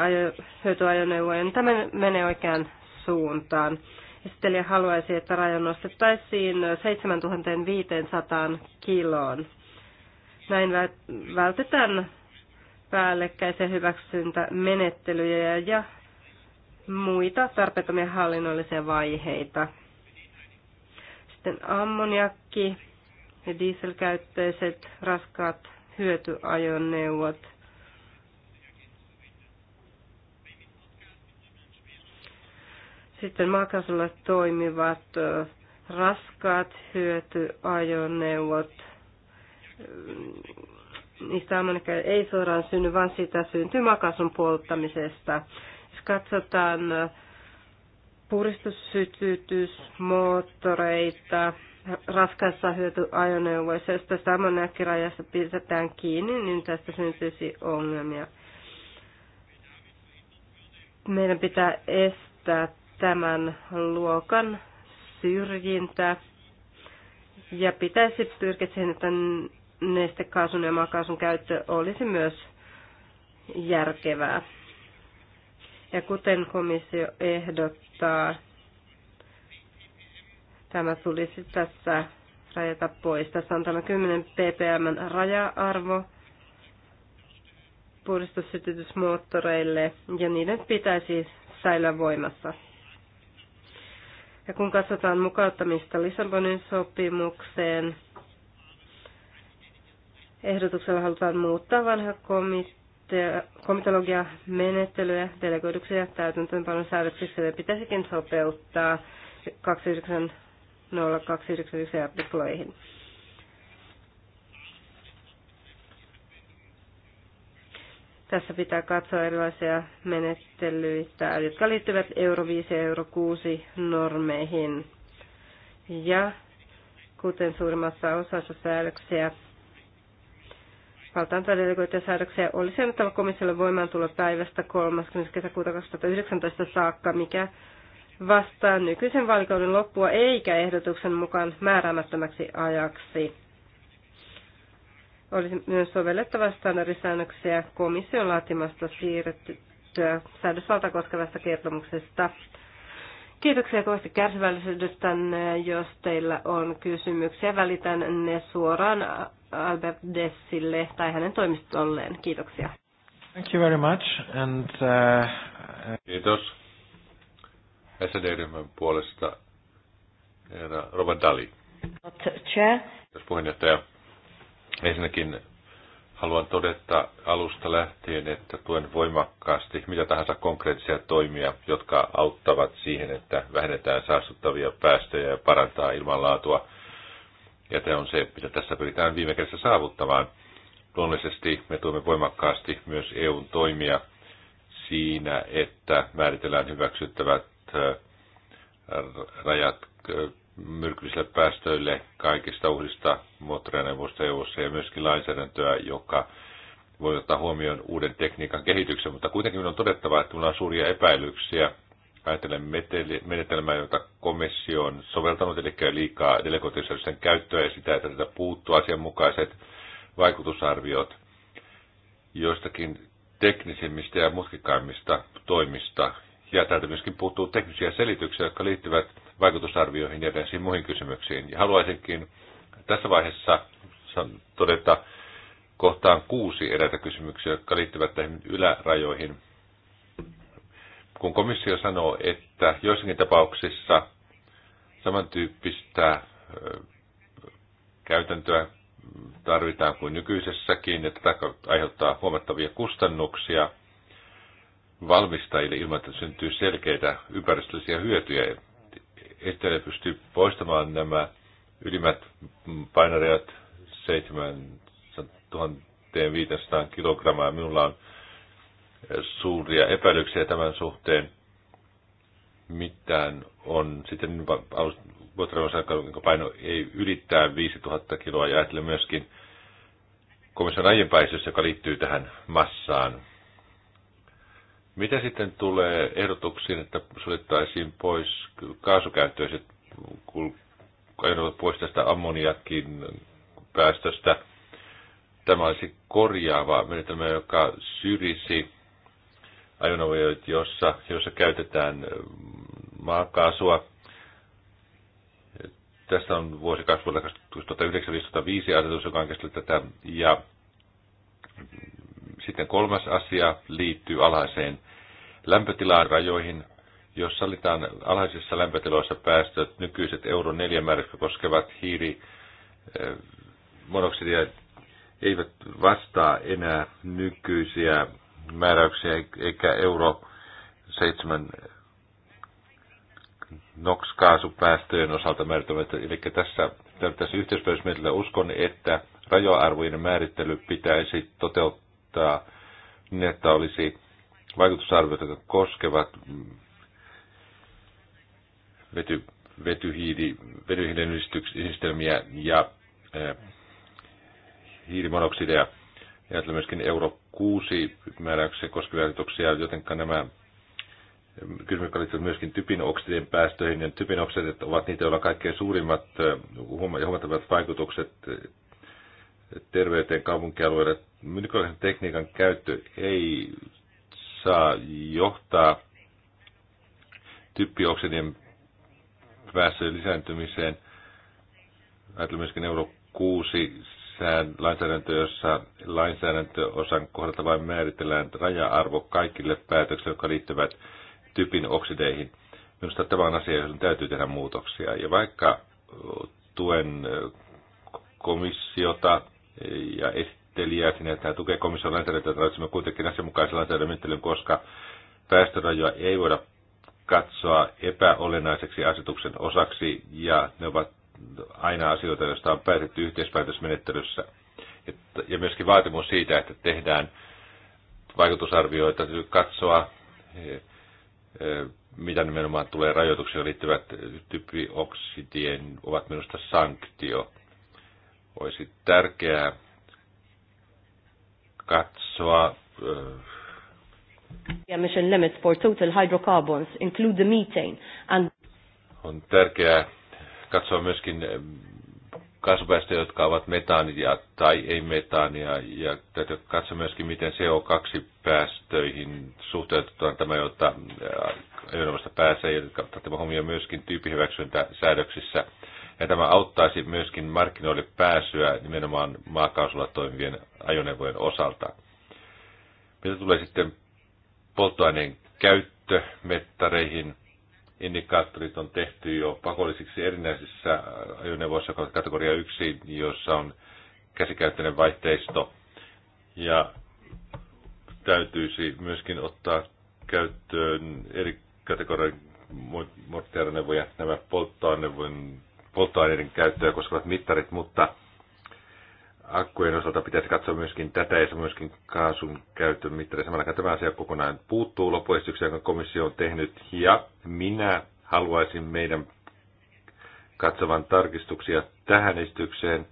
hyötyajoneuvoja, niin tämä menee oikeaan suuntaan. Esittelijä haluaisi, että raja nostettaisiin 7500 kiloon. Näin vältetään päällekkäisiä hyväksyntämenettelyjä ja muita tarpeettomia hallinnollisia vaiheita. Sitten ammoniakki ja dieselkäyttöiset raskaat hyötyajoneuvot. Sitten maakaasulla toimivat raskaat hyötyajoneuvot. Niistä ammoniakka ei suoraan synny, vaan sitä syntyy makasun polttamisesta. Jos katsotaan puristussytytysmoottoreita, raskaissa hyötyajoneuvoissa, jos tästä ammonikkirajasta pistetään kiinni, niin tästä syntyisi ongelmia. Meidän pitää estää tämän luokan syrjintä ja pitäisi pyrkiä siihen, että nestekaasun ja maakaasun käyttö olisi myös järkevää. Ja kuten komissio ehdottaa, tämä tulisi tässä rajata pois. Tässä on tämä 10 ppm raja-arvo puhdistussytytysmoottoreille ja niiden pitäisi säilyä voimassa. Ja kun katsotaan mukauttamista Lissabonin sopimukseen, ehdotuksella halutaan muuttaa vanha menettelyä delegoiduksi ja täytäntöönpanon säädöksiksi. ja pitäisikin sopeuttaa 290291 artikloihin. Tässä pitää katsoa erilaisia menettelyitä, jotka liittyvät euro 5 ja euro 6 normeihin. Ja kuten suurimmassa osassa säädöksiä, valtaan delegoituja säädöksiä olisi annettava komissiolle voimaantulopäivästä 30. kesäkuuta 2019 saakka, mikä vastaa nykyisen vaalikauden loppua eikä ehdotuksen mukaan määräämättömäksi ajaksi olisi myös sovellettava standardisäännöksiä komission laatimasta siirrettyä säädösvalta koskevasta kertomuksesta. Kiitoksia kovasti kärsivällisyydestänne. Jos teillä on kysymyksiä, välitän ne suoraan Albert Dessille tai hänen toimistolleen. Kiitoksia. Thank you very much. And, uh, Kiitos. SD-ryhmän puolesta Robert Dali. Chair. Kiitos puheenjohtaja. Ensinnäkin haluan todeta alusta lähtien, että tuen voimakkaasti mitä tahansa konkreettisia toimia, jotka auttavat siihen, että vähennetään saastuttavia päästöjä ja parantaa ilmanlaatua. Ja tämä on se, mitä tässä pyritään viime kädessä saavuttamaan. Luonnollisesti me tuemme voimakkaasti myös EUn toimia siinä, että määritellään hyväksyttävät äh, rajat äh, myrkyllisille päästöille kaikista uusista moottoriajoneuvoista EU-ssa ja myöskin lainsäädäntöä, joka voi ottaa huomioon uuden tekniikan kehityksen, mutta kuitenkin minun on todettava, että minulla on suuria epäilyksiä Ajattelen menetelmää, jota komissio on soveltanut, eli liikaa delegointisäädösten käyttöä ja sitä, että tätä puuttuu asianmukaiset vaikutusarviot joistakin teknisimmistä ja mutkikkaimmista toimista. Ja täältä myöskin puuttuu teknisiä selityksiä, jotka liittyvät vaikutusarvioihin ja näihin muihin kysymyksiin. Ja haluaisinkin tässä vaiheessa todeta kohtaan kuusi eräitä kysymyksiä, jotka liittyvät näihin ylärajoihin. Kun komissio sanoo, että joissakin tapauksissa samantyyppistä käytäntöä tarvitaan kuin nykyisessäkin, että tämä aiheuttaa huomattavia kustannuksia valmistajille ilman, että syntyy selkeitä ympäristöllisiä hyötyjä. Etelä pystyy poistamaan nämä ylimmät painarajat 7500 kilogrammaa. Minulla on eh, suuria epäilyksiä tämän suhteen. Mitään on sitten vuotrausaikaan, jonka paino ei ylittää 5000 kiloa ja ajattelen myöskin komission aiempaisuus, joka liittyy tähän massaan. Mitä sitten tulee ehdotuksiin, että suljettaisiin pois kaasukäyttöiset ajoneuvot pois tästä ammoniakin päästöstä? Tämä olisi korjaava menetelmä, joka syrjisi ajoneuvoja, jossa, jossa käytetään mm, maakaasua. Tässä on vuosi 2009-2005 asetus, joka on tätä, ja sitten kolmas asia liittyy alhaiseen lämpötilaan rajoihin. Jos sallitaan alhaisissa lämpötiloissa päästöt, nykyiset euro 4 määrätkö koskevat hiiri, eh, monoksidia eivät vastaa enää nykyisiä määräyksiä, eikä euro 7 NOx-kaasupäästöjen osalta määritelmät. Eli tässä, tässä yhteispäätösmielellä uskon, että rajoarvojen määrittely pitäisi toteuttaa ehdottaa, niin että olisi vaikutusarviot, jotka koskevat vety, vetyhiidi, vetyhiiden yhdistelmiä ja eh, hiilimonoksideja. että myöskin euro 6 määräyksiä koskevia ajatuksia, joten nämä kysymykset liittyvät myöskin oksidien päästöihin. Ja typin oksidit ovat niitä, joilla kaikkein suurimmat ja eh, huomattavat vaikutukset terveyteen kaupunkialueilla. Nykyaikaisen tekniikan käyttö ei saa johtaa typpioksidien päässä lisääntymiseen. Ajattelin myöskin euro 6 lainsäädäntö, jossa lainsäädäntöosan kohdalta vain määritellään raja-arvo kaikille päätöksille, jotka liittyvät typin oksideihin. Minusta tämä on asia, johon täytyy tehdä muutoksia. Ja vaikka tuen komissiota ja esittelijää sinne, että hän tukee komission lainsäädäntöä, tarvitsemme kuitenkin asianmukaisen lainsäädännön koska päästörajoja ei voida katsoa epäolennaiseksi asetuksen osaksi, ja ne ovat aina asioita, joista on päätetty yhteispäätösmenettelyssä. Ja myöskin vaatimus siitä, että tehdään vaikutusarvioita, täytyy katsoa, mitä nimenomaan tulee rajoituksiin liittyvät typioksidien, ovat minusta sanktio. Olisi tärkeää katsoa emission limits for total hydrocarbons include the methane and on tärkeää katsoa myöskin kasvupäästöjä, jotka ovat metaania tai ei-metaania, ja täytyy katsoa myöskin, miten CO2-päästöihin suhteutetaan tämä, jotta ajoneuvosta pääsee, ja tämä huomioon myöskin tyyppihyväksyntäsäädöksissä. säädöksissä ja tämä auttaisi myöskin markkinoille pääsyä nimenomaan maakaasulla toimivien ajoneuvojen osalta. Mitä tulee sitten polttoaineen käyttömettareihin, indikaattorit on tehty jo pakollisiksi erinäisissä ajoneuvoissa, kategoria 1, jossa on käsikäyttöinen vaihteisto. Ja täytyisi myöskin ottaa käyttöön eri kategorian moottoriajoneuvoja, nämä polttoaineen polttoaineiden käyttöä koskevat mittarit, mutta akkujen osalta pitäisi katsoa myöskin tätä ja myöskin kaasun käytön mittari. Samalla tämä asia kokonaan puuttuu lopuesityksiä, jonka komissio on tehnyt. Ja minä haluaisin meidän katsovan tarkistuksia tähän esitykseen,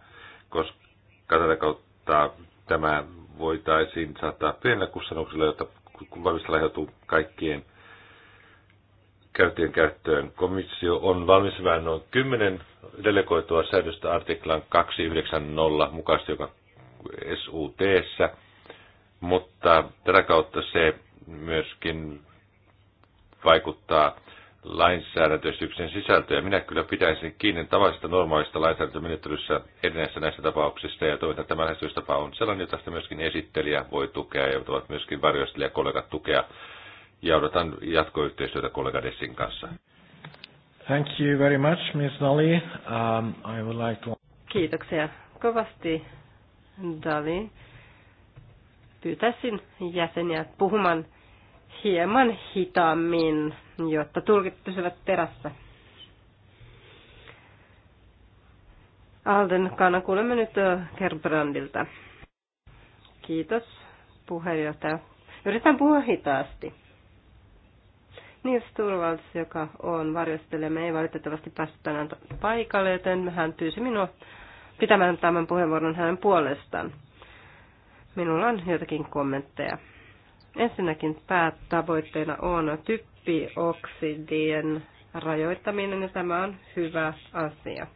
koska tätä kautta tämä voitaisiin saattaa pienellä kustannuksella, jotta valmista aiheutuu kaikkien käytiin käyttöön. Komissio on valmis noin 10 delegoitua säädöstä artiklan 290 mukaisesti, joka sut mutta tätä kautta se myöskin vaikuttaa lainsäädäntöesityksen sisältöön. Minä kyllä pitäisin kiinni tavallisesta normaalista lainsäädäntömenettelyssä edessä näissä tapauksissa, ja toivon, että tämä lähestymistapa on sellainen, jota sitä myöskin esittelijä voi tukea, ja voivat myöskin varjoistelijakollegat tukea ja odotan jatkoyhteistyötä kollega Dessin kanssa. Thank you very much, Ms. Dali. Um, I would like to... Kiitoksia kovasti, Dali. Pyytäisin jäseniä puhumaan hieman hitaammin, jotta tulkit pysyvät perässä. Alden Kana, kuulemme nyt Kerbrandilta. Kiitos puheenjohtaja. Yritän puhua hitaasti. Nils Turvalds, joka on varjostelemme, ei valitettavasti päässyt tänään paikalle, joten hän pyysi minua pitämään tämän puheenvuoron hänen puolestaan. Minulla on joitakin kommentteja. Ensinnäkin päätavoitteena on typpioksidien rajoittaminen, ja tämä on hyvä asia.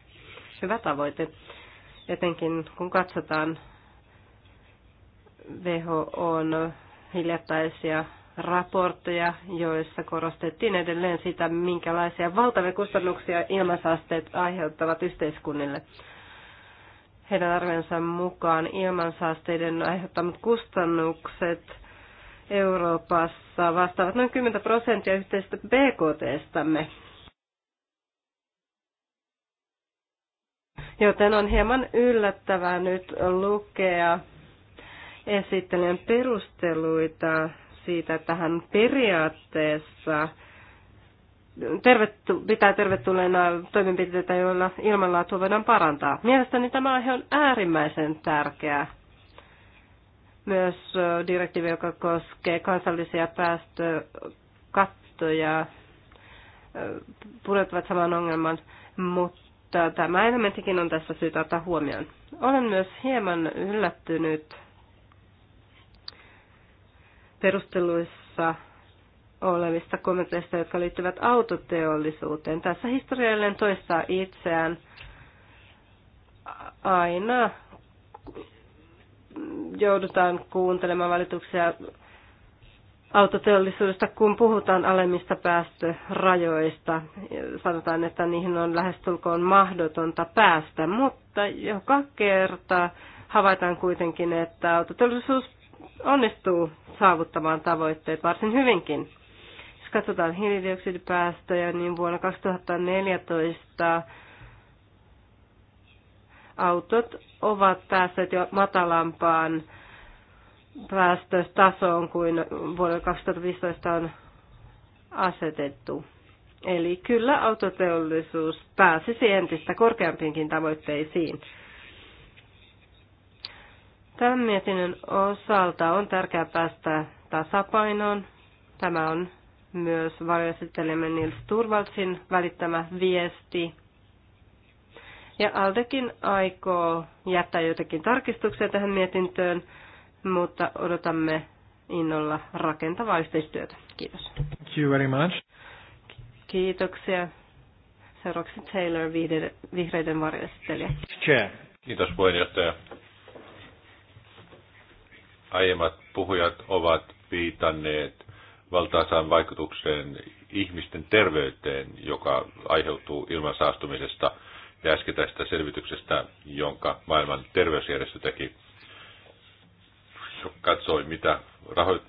Hyvä tavoite, etenkin kun katsotaan WHO on hiljattaisia raportteja, joissa korostettiin edelleen sitä, minkälaisia valtavia kustannuksia ilmansaasteet aiheuttavat yhteiskunnille. Heidän arvensa mukaan ilmansaasteiden aiheuttamat kustannukset Euroopassa vastaavat noin 10 prosenttia yhteisestä BKTstämme. Joten on hieman yllättävää nyt lukea esittelijän perusteluita siitä, että hän periaatteessa tervetu, pitää tervetulleena toimenpiteitä, joilla ilmanlaatua voidaan parantaa. Mielestäni tämä aihe on äärimmäisen tärkeä. Myös direktiivi, joka koskee kansallisia päästökattoja, pureutuvat saman ongelman, mutta tämä elementtikin on tässä syytä ottaa huomioon. Olen myös hieman yllättynyt perusteluissa olevista kommenteista, jotka liittyvät autoteollisuuteen. Tässä historiallinen toistaa itseään aina joudutaan kuuntelemaan valituksia autoteollisuudesta, kun puhutaan alemmista päästörajoista. Sanotaan, että niihin on lähestulkoon mahdotonta päästä, mutta joka kerta havaitaan kuitenkin, että autoteollisuus onnistuu saavuttamaan tavoitteet varsin hyvinkin. Jos katsotaan hiilidioksidipäästöjä, niin vuonna 2014 autot ovat päässeet jo matalampaan päästötasoon kuin vuonna 2015 on asetettu. Eli kyllä autoteollisuus pääsisi entistä korkeampiinkin tavoitteisiin. Tämän mietinnön osalta on tärkeää päästä tasapainoon. Tämä on myös varjoesittelemme Nils Turvaltsin välittämä viesti. Ja Aldekin aikoo jättää jotakin tarkistuksia tähän mietintöön, mutta odotamme innolla rakentavaa yhteistyötä. Kiitos. Thank you very much. Kiitoksia. Seuraavaksi Taylor, vihreiden varjoesittelijä. Chair. Kiitos puheenjohtaja aiemmat puhujat ovat viitanneet valtaisaan vaikutukseen ihmisten terveyteen, joka aiheutuu ilman saastumisesta ja tästä selvityksestä, jonka maailman terveysjärjestö teki, katsoi, mitä raho-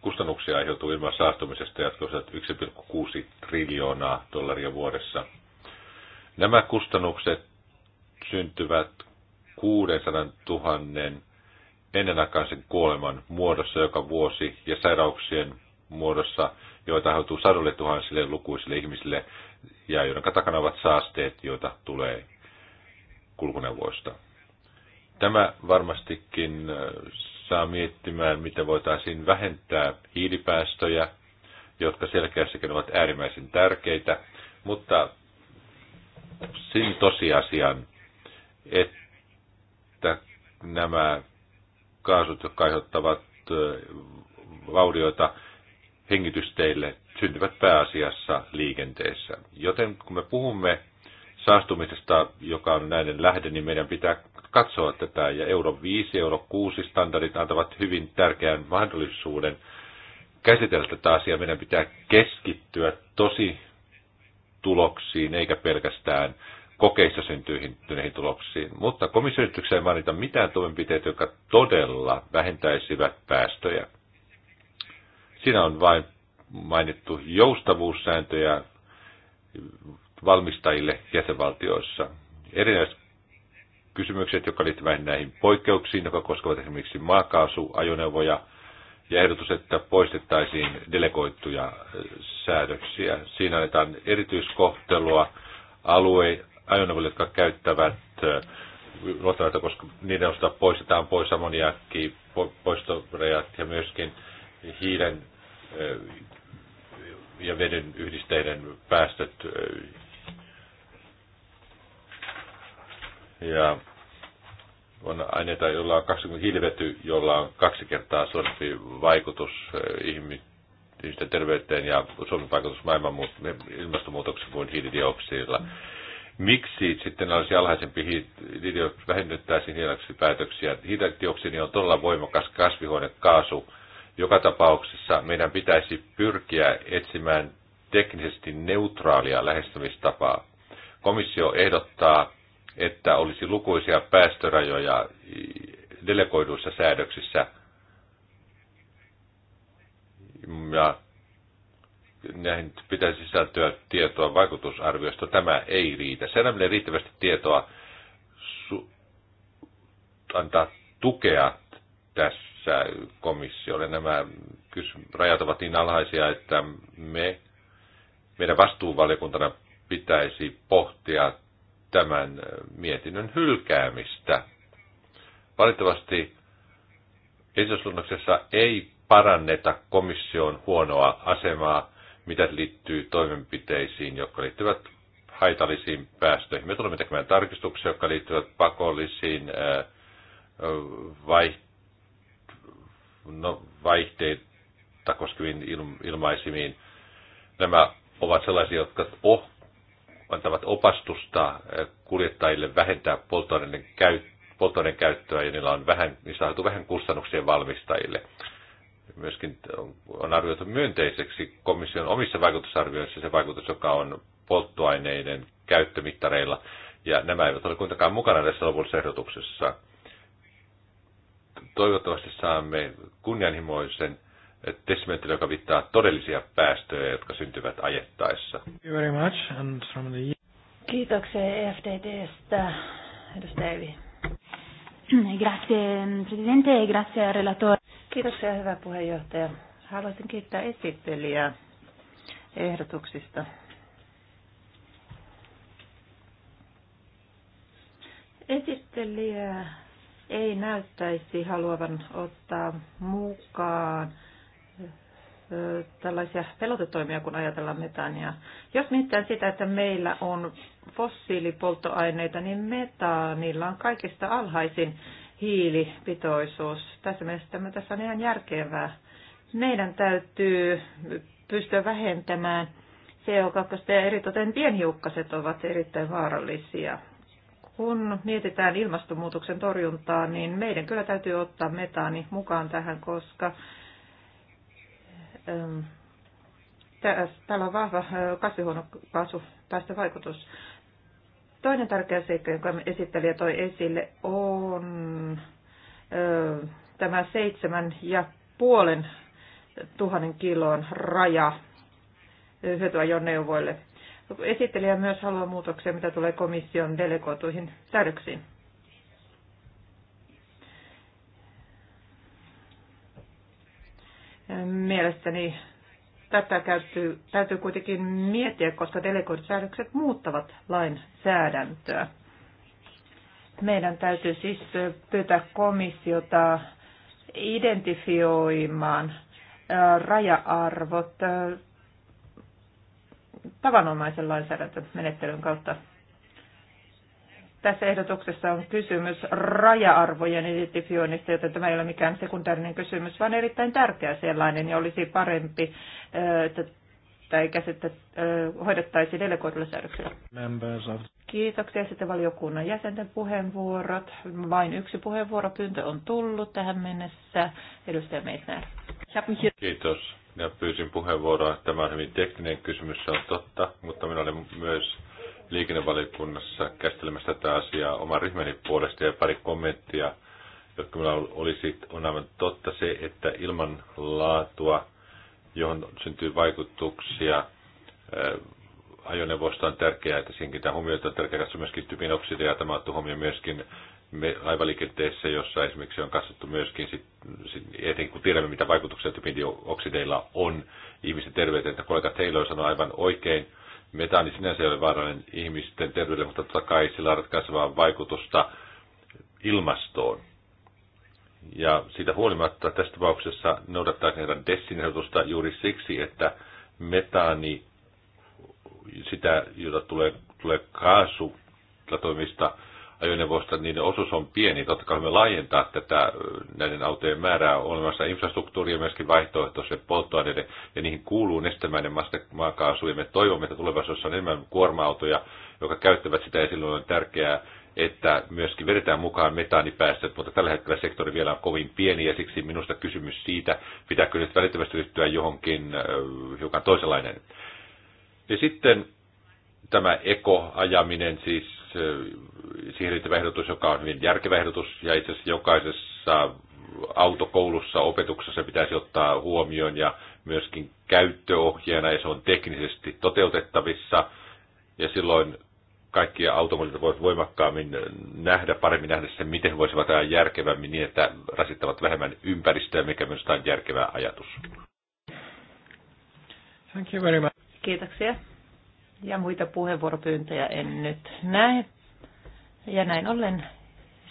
kustannuksia aiheutuu ilman saastumisesta, jatkossa 1,6 triljoonaa dollaria vuodessa. Nämä kustannukset syntyvät 600 000 ennenaikaisen kuoleman muodossa joka vuosi ja sairauksien muodossa, joita aiheutuu sadolle tuhansille lukuisille ihmisille ja joiden takana ovat saasteet, joita tulee kulkuneuvoista. Tämä varmastikin äh, saa miettimään, miten voitaisiin vähentää hiilipäästöjä, jotka selkeässäkin ovat äärimmäisen tärkeitä, mutta sen tosiasian, että nämä kaasut, jotka aiheuttavat vaurioita hengitysteille, syntyvät pääasiassa liikenteessä. Joten kun me puhumme saastumisesta, joka on näiden lähde, niin meidän pitää katsoa tätä. Ja euro 5, euro 6 standardit antavat hyvin tärkeän mahdollisuuden käsitellä tätä asiaa. Meidän pitää keskittyä tosi tuloksiin, eikä pelkästään kokeissa syntyihin tuloksiin, mutta komission ei mainita mitään toimenpiteitä, jotka todella vähentäisivät päästöjä. Siinä on vain mainittu joustavuussääntöjä valmistajille jäsenvaltioissa. Erinäiset kysymykset, jotka liittyvät näihin poikkeuksiin, jotka koskevat esimerkiksi maakaasuajoneuvoja, ja ehdotus, että poistettaisiin delegoittuja säädöksiä. Siinä annetaan erityiskohtelua alue, ajoneuvoille, jotka käyttävät äh, luotonaita, koska niiden osalta poistetaan pois ammoniakki, poistorejat ja myöskin hiilen äh, ja veden yhdisteiden päästöt. Äh. Ja on aineita, joilla on 20 hiilivety, jolla on kaksi kertaa suurempi vaikutus ihmisten terveyteen ja Suomen vaikutus maailman ilmastonmuutoksen kuin hiilidioksidilla. Mm miksi sitten olisi alhaisempi vähennettäisiin hiilidioksidin päätöksiä. Hiilidioksidi on todella voimakas kasvihuonekaasu. Joka tapauksessa meidän pitäisi pyrkiä etsimään teknisesti neutraalia lähestymistapaa. Komissio ehdottaa, että olisi lukuisia päästörajoja delegoiduissa säädöksissä. Ja näihin pitäisi sisältyä tietoa vaikutusarviosta. Tämä ei riitä. Säännöllinen riittävästi tietoa antaa tukea tässä komissiolle. Nämä rajat ovat niin alhaisia, että me, meidän vastuuvaliokuntana pitäisi pohtia tämän mietinnön hylkäämistä. Valitettavasti esitysluonnoksessa ei paranneta komission huonoa asemaa mitä liittyy toimenpiteisiin, jotka liittyvät haitallisiin päästöihin. Me tulemme tekemään tarkistuksia, jotka liittyvät pakollisiin no, vaihteita koskeviin ilmaisimiin. Nämä ovat sellaisia, jotka oh, antavat opastusta kuljettajille vähentää polttoaineiden, käyttöä ja niillä on vähän, niin on vähän kustannuksia valmistajille myöskin on arvioitu myönteiseksi komission omissa vaikutusarvioissa se vaikutus, joka on polttoaineiden käyttömittareilla. Ja nämä eivät ole kuitenkaan mukana tässä lopullisessa ehdotuksessa. Toivottavasti saamme kunnianhimoisen testamentin, joka viittaa todellisia päästöjä, jotka syntyvät ajettaessa. Kiitoksia EFDDstä, edustaja Evi. Grazie, ehm, presidente, e grazie al relatore. Kiitos ja hyvä puheenjohtaja. Haluaisin kiittää esittelijää ehdotuksista. Esittelijä ei näyttäisi haluavan ottaa mukaan tällaisia pelotetoimia, kun ajatellaan metaania. Jos mietitään sitä, että meillä on fossiilipolttoaineita, niin metaanilla on kaikista alhaisin hiilipitoisuus. Tässä mielessä tässä on ihan järkevää. Meidän täytyy pystyä vähentämään CO2 ja eritoten pienhiukkaset ovat erittäin vaarallisia. Kun mietitään ilmastonmuutoksen torjuntaa, niin meidän kyllä täytyy ottaa metaani mukaan tähän, koska Ähm, täällä on vahva kasvihuonokaasu päästövaikutus. Toinen tärkeä seikka, jonka esittelijä toi esille, on tämä seitsemän ja puolen tuhannen kilon raja hyötyajoneuvoille. Esittelijä myös haluaa muutoksia, mitä tulee komission delegoituihin säädöksiin. Mielestäni tätä täytyy, täytyy kuitenkin miettiä, koska delegoidut säädökset muuttavat lainsäädäntöä. Meidän täytyy siis pyytää komissiota identifioimaan raja-arvot tavanomaisen lainsäädäntömenettelyn kautta tässä ehdotuksessa on kysymys raja-arvojen identifioinnista, joten tämä ei ole mikään sekundaarinen kysymys, vaan erittäin tärkeä sellainen ja olisi parempi, että tai käsittä hoidettaisiin delegoidulla säädöksellä. Kiitoksia sitten valiokunnan jäsenten puheenvuorot. Vain yksi puheenvuoropyyntö on tullut tähän mennessä. Edustaja Meitner. Kiitos. ja pyysin puheenvuoroa. Tämä on hyvin tekninen kysymys, se on totta, mutta minä olen myös liikennevaliokunnassa käsittelemässä tätä asiaa oman ryhmäni puolesta ja pari kommenttia, jotka minulla olisi, on aivan totta se, että ilman laatua, johon syntyy vaikutuksia, eh, ajoneuvosta on tärkeää, että siihen tämä huomioita On tärkeää katsoa myöskin typin oksideja. Tämä on huomioon myöskin laivaliikenteessä, jossa esimerkiksi on katsottu myöskin, sit, sit, etenkin kun tiedämme, mitä vaikutuksia typin oksideilla on ihmisten terveyteen. että heillä on sanonut aivan oikein, Metaani sinänsä ei ole vaarallinen ihmisten terveydelle, mutta totta kai sillä on ratkaisevaa vaikutusta ilmastoon. Ja siitä huolimatta tässä tapauksessa noudattaa heidän Dessin ehdotusta juuri siksi, että metaani, sitä, jota tulee, tulee kaasu, toimista ajoneuvoista, niin osuus on pieni. Totta kai me laajentaa tätä näiden autojen määrää olemassa infrastruktuuria myöskin vaihtoehtoisille polttoaineille, ja niihin kuuluu nestemäinen maakaasu, ja me toivomme, että tulevaisuudessa on enemmän kuorma-autoja, jotka käyttävät sitä, ja silloin on tärkeää, että myöskin vedetään mukaan metaanipäästöt, mutta tällä hetkellä sektori vielä on kovin pieni ja siksi minusta kysymys siitä, pitääkö nyt välittömästi ryhtyä johonkin hiukan toisenlainen. Ja sitten tämä ekoajaminen, siis siihen liittyvä ehdotus, joka on hyvin järkevä ehdotus, ja itse asiassa jokaisessa autokoulussa opetuksessa pitäisi ottaa huomioon ja myöskin käyttöohjeena, ja se on teknisesti toteutettavissa, ja silloin kaikki automobilit voivat voimakkaammin nähdä, paremmin nähdä sen, miten voisivat ajaa järkevämmin niin, että rasittavat vähemmän ympäristöä, mikä myös on järkevä ajatus. Thank you very much. Kiitoksia ja muita puheenvuoropyyntöjä en nyt näe. Ja näin ollen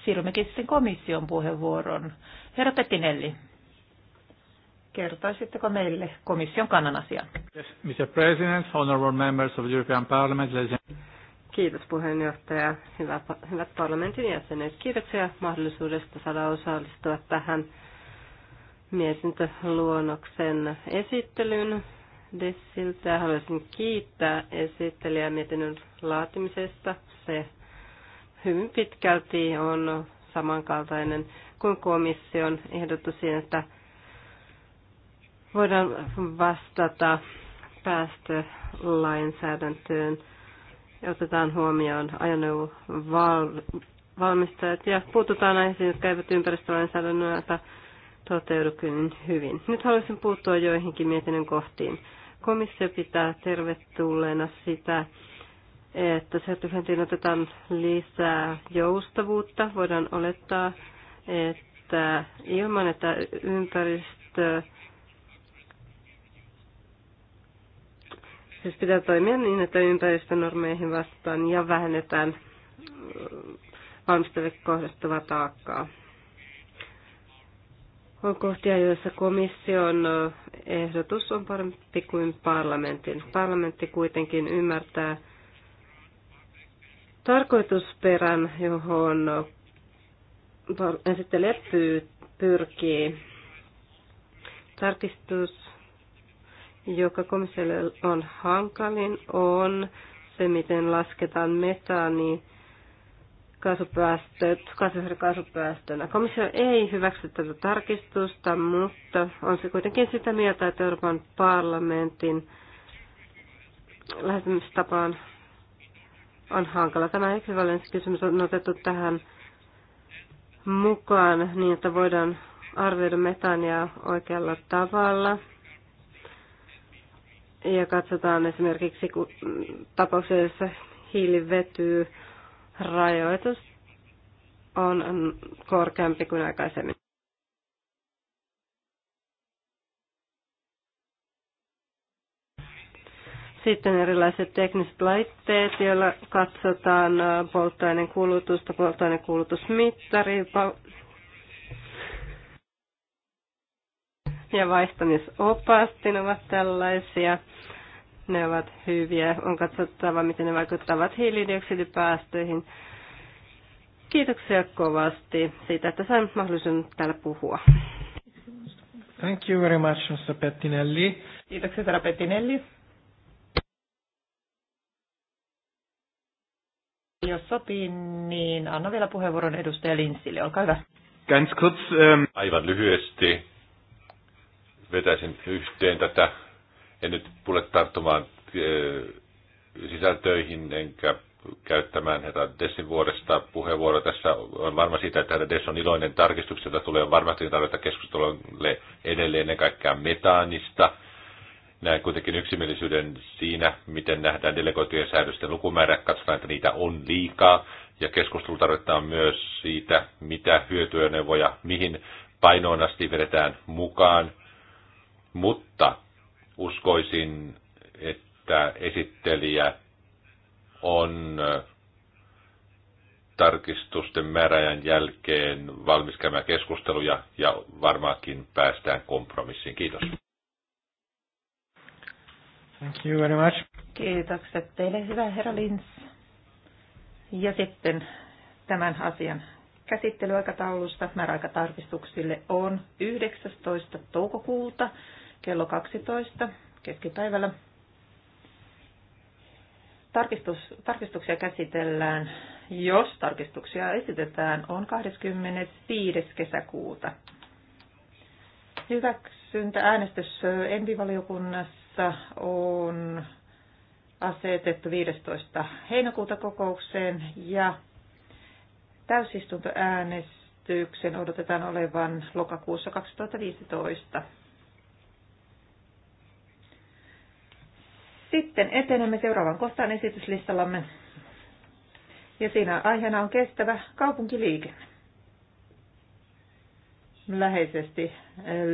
siirrymmekin sitten komission puheenvuoron. Herra Petinelli, kertoisitteko meille komission kannan asian? Yes, Mr. President, honorable members of the European Parliament, ladies Kiitos puheenjohtaja, hyvä, hyvät parlamentin jäsenet. Kiitoksia mahdollisuudesta saada osallistua tähän mietintöluonnoksen esittelyyn Dessiltä. Haluaisin kiittää esittelijää mietinnön laatimisesta. Se hyvin pitkälti on samankaltainen kuin komission ehdotus siihen, että voidaan vastata päästölainsäädäntöön ja otetaan huomioon ajoneuvovalmistajat ja puututaan näihin, jotka eivät ympäristölainsäädännöltä toteudu kyllä niin hyvin. Nyt haluaisin puuttua joihinkin mietinnön kohtiin. Komissio pitää tervetulleena sitä, että sertifiointiin otetaan lisää joustavuutta. Voidaan olettaa, että ilman, että ympäristö Siis pitää toimia niin, että ympäristönormeihin vastaan ja vähennetään valmistajille kohdistuvaa taakkaa on kohtia, joissa komission ehdotus on parempi kuin parlamentin. Parlamentti kuitenkin ymmärtää tarkoitusperän, johon esittelijä pyrkii. Tarkistus, joka komissiolle on hankalin, on se, miten lasketaan metaani kaasupäästöt, kasvihuonekaasupäästönä. Komissio ei hyväksy tätä tarkistusta, mutta on se kuitenkin sitä mieltä, että Euroopan parlamentin lähestymistapaan on hankala. Tämä ekvivalenssikysymys on otettu tähän mukaan niin, että voidaan arvioida metania oikealla tavalla. Ja katsotaan esimerkiksi tapauksessa joissa hiili vetyy rajoitus on korkeampi kuin aikaisemmin. Sitten erilaiset tekniset laitteet, joilla katsotaan äh, polttoaineen kulutusta, polttoaineen kulutusmittari ja vaihtamisopastin ovat tällaisia ne ovat hyviä. On katsottava, miten ne vaikuttavat hiilidioksidipäästöihin. Kiitoksia kovasti siitä, että sain mahdollisuuden täällä puhua. Thank you very much, Mr. Pettinelli. Kiitoksia, herra Pettinelli. Jos sopii, niin anna vielä puheenvuoron edustaja Linssille. Olkaa hyvä. Ganz kurz, ähm, aivan lyhyesti vetäisin yhteen tätä en nyt tule tarttumaan eh, sisältöihin enkä käyttämään herra Dessin vuodesta puheenvuoroa. Tässä on varma siitä, että herra Dess on iloinen tarkistuksesta. Tulee varmasti tarjota keskustelulle edelleen ennen kaikkea metaanista. Näen kuitenkin yksimielisyyden siinä, miten nähdään delegoitujen säädösten lukumäärä. Katsotaan, että niitä on liikaa. Ja keskustelu tarvitaan myös siitä, mitä hyötyöneuvoja, mihin painoon asti vedetään mukaan. Mutta Uskoisin, että esittelijä on äh, tarkistusten määräjän jälkeen valmis käymään keskusteluja ja varmaankin päästään kompromissiin. Kiitos. Thank you very much. Kiitokset teille, hyvä herra Lins. Ja sitten tämän asian käsittelyaikataulusta määräaikatarkistuksille on 19. toukokuuta kello 12 keskipäivällä. Tarkistus, tarkistuksia käsitellään, jos tarkistuksia esitetään, on 25. kesäkuuta. Hyväksyntä äänestys envivaliokunnassa on asetettu 15. heinäkuuta kokoukseen ja täysistuntoäänestyksen odotetaan olevan lokakuussa 2015. Sitten etenemme seuraavan kohtaan esityslistallamme. Ja siinä aiheena on kestävä kaupunkiliikenne. Läheisesti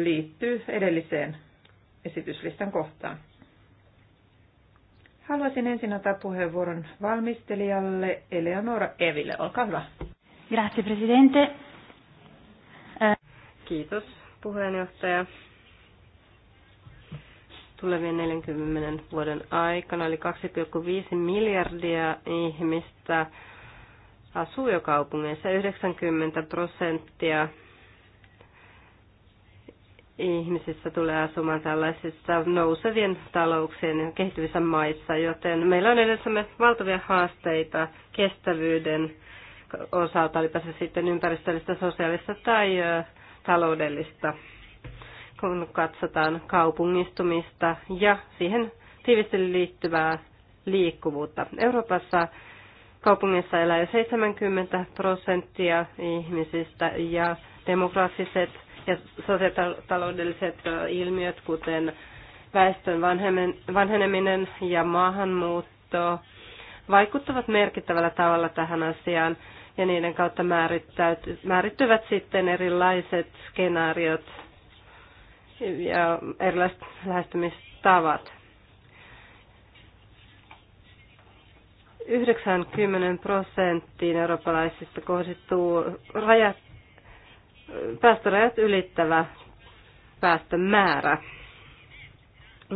liittyy edelliseen esityslistan kohtaan. Haluaisin ensin antaa puheenvuoron valmistelijalle Eleonora Eville. Olkaa hyvä. Grazie, presidente. Eh. Kiitos, puheenjohtaja tulevien 40 vuoden aikana, eli 2,5 miljardia ihmistä asuu jo kaupungeissa. 90 prosenttia ihmisistä tulee asumaan tällaisissa nousevien talouksien ja kehittyvissä maissa, joten meillä on edessämme valtavia haasteita kestävyyden osalta, olipa se sitten ympäristöllistä, sosiaalista tai taloudellista kun katsotaan kaupungistumista ja siihen tiivisti liittyvää liikkuvuutta. Euroopassa kaupungissa elää 70 prosenttia ihmisistä ja demografiset ja sosiaalitaloudelliset ilmiöt, kuten väestön vanheneminen ja maahanmuutto, vaikuttavat merkittävällä tavalla tähän asiaan ja niiden kautta määrittyvät sitten erilaiset skenaariot ja erilaiset lähestymistavat. 90 prosenttiin eurooppalaisista kohdistuu rajat, päästörajat ylittävä päästömäärä.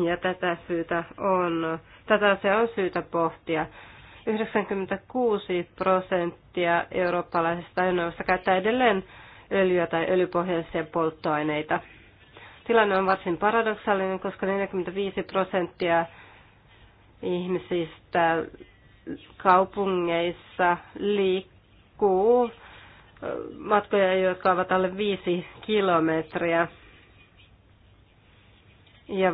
Ja tätä, syytä on, tätä se on syytä pohtia. 96 prosenttia eurooppalaisista ajoneuvoista käyttää edelleen öljyä tai öljypohjaisia polttoaineita. Tilanne on varsin paradoksaalinen, koska 45 prosenttia ihmisistä kaupungeissa liikkuu matkoja, jotka ovat alle 5 kilometriä. Ja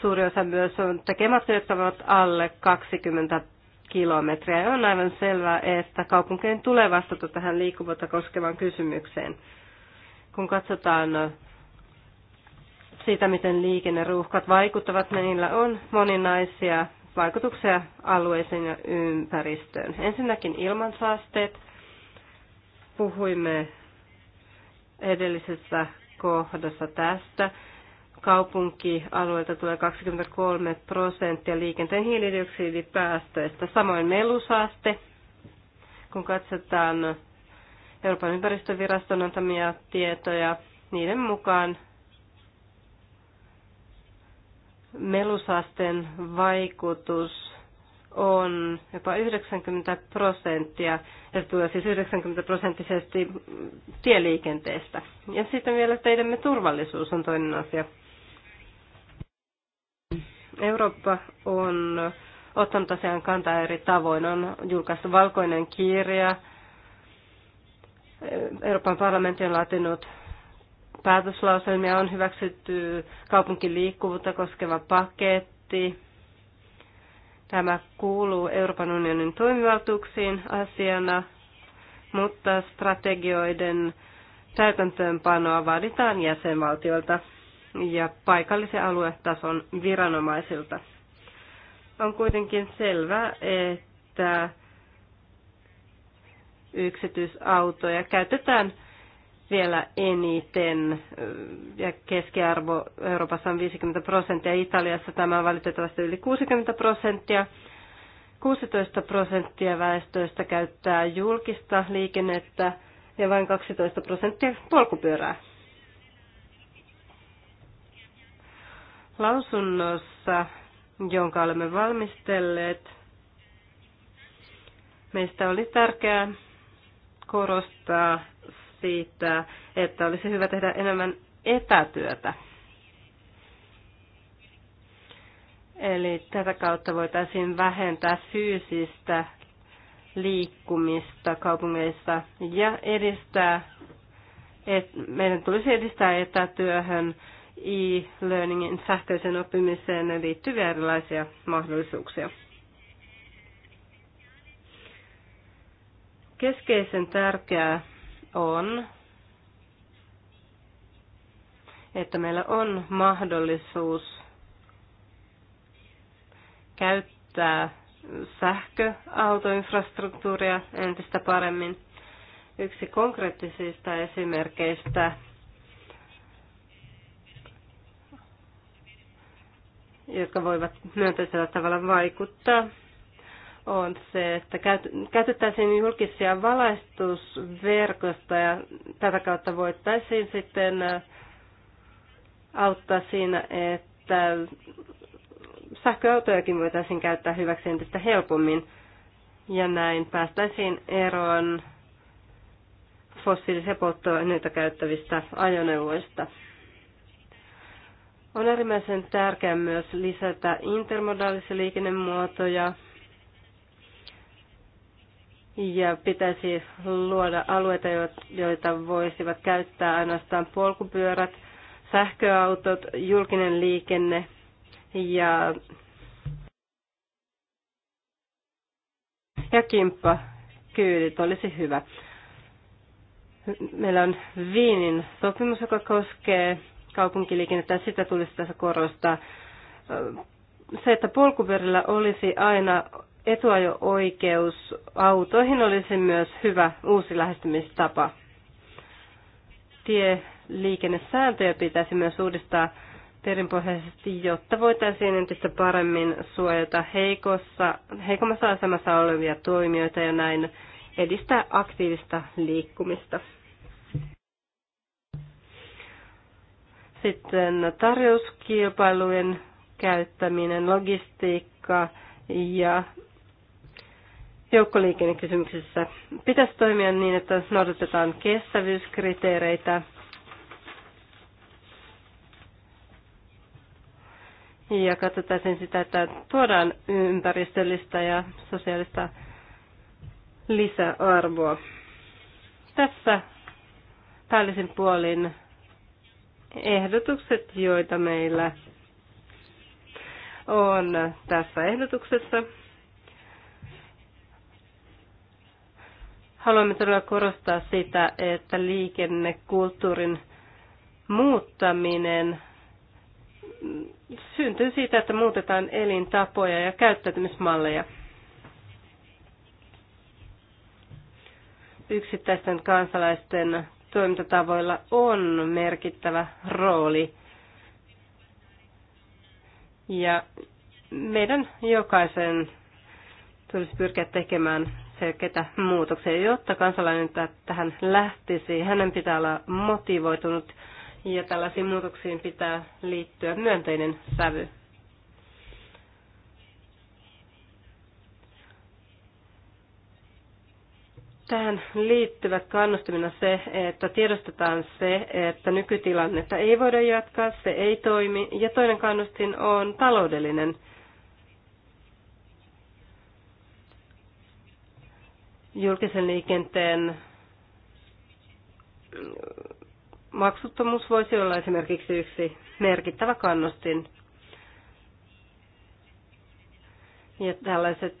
suuri osa myös on tekemättä, jotka ovat alle 20 kilometriä. Ja on aivan selvää, että kaupunkien tulee vastata tähän liikkuvuutta koskevaan kysymykseen. Kun katsotaan sitä, miten liikenneruuhkat vaikuttavat. Meillä on moninaisia vaikutuksia alueeseen ja ympäristöön. Ensinnäkin ilmansaasteet. Puhuimme edellisessä kohdassa tästä. Kaupunkialueelta tulee 23 prosenttia liikenteen hiilidioksidipäästöistä. Samoin melusaaste, kun katsotaan Euroopan ympäristöviraston antamia tietoja, niiden mukaan melusasten vaikutus on jopa 90 prosenttia, ja se tulee siis 90 prosenttisesti tieliikenteestä. Ja sitten vielä teidemme turvallisuus on toinen asia. Eurooppa on ottanut asiaan kantaa eri tavoin. On julkaistu valkoinen kirja. Euroopan parlamentti on laatinut päätöslauselmia on hyväksytty kaupunkiliikkuvuutta koskeva paketti. Tämä kuuluu Euroopan unionin toimivaltuuksiin asiana, mutta strategioiden täytäntöönpanoa vaaditaan jäsenvaltioilta ja paikallisen aluetason viranomaisilta. On kuitenkin selvää, että yksityisautoja käytetään vielä eniten ja keskiarvo Euroopassa on 50 prosenttia. Italiassa tämä on valitettavasti yli 60 prosenttia. 16 prosenttia väestöstä käyttää julkista liikennettä ja vain 12 prosenttia polkupyörää. Lausunnossa, jonka olemme valmistelleet, meistä oli tärkeää korostaa siitä, että olisi hyvä tehdä enemmän etätyötä. Eli tätä kautta voitaisiin vähentää fyysistä liikkumista kaupungeissa ja edistää, et, meidän tulisi edistää etätyöhön, e-learningin, sähköisen oppimiseen liittyviä erilaisia mahdollisuuksia. Keskeisen tärkeää on, että meillä on mahdollisuus käyttää sähköautoinfrastruktuuria entistä paremmin. Yksi konkreettisista esimerkkeistä, jotka voivat myönteisellä tavalla vaikuttaa on se, että käytettäisiin julkisia valaistusverkostoja. Tätä kautta voitaisiin sitten auttaa siinä, että sähköautojakin voitaisiin käyttää hyväksi entistä helpommin. Ja näin päästäisiin eroon fossiilisia polttoaineita käyttävistä ajoneuvoista. On äärimmäisen tärkeää myös lisätä intermodaalisia liikennemuotoja – ja pitäisi luoda alueita, joita voisivat käyttää ainoastaan polkupyörät, sähköautot, julkinen liikenne ja, ja kimppa. Kyydit olisi hyvä. Meillä on Viinin sopimus, joka koskee kaupunkiliikennettä. Sitä tulisi tässä korostaa se, että polkuperillä olisi aina etuajo-oikeus autoihin, olisi myös hyvä uusi lähestymistapa. Tie pitäisi myös uudistaa perinpohjaisesti, jotta voitaisiin entistä paremmin suojata heikossa, heikommassa asemassa olevia toimijoita ja näin edistää aktiivista liikkumista. Sitten tarjouskilpailujen käyttäminen, logistiikka ja joukkoliikennekysymyksissä pitäisi toimia niin, että noudatetaan kestävyyskriteereitä ja katsotaan sitä, että tuodaan ympäristöllistä ja sosiaalista lisäarvoa. Tässä päällisin puolin ehdotukset, joita meillä on tässä ehdotuksessa. Haluamme todella korostaa sitä, että liikennekulttuurin muuttaminen syntyy siitä, että muutetaan elintapoja ja käyttäytymismalleja. Yksittäisten kansalaisten toimintatavoilla on merkittävä rooli ja meidän jokaisen tulisi pyrkiä tekemään selkeitä muutoksia, jotta kansalainen tähän lähtisi. Hänen pitää olla motivoitunut ja tällaisiin muutoksiin pitää liittyä myönteinen sävy. Tähän liittyvät kannustimina se, että tiedostetaan se, että nykytilannetta ei voida jatkaa, se ei toimi. Ja toinen kannustin on taloudellinen. Julkisen liikenteen maksuttomuus voisi olla esimerkiksi yksi merkittävä kannustin. Ja tällaiset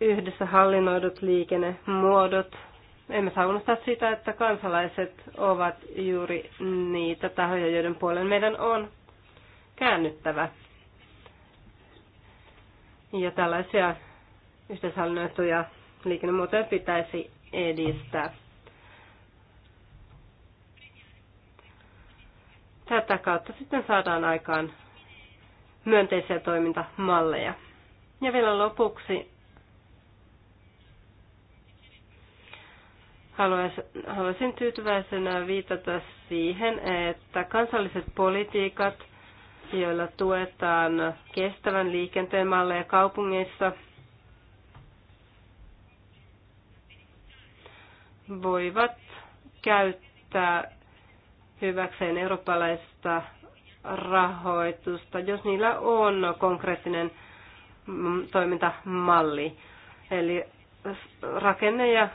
yhdessä hallinnoidut liikennemuodot. Emme saa unohtaa sitä, että kansalaiset ovat juuri niitä tahoja, joiden puolen meidän on käännyttävä. Ja tällaisia yhteishallinnoituja liikennemuotoja pitäisi edistää. Tätä kautta sitten saadaan aikaan myönteisiä toimintamalleja. Ja vielä lopuksi Haluaisin tyytyväisenä viitata siihen, että kansalliset politiikat, joilla tuetaan kestävän liikenteen malleja kaupungeissa, voivat käyttää hyväkseen eurooppalaista rahoitusta, jos niillä on konkreettinen mm, toimintamalli. Eli rakenne- ja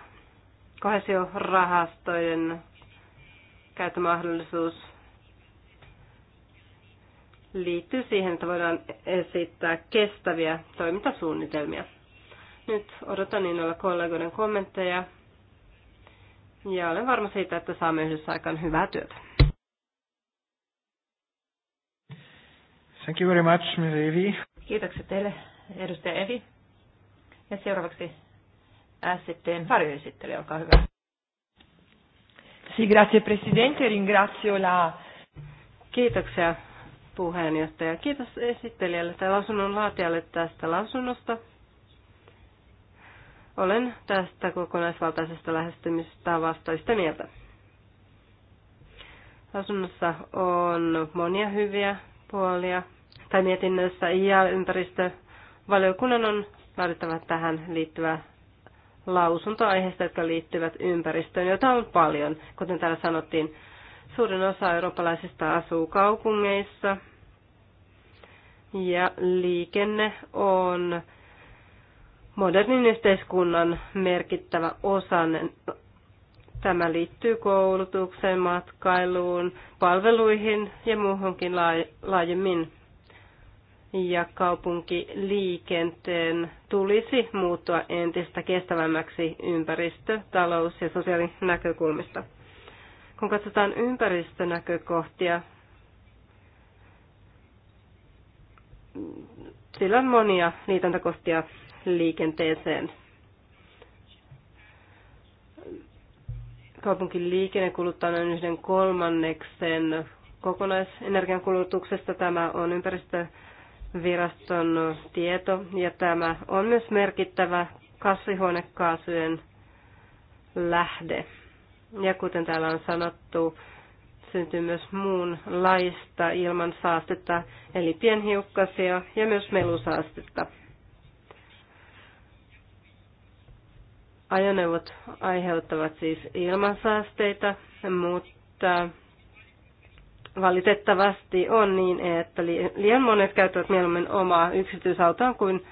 kohesiorahastojen käyttömahdollisuus liittyy siihen, että voidaan esittää kestäviä toimintasuunnitelmia. Nyt odotan innolla kollegoiden kommentteja ja olen varma siitä, että saamme yhdessä aikaan hyvää työtä. Thank you very much, Ms. Evi. Kiitokset teille, edustaja Evi. Ja seuraavaksi sitten varjoesittelijä, olkaa hyvä. Sì, grazie Presidente, ringrazio la... Kiitoksia puheenjohtaja. Kiitos esittelijälle tai lausunnon laatijalle tästä lausunnosta. Olen tästä kokonaisvaltaisesta lähestymistavasta yhtä mieltä. Lausunnossa on monia hyviä puolia, tai mietinnössä ja ympäristövaliokunnan on laadittava tähän liittyvä lausuntoaiheista, jotka liittyvät ympäristöön, joita on paljon. Kuten täällä sanottiin, suurin osa eurooppalaisista asuu kaupungeissa ja liikenne on modernin yhteiskunnan merkittävä osa. Tämä liittyy koulutukseen, matkailuun, palveluihin ja muuhunkin laajemmin ja kaupunkiliikenteen tulisi muuttua entistä kestävämmäksi ympäristö-, talous- ja sosiaalinäkökulmista. Kun katsotaan ympäristönäkökohtia, sillä on monia liitäntäkohtia liikenteeseen. Kaupunkiliikenne kuluttaa noin yhden kolmanneksen kokonaisenergiankulutuksesta. Tämä on ympäristö viraston tieto, ja tämä on myös merkittävä kasvihuonekaasujen lähde. Ja kuten täällä on sanottu, syntyy myös muun laista ilman saastetta, eli pienhiukkasia ja myös melusaastetta. Ajoneuvot aiheuttavat siis ilmansaasteita, mutta valitettavasti on niin, että liian monet käyttävät mieluummin omaa yksityisautoa kuin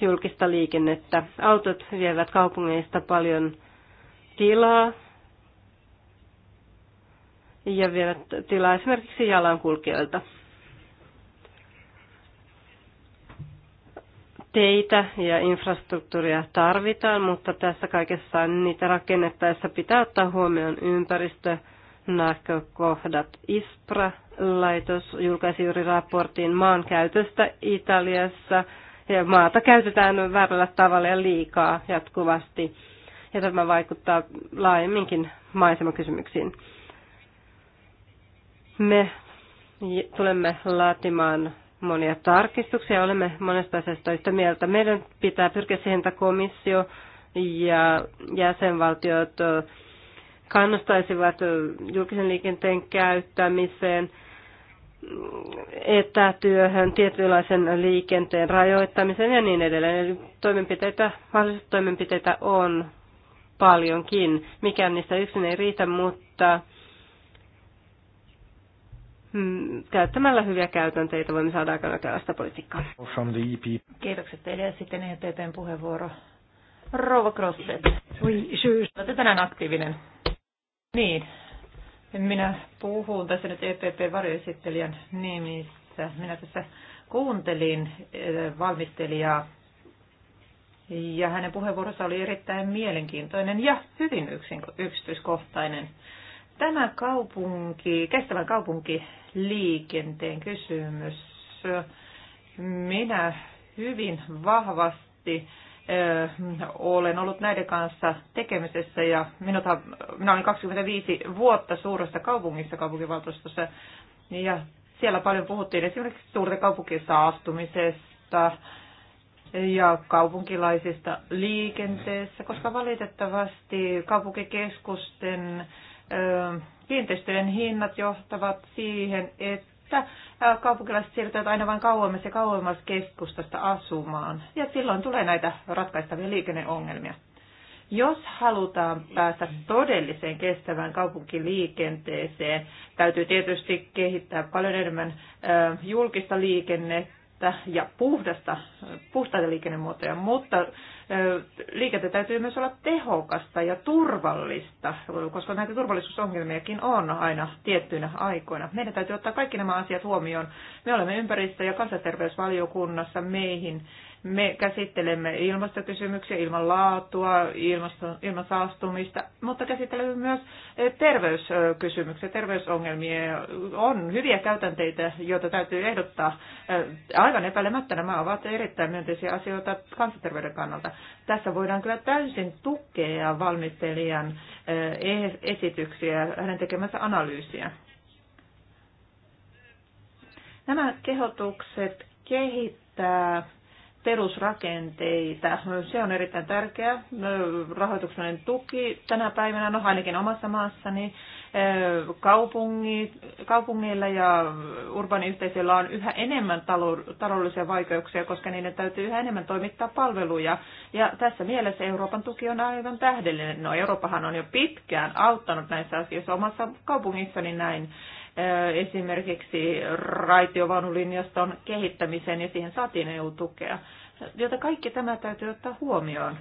julkista liikennettä. Autot vievät kaupungeista paljon tilaa ja vievät tilaa esimerkiksi jalankulkijoilta. Teitä ja infrastruktuuria tarvitaan, mutta tässä kaikessa niitä rakennettaessa pitää ottaa huomioon ympäristö, näkökohdat. ISPRA-laitos julkaisi juuri raportin maan käytöstä Italiassa. Ja maata käytetään väärällä tavalla ja liikaa jatkuvasti. Ja tämä vaikuttaa laajemminkin maisemakysymyksiin. Me tulemme laatimaan monia tarkistuksia. Olemme monesta asiasta yhtä mieltä. Meidän pitää pyrkiä siihen, että komissio ja jäsenvaltiot kannustaisivat julkisen liikenteen käyttämiseen, etätyöhön, tietynlaisen liikenteen rajoittamiseen ja niin edelleen. Eli toimenpiteitä, mahdollisia toimenpiteitä on paljonkin. Mikään niistä yksin ei riitä, mutta mm, käyttämällä hyviä käytänteitä voimme saada aika näköistä politiikkaa. E Kiitokset teille ja sitten EPPn puheenvuoro. Rouva Grosset. Oi, syys. Olette tänään aktiivinen. Niin, minä puhun tässä nyt EPP-varjoesittelijän nimissä. Minä tässä kuuntelin eh, valmistelijaa ja hänen puheenvuoronsa oli erittäin mielenkiintoinen ja hyvin yksityiskohtainen. Tämä kaupunki, kestävän kaupunkiliikenteen kysymys, minä hyvin vahvasti olen ollut näiden kanssa tekemisessä ja minuthan, minä olin 25 vuotta suuressa kaupungissa kaupunkivaltuustossa ja siellä paljon puhuttiin esimerkiksi suurten kaupunkien saastumisesta ja kaupunkilaisista liikenteessä, koska valitettavasti kaupunkikeskusten kiinteistöjen hinnat johtavat siihen, että että kaupunkilaiset siirtyvät aina vain kauemmas ja kauemmas keskustasta asumaan. Ja silloin tulee näitä ratkaistavia liikenneongelmia. Jos halutaan päästä todelliseen kestävään kaupunkiliikenteeseen, täytyy tietysti kehittää paljon enemmän julkista liikennettä liikennettä ja puhdasta, puhtaita liikennemuotoja, mutta liikenne täytyy myös olla tehokasta ja turvallista, koska näitä turvallisuusongelmiakin on aina tiettyinä aikoina. Meidän täytyy ottaa kaikki nämä asiat huomioon. Me olemme ympäristö- ja kansanterveysvaliokunnassa, meihin me käsittelemme ilmastokysymyksiä, ilman laatua, ilmaston, ilman saastumista, mutta käsittelemme myös eh, terveyskysymyksiä, terveysongelmia. On hyviä käytänteitä, joita täytyy ehdottaa. Eh, aivan epäilemättä nämä ovat erittäin myönteisiä asioita kansanterveyden kannalta. Tässä voidaan kyllä täysin tukea valmistelijan eh, esityksiä, hänen tekemänsä analyysiä. Nämä kehotukset kehittää perusrakenteita. Se on erittäin tärkeä rahoituksellinen tuki tänä päivänä, no ainakin omassa maassani. Kaupungit, kaupungilla ja urbaaniyhteisöillä on yhä enemmän taloudellisia vaikeuksia, koska niiden täytyy yhä enemmän toimittaa palveluja. Ja tässä mielessä Euroopan tuki on aivan tähdellinen. No Eurooppahan on jo pitkään auttanut näissä asioissa omassa kaupungissani näin esimerkiksi raitiovaunulinjaston kehittämiseen ja siihen saatiin EU-tukea. Jota kaikki tämä täytyy ottaa huomioon,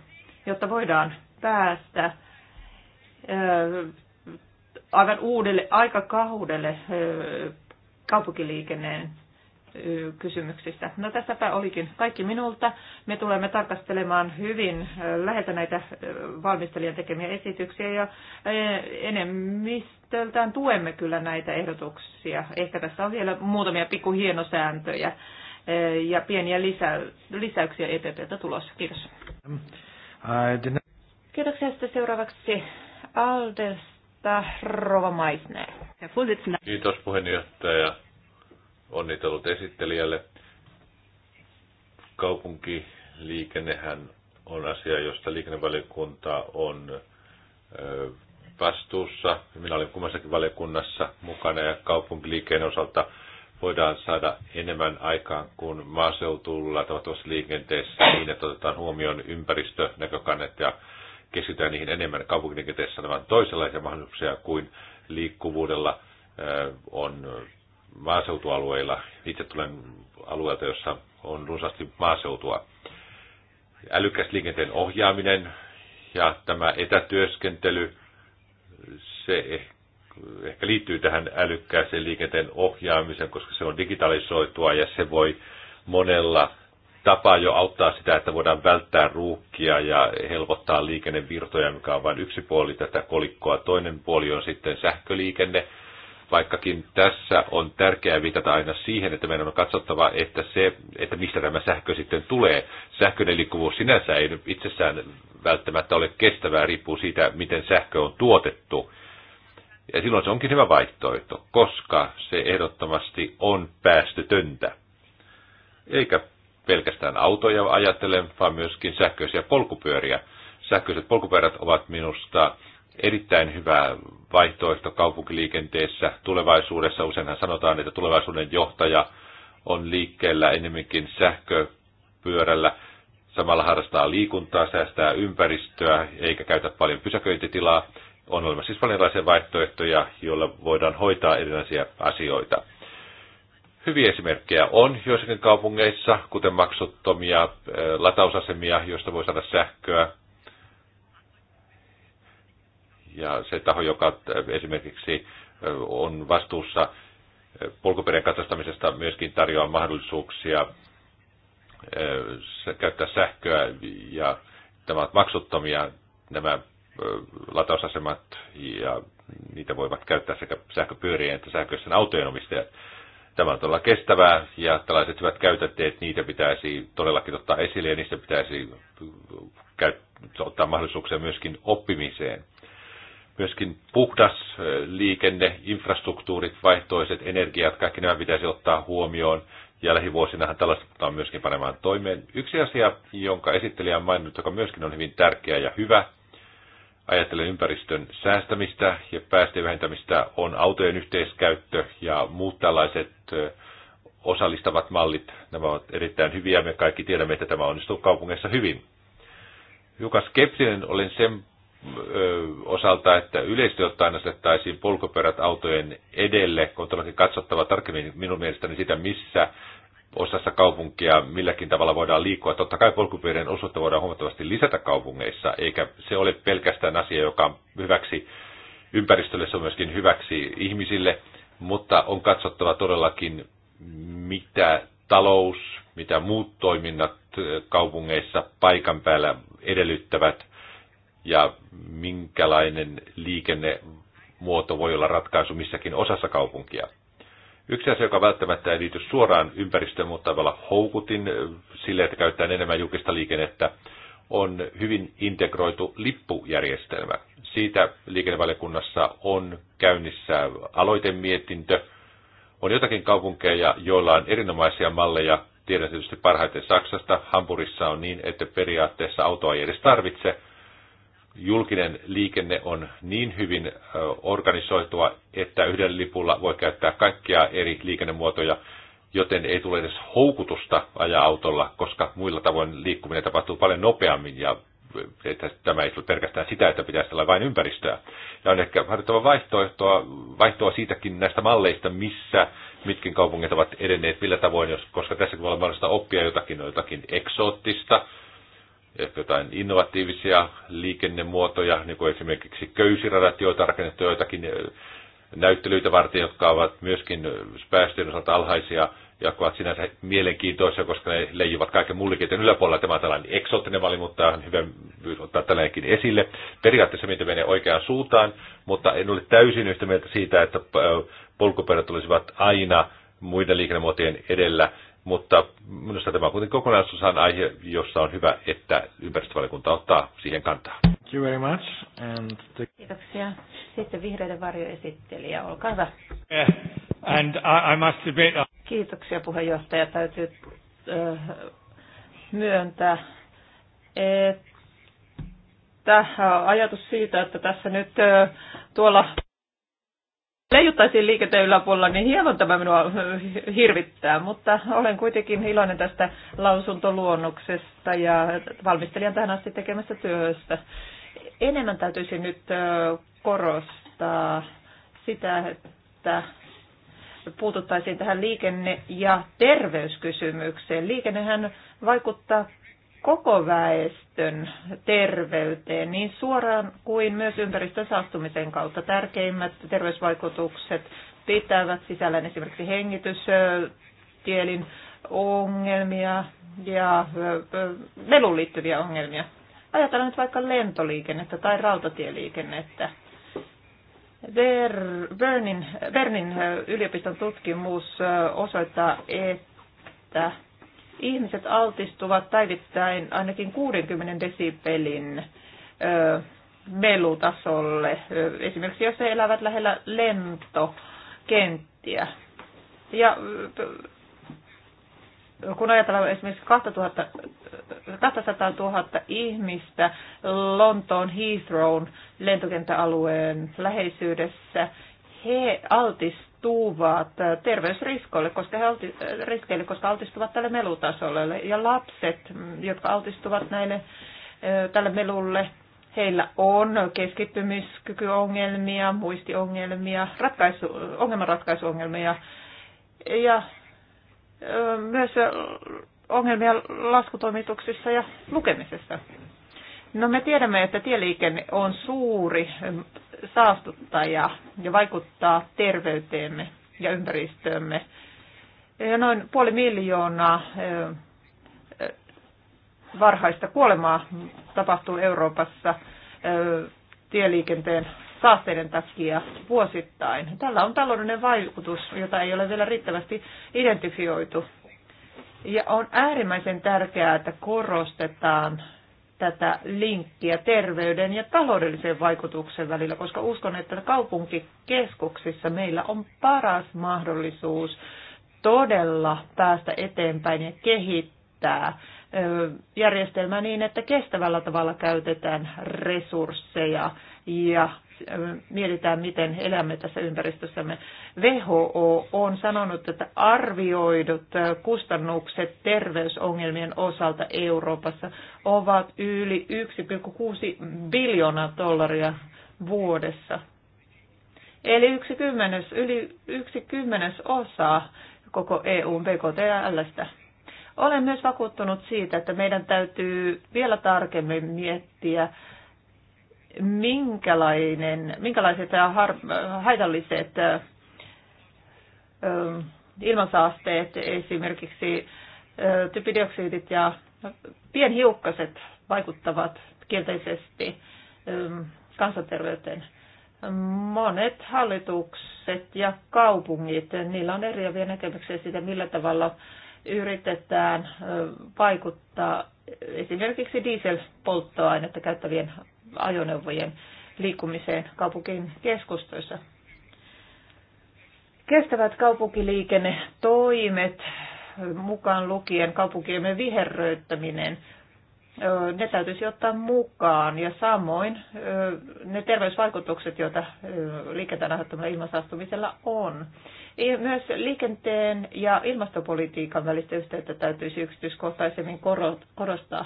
jotta voidaan päästä aivan uudelle aikakaudelle kaupunkiliikenneen kysymyksistä. No tässäpä olikin kaikki minulta. Me tulemme tarkastelemaan hyvin läheltä näitä valmistelijan tekemiä esityksiä ja enemmistö sisältöltään tuemme kyllä näitä ehdotuksia. Ehkä tässä on vielä muutamia pikku hienosääntöjä eh, ja pieniä lisä, lisäyksiä EPPltä tulossa. Kiitos. Um, Kiitoksia sitten seuraavaksi Aldesta Rova Maisner. Kiitos puheenjohtaja. Onnitellut esittelijälle. Kaupunkiliikennehän on asia, josta liikennevaliokunta on eh, vastuussa. Minä olin kummassakin valiokunnassa mukana ja kaupunkiliikkeen osalta voidaan saada enemmän aikaan kuin maaseutulla tavattavassa liikenteessä niin, että otetaan huomioon ympäristönäkökannet ja keskitytään niihin enemmän kaupunkiliikenteessä olevan toisenlaisia mahdollisuuksia kuin liikkuvuudella on maaseutualueilla. Itse tulen alueelta, jossa on runsaasti maaseutua. Älykäs liikenteen ohjaaminen ja tämä etätyöskentely se eh- ehkä liittyy tähän älykkääseen liikenteen ohjaamiseen, koska se on digitalisoitua ja se voi monella tapaa jo auttaa sitä, että voidaan välttää ruuhkia ja helpottaa liikennevirtoja, mikä on vain yksi puoli tätä kolikkoa. Toinen puoli on sitten sähköliikenne, vaikkakin tässä on tärkeää viitata aina siihen, että meidän on katsottava, että, se, että mistä tämä sähkö sitten tulee. Sähköinen liikkuvuus sinänsä ei itsessään välttämättä ole kestävää, riippuu siitä, miten sähkö on tuotettu. Ja silloin se onkin hyvä vaihtoehto, koska se ehdottomasti on päästötöntä. Eikä pelkästään autoja ajattelen, vaan myöskin sähköisiä polkupyöriä. Sähköiset polkupyörät ovat minusta erittäin hyvä vaihtoehto kaupunkiliikenteessä tulevaisuudessa. Useinhan sanotaan, että tulevaisuuden johtaja on liikkeellä enemmänkin sähköpyörällä. Samalla harrastaa liikuntaa, säästää ympäristöä eikä käytä paljon pysäköintitilaa. On olemassa siis paljon erilaisia vaihtoehtoja, joilla voidaan hoitaa erilaisia asioita. Hyviä esimerkkejä on joissakin kaupungeissa, kuten maksuttomia eh, latausasemia, joista voi saada sähköä, ja se taho, joka äh, esimerkiksi äh, on vastuussa äh, polkuperän katsastamisesta, myöskin tarjoaa mahdollisuuksia käyttää sähköä ja tämä ovat maksuttomia nämä latausasemat ja niitä voivat käyttää sekä sähköpyörien että sähköisen autojen omistajat. Tämä on todella kestävää ja tällaiset hyvät käytänteet, niitä pitäisi todellakin ottaa esille ja niistä pitäisi ottaa mahdollisuuksia myöskin oppimiseen. Myöskin puhdas liikenne, infrastruktuurit, vaihtoiset energiat, kaikki nämä pitäisi ottaa huomioon. Ja lähivuosinahan tällaista puhutaan myöskin panemaan toimeen. Yksi asia, jonka esittelijä on maininnut, joka myöskin on hyvin tärkeä ja hyvä, ajattelen ympäristön säästämistä ja päästöjen vähentämistä, on autojen yhteiskäyttö ja muut tällaiset osallistavat mallit. Nämä ovat erittäin hyviä. Me kaikki tiedämme, että tämä onnistuu kaupungeissa hyvin. Hiukan skeptinen olen sen osalta, että yleisesti ottaen asettaisiin polkuperät autojen edelle, on todellakin katsottava tarkemmin minun mielestäni sitä, missä osassa kaupunkia milläkin tavalla voidaan liikkua. Totta kai polkupyörien osuutta voidaan huomattavasti lisätä kaupungeissa, eikä se ole pelkästään asia, joka on hyväksi ympäristölle, se on myöskin hyväksi ihmisille, mutta on katsottava todellakin, mitä talous, mitä muut toiminnat kaupungeissa paikan päällä edellyttävät – ja minkälainen liikennemuoto voi olla ratkaisu missäkin osassa kaupunkia. Yksi asia, joka välttämättä ei liity suoraan ympäristöön, mutta tavallaan houkutin sille, että käyttää enemmän julkista liikennettä, on hyvin integroitu lippujärjestelmä. Siitä liikennevaliokunnassa on käynnissä aloitemietintö. On jotakin kaupunkeja, joilla on erinomaisia malleja. Tiedän tietysti parhaiten Saksasta. Hampurissa on niin, että periaatteessa autoa ei edes tarvitse, julkinen liikenne on niin hyvin organisoitua, että yhden lipulla voi käyttää kaikkia eri liikennemuotoja, joten ei tule edes houkutusta ajaa autolla, koska muilla tavoin liikkuminen tapahtuu paljon nopeammin ja että tämä ei ole pelkästään sitä, että pitäisi olla vain ympäristöä. Ja on ehkä harjoittava vaihtoehtoa, vaihtoa siitäkin näistä malleista, missä mitkin kaupungit ovat edenneet, millä tavoin, jos, koska tässä voi olla mahdollista oppia jotakin, jotakin eksoottista, jotain innovatiivisia liikennemuotoja, niin kuin esimerkiksi köysiradat, joita on rakennettu joitakin näyttelyitä varten, jotka ovat myöskin päästöjen osalta alhaisia ja ovat sinänsä mielenkiintoisia, koska ne leijuvat kaiken muun yläpuolella. Tämä on tällainen eksoottinen vali, mutta on hyvä ottaa tällainenkin esille. Periaatteessa mitä menee oikeaan suuntaan, mutta en ole täysin yhtä mieltä siitä, että polkuperät olisivat aina muiden liikennemuotojen edellä. Mutta minusta tämä on kuitenkin kokonaisuudessaan aihe, jossa on hyvä, että ympäristövaliokunta ottaa siihen kantaa. Thank you very much. And the... Kiitoksia. Sitten vihreiden varjoesittelijä, olkaa hyvä. Yeah. And I, I must admit... Uh- Kiitoksia puheenjohtaja. Täytyy äh, myöntää, että äh, ajatus siitä, että tässä nyt äh, tuolla leijuttaisiin liikenteen yläpuolella, niin hieman tämä minua hirvittää, mutta olen kuitenkin iloinen tästä lausuntoluonnoksesta ja valmistelijan tähän asti tekemästä työstä. Enemmän täytyisi nyt korostaa sitä, että puututtaisiin tähän liikenne- ja terveyskysymykseen. Liikennehän vaikuttaa koko väestön terveyteen niin suoraan kuin myös ympäristön saastumisen kautta. Tärkeimmät terveysvaikutukset pitävät sisällään esimerkiksi hengitystielin ongelmia ja meluun liittyviä ongelmia. Ajatellaan nyt vaikka lentoliikennettä tai rautatieliikennettä. Vernin, yliopiston tutkimus osoittaa, että ihmiset altistuvat päivittäin ainakin 60 desibelin ö, melutasolle, esimerkiksi jos he elävät lähellä lentokenttiä. Ja kun ajatellaan esimerkiksi 2000, 200 000 ihmistä Lontoon Heathrown lentokenttäalueen läheisyydessä, he altistuvat altistuvat terveysriskeille, koska he alti, riskeille, koska altistuvat tälle melutasolle. Ja lapset, jotka altistuvat näille, tälle melulle, heillä on keskittymiskykyongelmia, muistiongelmia, ratkaisu, ongelmanratkaisuongelmia ja myös ongelmia laskutoimituksissa ja lukemisessa. No me tiedämme, että tieliikenne on suuri saastuttaja ja vaikuttaa terveyteemme ja ympäristöömme. noin puoli miljoonaa varhaista kuolemaa tapahtuu Euroopassa tieliikenteen saasteiden takia vuosittain. Tällä on taloudellinen vaikutus, jota ei ole vielä riittävästi identifioitu. Ja on äärimmäisen tärkeää, että korostetaan tätä linkkiä terveyden ja taloudellisen vaikutuksen välillä, koska uskon, että kaupunkikeskuksissa meillä on paras mahdollisuus todella päästä eteenpäin ja kehittää järjestelmää niin, että kestävällä tavalla käytetään resursseja ja mietitään, miten elämme tässä ympäristössämme. WHO on sanonut, että arvioidut kustannukset terveysongelmien osalta Euroopassa ovat yli 1,6 biljoonaa dollaria vuodessa. Eli yksi kymmenes, yli yksi kymmenes osa koko EUn BKTLstä. Olen myös vakuuttunut siitä, että meidän täytyy vielä tarkemmin miettiä minkälainen, minkälaiset har, haitalliset ilmansaasteet, esimerkiksi typidioksidit ja pienhiukkaset vaikuttavat kielteisesti kansanterveyteen. Monet hallitukset ja kaupungit, niillä on eriäviä näkemyksiä siitä, millä tavalla yritetään vaikuttaa esimerkiksi dieselpolttoainetta käyttävien ajoneuvojen liikkumiseen kaupunkien keskustoissa. Kestävät kaupunkiliikennetoimet, mukaan lukien kaupunkiemme viherröyttäminen, ne täytyisi ottaa mukaan ja samoin ne terveysvaikutukset, joita liikenteen aiheuttamalla ilmansaastumisella on. Myös liikenteen ja ilmastopolitiikan välistä yhteyttä täytyisi yksityiskohtaisemmin korostaa.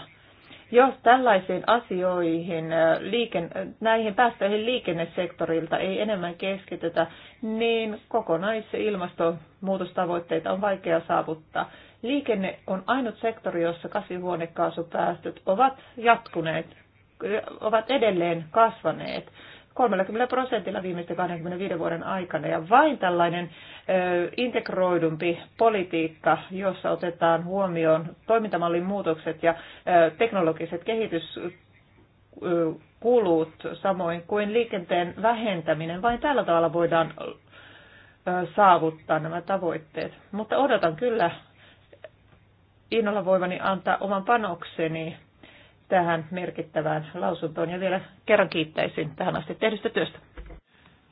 Jos tällaisiin asioihin, äh, liiken, äh, näihin päästöihin liikennesektorilta ei enemmän keskitytä, niin kokonaisilmastonmuutostavoitteita on vaikea saavuttaa. Liikenne on ainut sektori, jossa kasvihuonekaasupäästöt ovat jatkuneet, äh, ovat edelleen kasvaneet. 30 prosentilla viimeisten 25 vuoden aikana. Ja vain tällainen integroidumpi politiikka, jossa otetaan huomioon toimintamallin muutokset ja teknologiset kehitys kulut, samoin kuin liikenteen vähentäminen. Vain tällä tavalla voidaan saavuttaa nämä tavoitteet. Mutta odotan kyllä innolla voivani antaa oman panokseni tähän merkittävään lausuntoon ja vielä kerran kiittäisin tähän asti tehdystä työstä.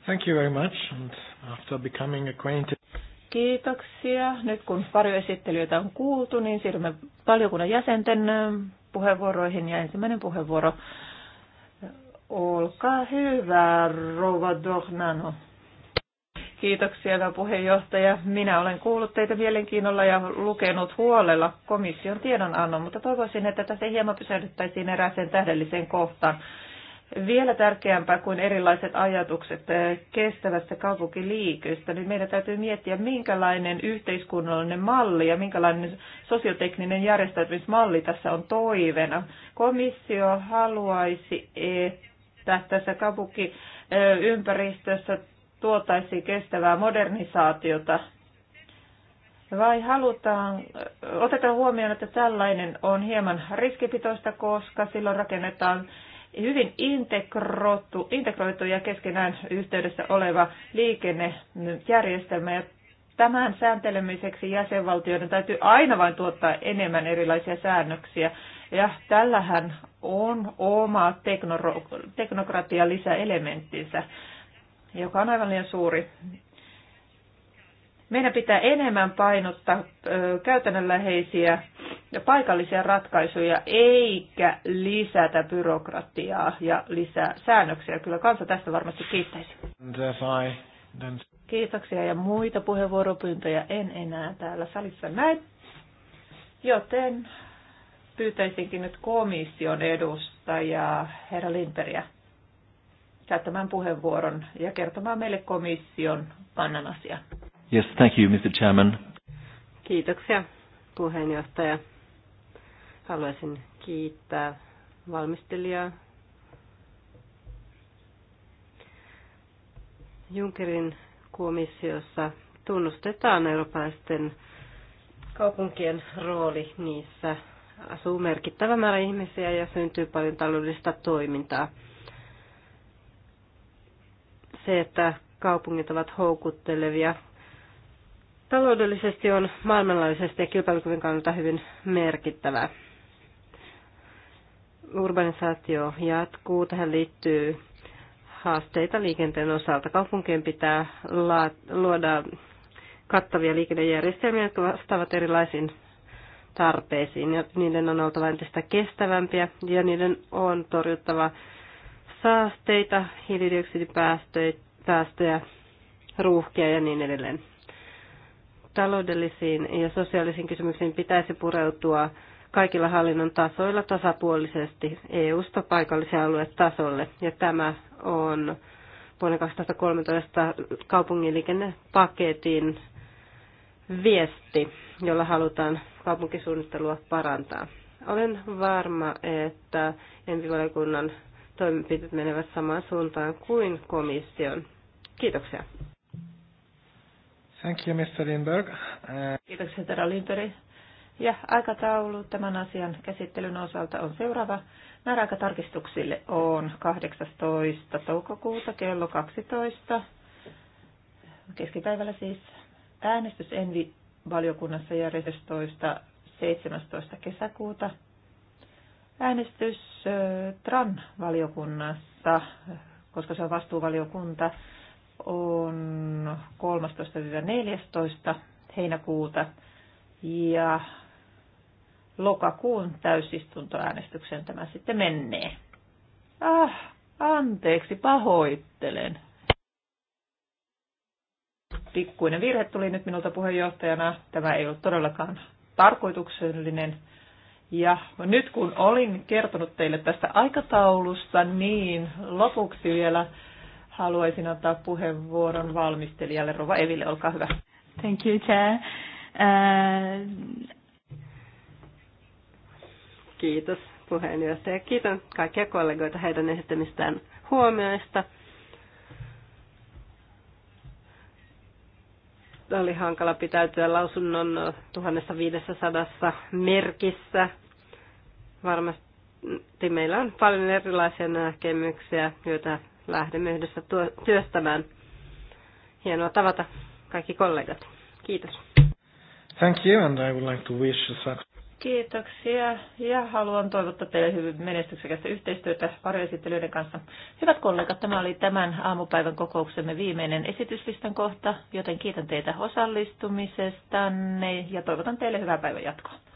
Thank you very much. And after becoming acquainted... Kiitoksia. Nyt kun pari esittelyitä on kuultu, niin siirrymme valiokunnan jäsenten puheenvuoroihin. Ja ensimmäinen puheenvuoro. Olkaa hyvä, Rova Dohnano. Kiitoksia, hyvä puheenjohtaja. Minä olen kuullut teitä mielenkiinnolla ja lukenut huolella komission tiedonannon, mutta toivoisin, että tässä hieman pysähdyttäisiin erääseen tähdelliseen kohtaan. Vielä tärkeämpää kuin erilaiset ajatukset eh, kestävästä kaupunkiliiköstä, niin meidän täytyy miettiä, minkälainen yhteiskunnallinen malli ja minkälainen sosiotekninen järjestäytymismalli tässä on toivena. Komissio haluaisi, että tässä kaupunkiympäristössä tuotaisiin kestävää modernisaatiota vai halutaan, otetaan huomioon, että tällainen on hieman riskipitoista, koska silloin rakennetaan hyvin integroitu, integroitu ja keskenään yhteydessä oleva liikennejärjestelmä. Ja tämän sääntelemiseksi jäsenvaltioiden täytyy aina vain tuottaa enemmän erilaisia säännöksiä. Ja tällähän on oma teknokratia lisäelementtinsä joka on aivan liian suuri. Meidän pitää enemmän painottaa käytännönläheisiä ja paikallisia ratkaisuja, eikä lisätä byrokratiaa ja lisää säännöksiä. Kyllä kansa tästä varmasti kiittäisi. Kiitoksia ja muita puheenvuoropyyntöjä en enää täällä salissa näe. Joten pyytäisinkin nyt komission edustajaa, herra Limperiä, käyttämään puheenvuoron ja kertomaan meille komission kannan asia. Yes, thank you, Mr. Chairman. Kiitoksia, puheenjohtaja. Haluaisin kiittää valmistelijaa Junckerin komissiossa tunnustetaan eurooppalaisten kaupunkien rooli niissä. Asuu merkittävä määrä ihmisiä ja syntyy paljon taloudellista toimintaa se, että kaupungit ovat houkuttelevia taloudellisesti on maailmanlaajuisesti ja kilpailukyvyn kannalta hyvin merkittävää. Urbanisaatio jatkuu. Tähän liittyy haasteita liikenteen osalta. Kaupunkien pitää luoda kattavia liikennejärjestelmiä, jotka vastaavat erilaisiin tarpeisiin. Ja niiden on oltava entistä kestävämpiä ja niiden on torjuttava saasteita, hiilidioksidipäästöjä, ruuhkia ja niin edelleen. Taloudellisiin ja sosiaalisiin kysymyksiin pitäisi pureutua kaikilla hallinnon tasoilla tasapuolisesti EU-sta paikallisen tasolle Ja tämä on vuoden 2013 kaupunginliikennepaketin viesti, jolla halutaan kaupunkisuunnittelua parantaa. Olen varma, että ensivaliokunnan toimenpiteet menevät samaan suuntaan kuin komission. Kiitoksia. Thank you, Mr. Lindberg. Uh, Kiitoksia, Tera Lindberg. Ja aikataulu tämän asian käsittelyn osalta on seuraava. tarkistuksille on 18. toukokuuta kello 12. Keskipäivällä siis äänestys Envi-valiokunnassa järjestöistä 17. kesäkuuta Äänestys TRAN-valiokunnassa, koska se on vastuuvaliokunta, on 13-14 heinäkuuta ja lokakuun täysistuntoäänestykseen tämä sitten mennee. Ah, anteeksi, pahoittelen. Pikkuinen virhe tuli nyt minulta puheenjohtajana. Tämä ei ollut todellakaan tarkoituksellinen. Ja nyt kun olin kertonut teille tästä aikataulusta, niin lopuksi vielä haluaisin antaa puheenvuoron valmistelijalle Rova Eville. Olkaa hyvä. Thank you, Chair. Uh... Kiitos puheenjohtaja. Kiitän kaikkia kollegoita heidän esittämistään huomioista. oli hankala pitäytyä lausunnon 1500 merkissä. Varmasti meillä on paljon erilaisia näkemyksiä, joita lähdemme yhdessä työstämään. Hienoa tavata kaikki kollegat. Kiitos. Thank you, and I would like to wish Kiitoksia ja haluan toivottaa teille hyvin menestyksekästä yhteistyötä varjoesittelyiden kanssa. Hyvät kollegat, tämä oli tämän aamupäivän kokouksemme viimeinen esityslistan kohta, joten kiitän teitä osallistumisestanne ja toivotan teille hyvää päivän jatkoa.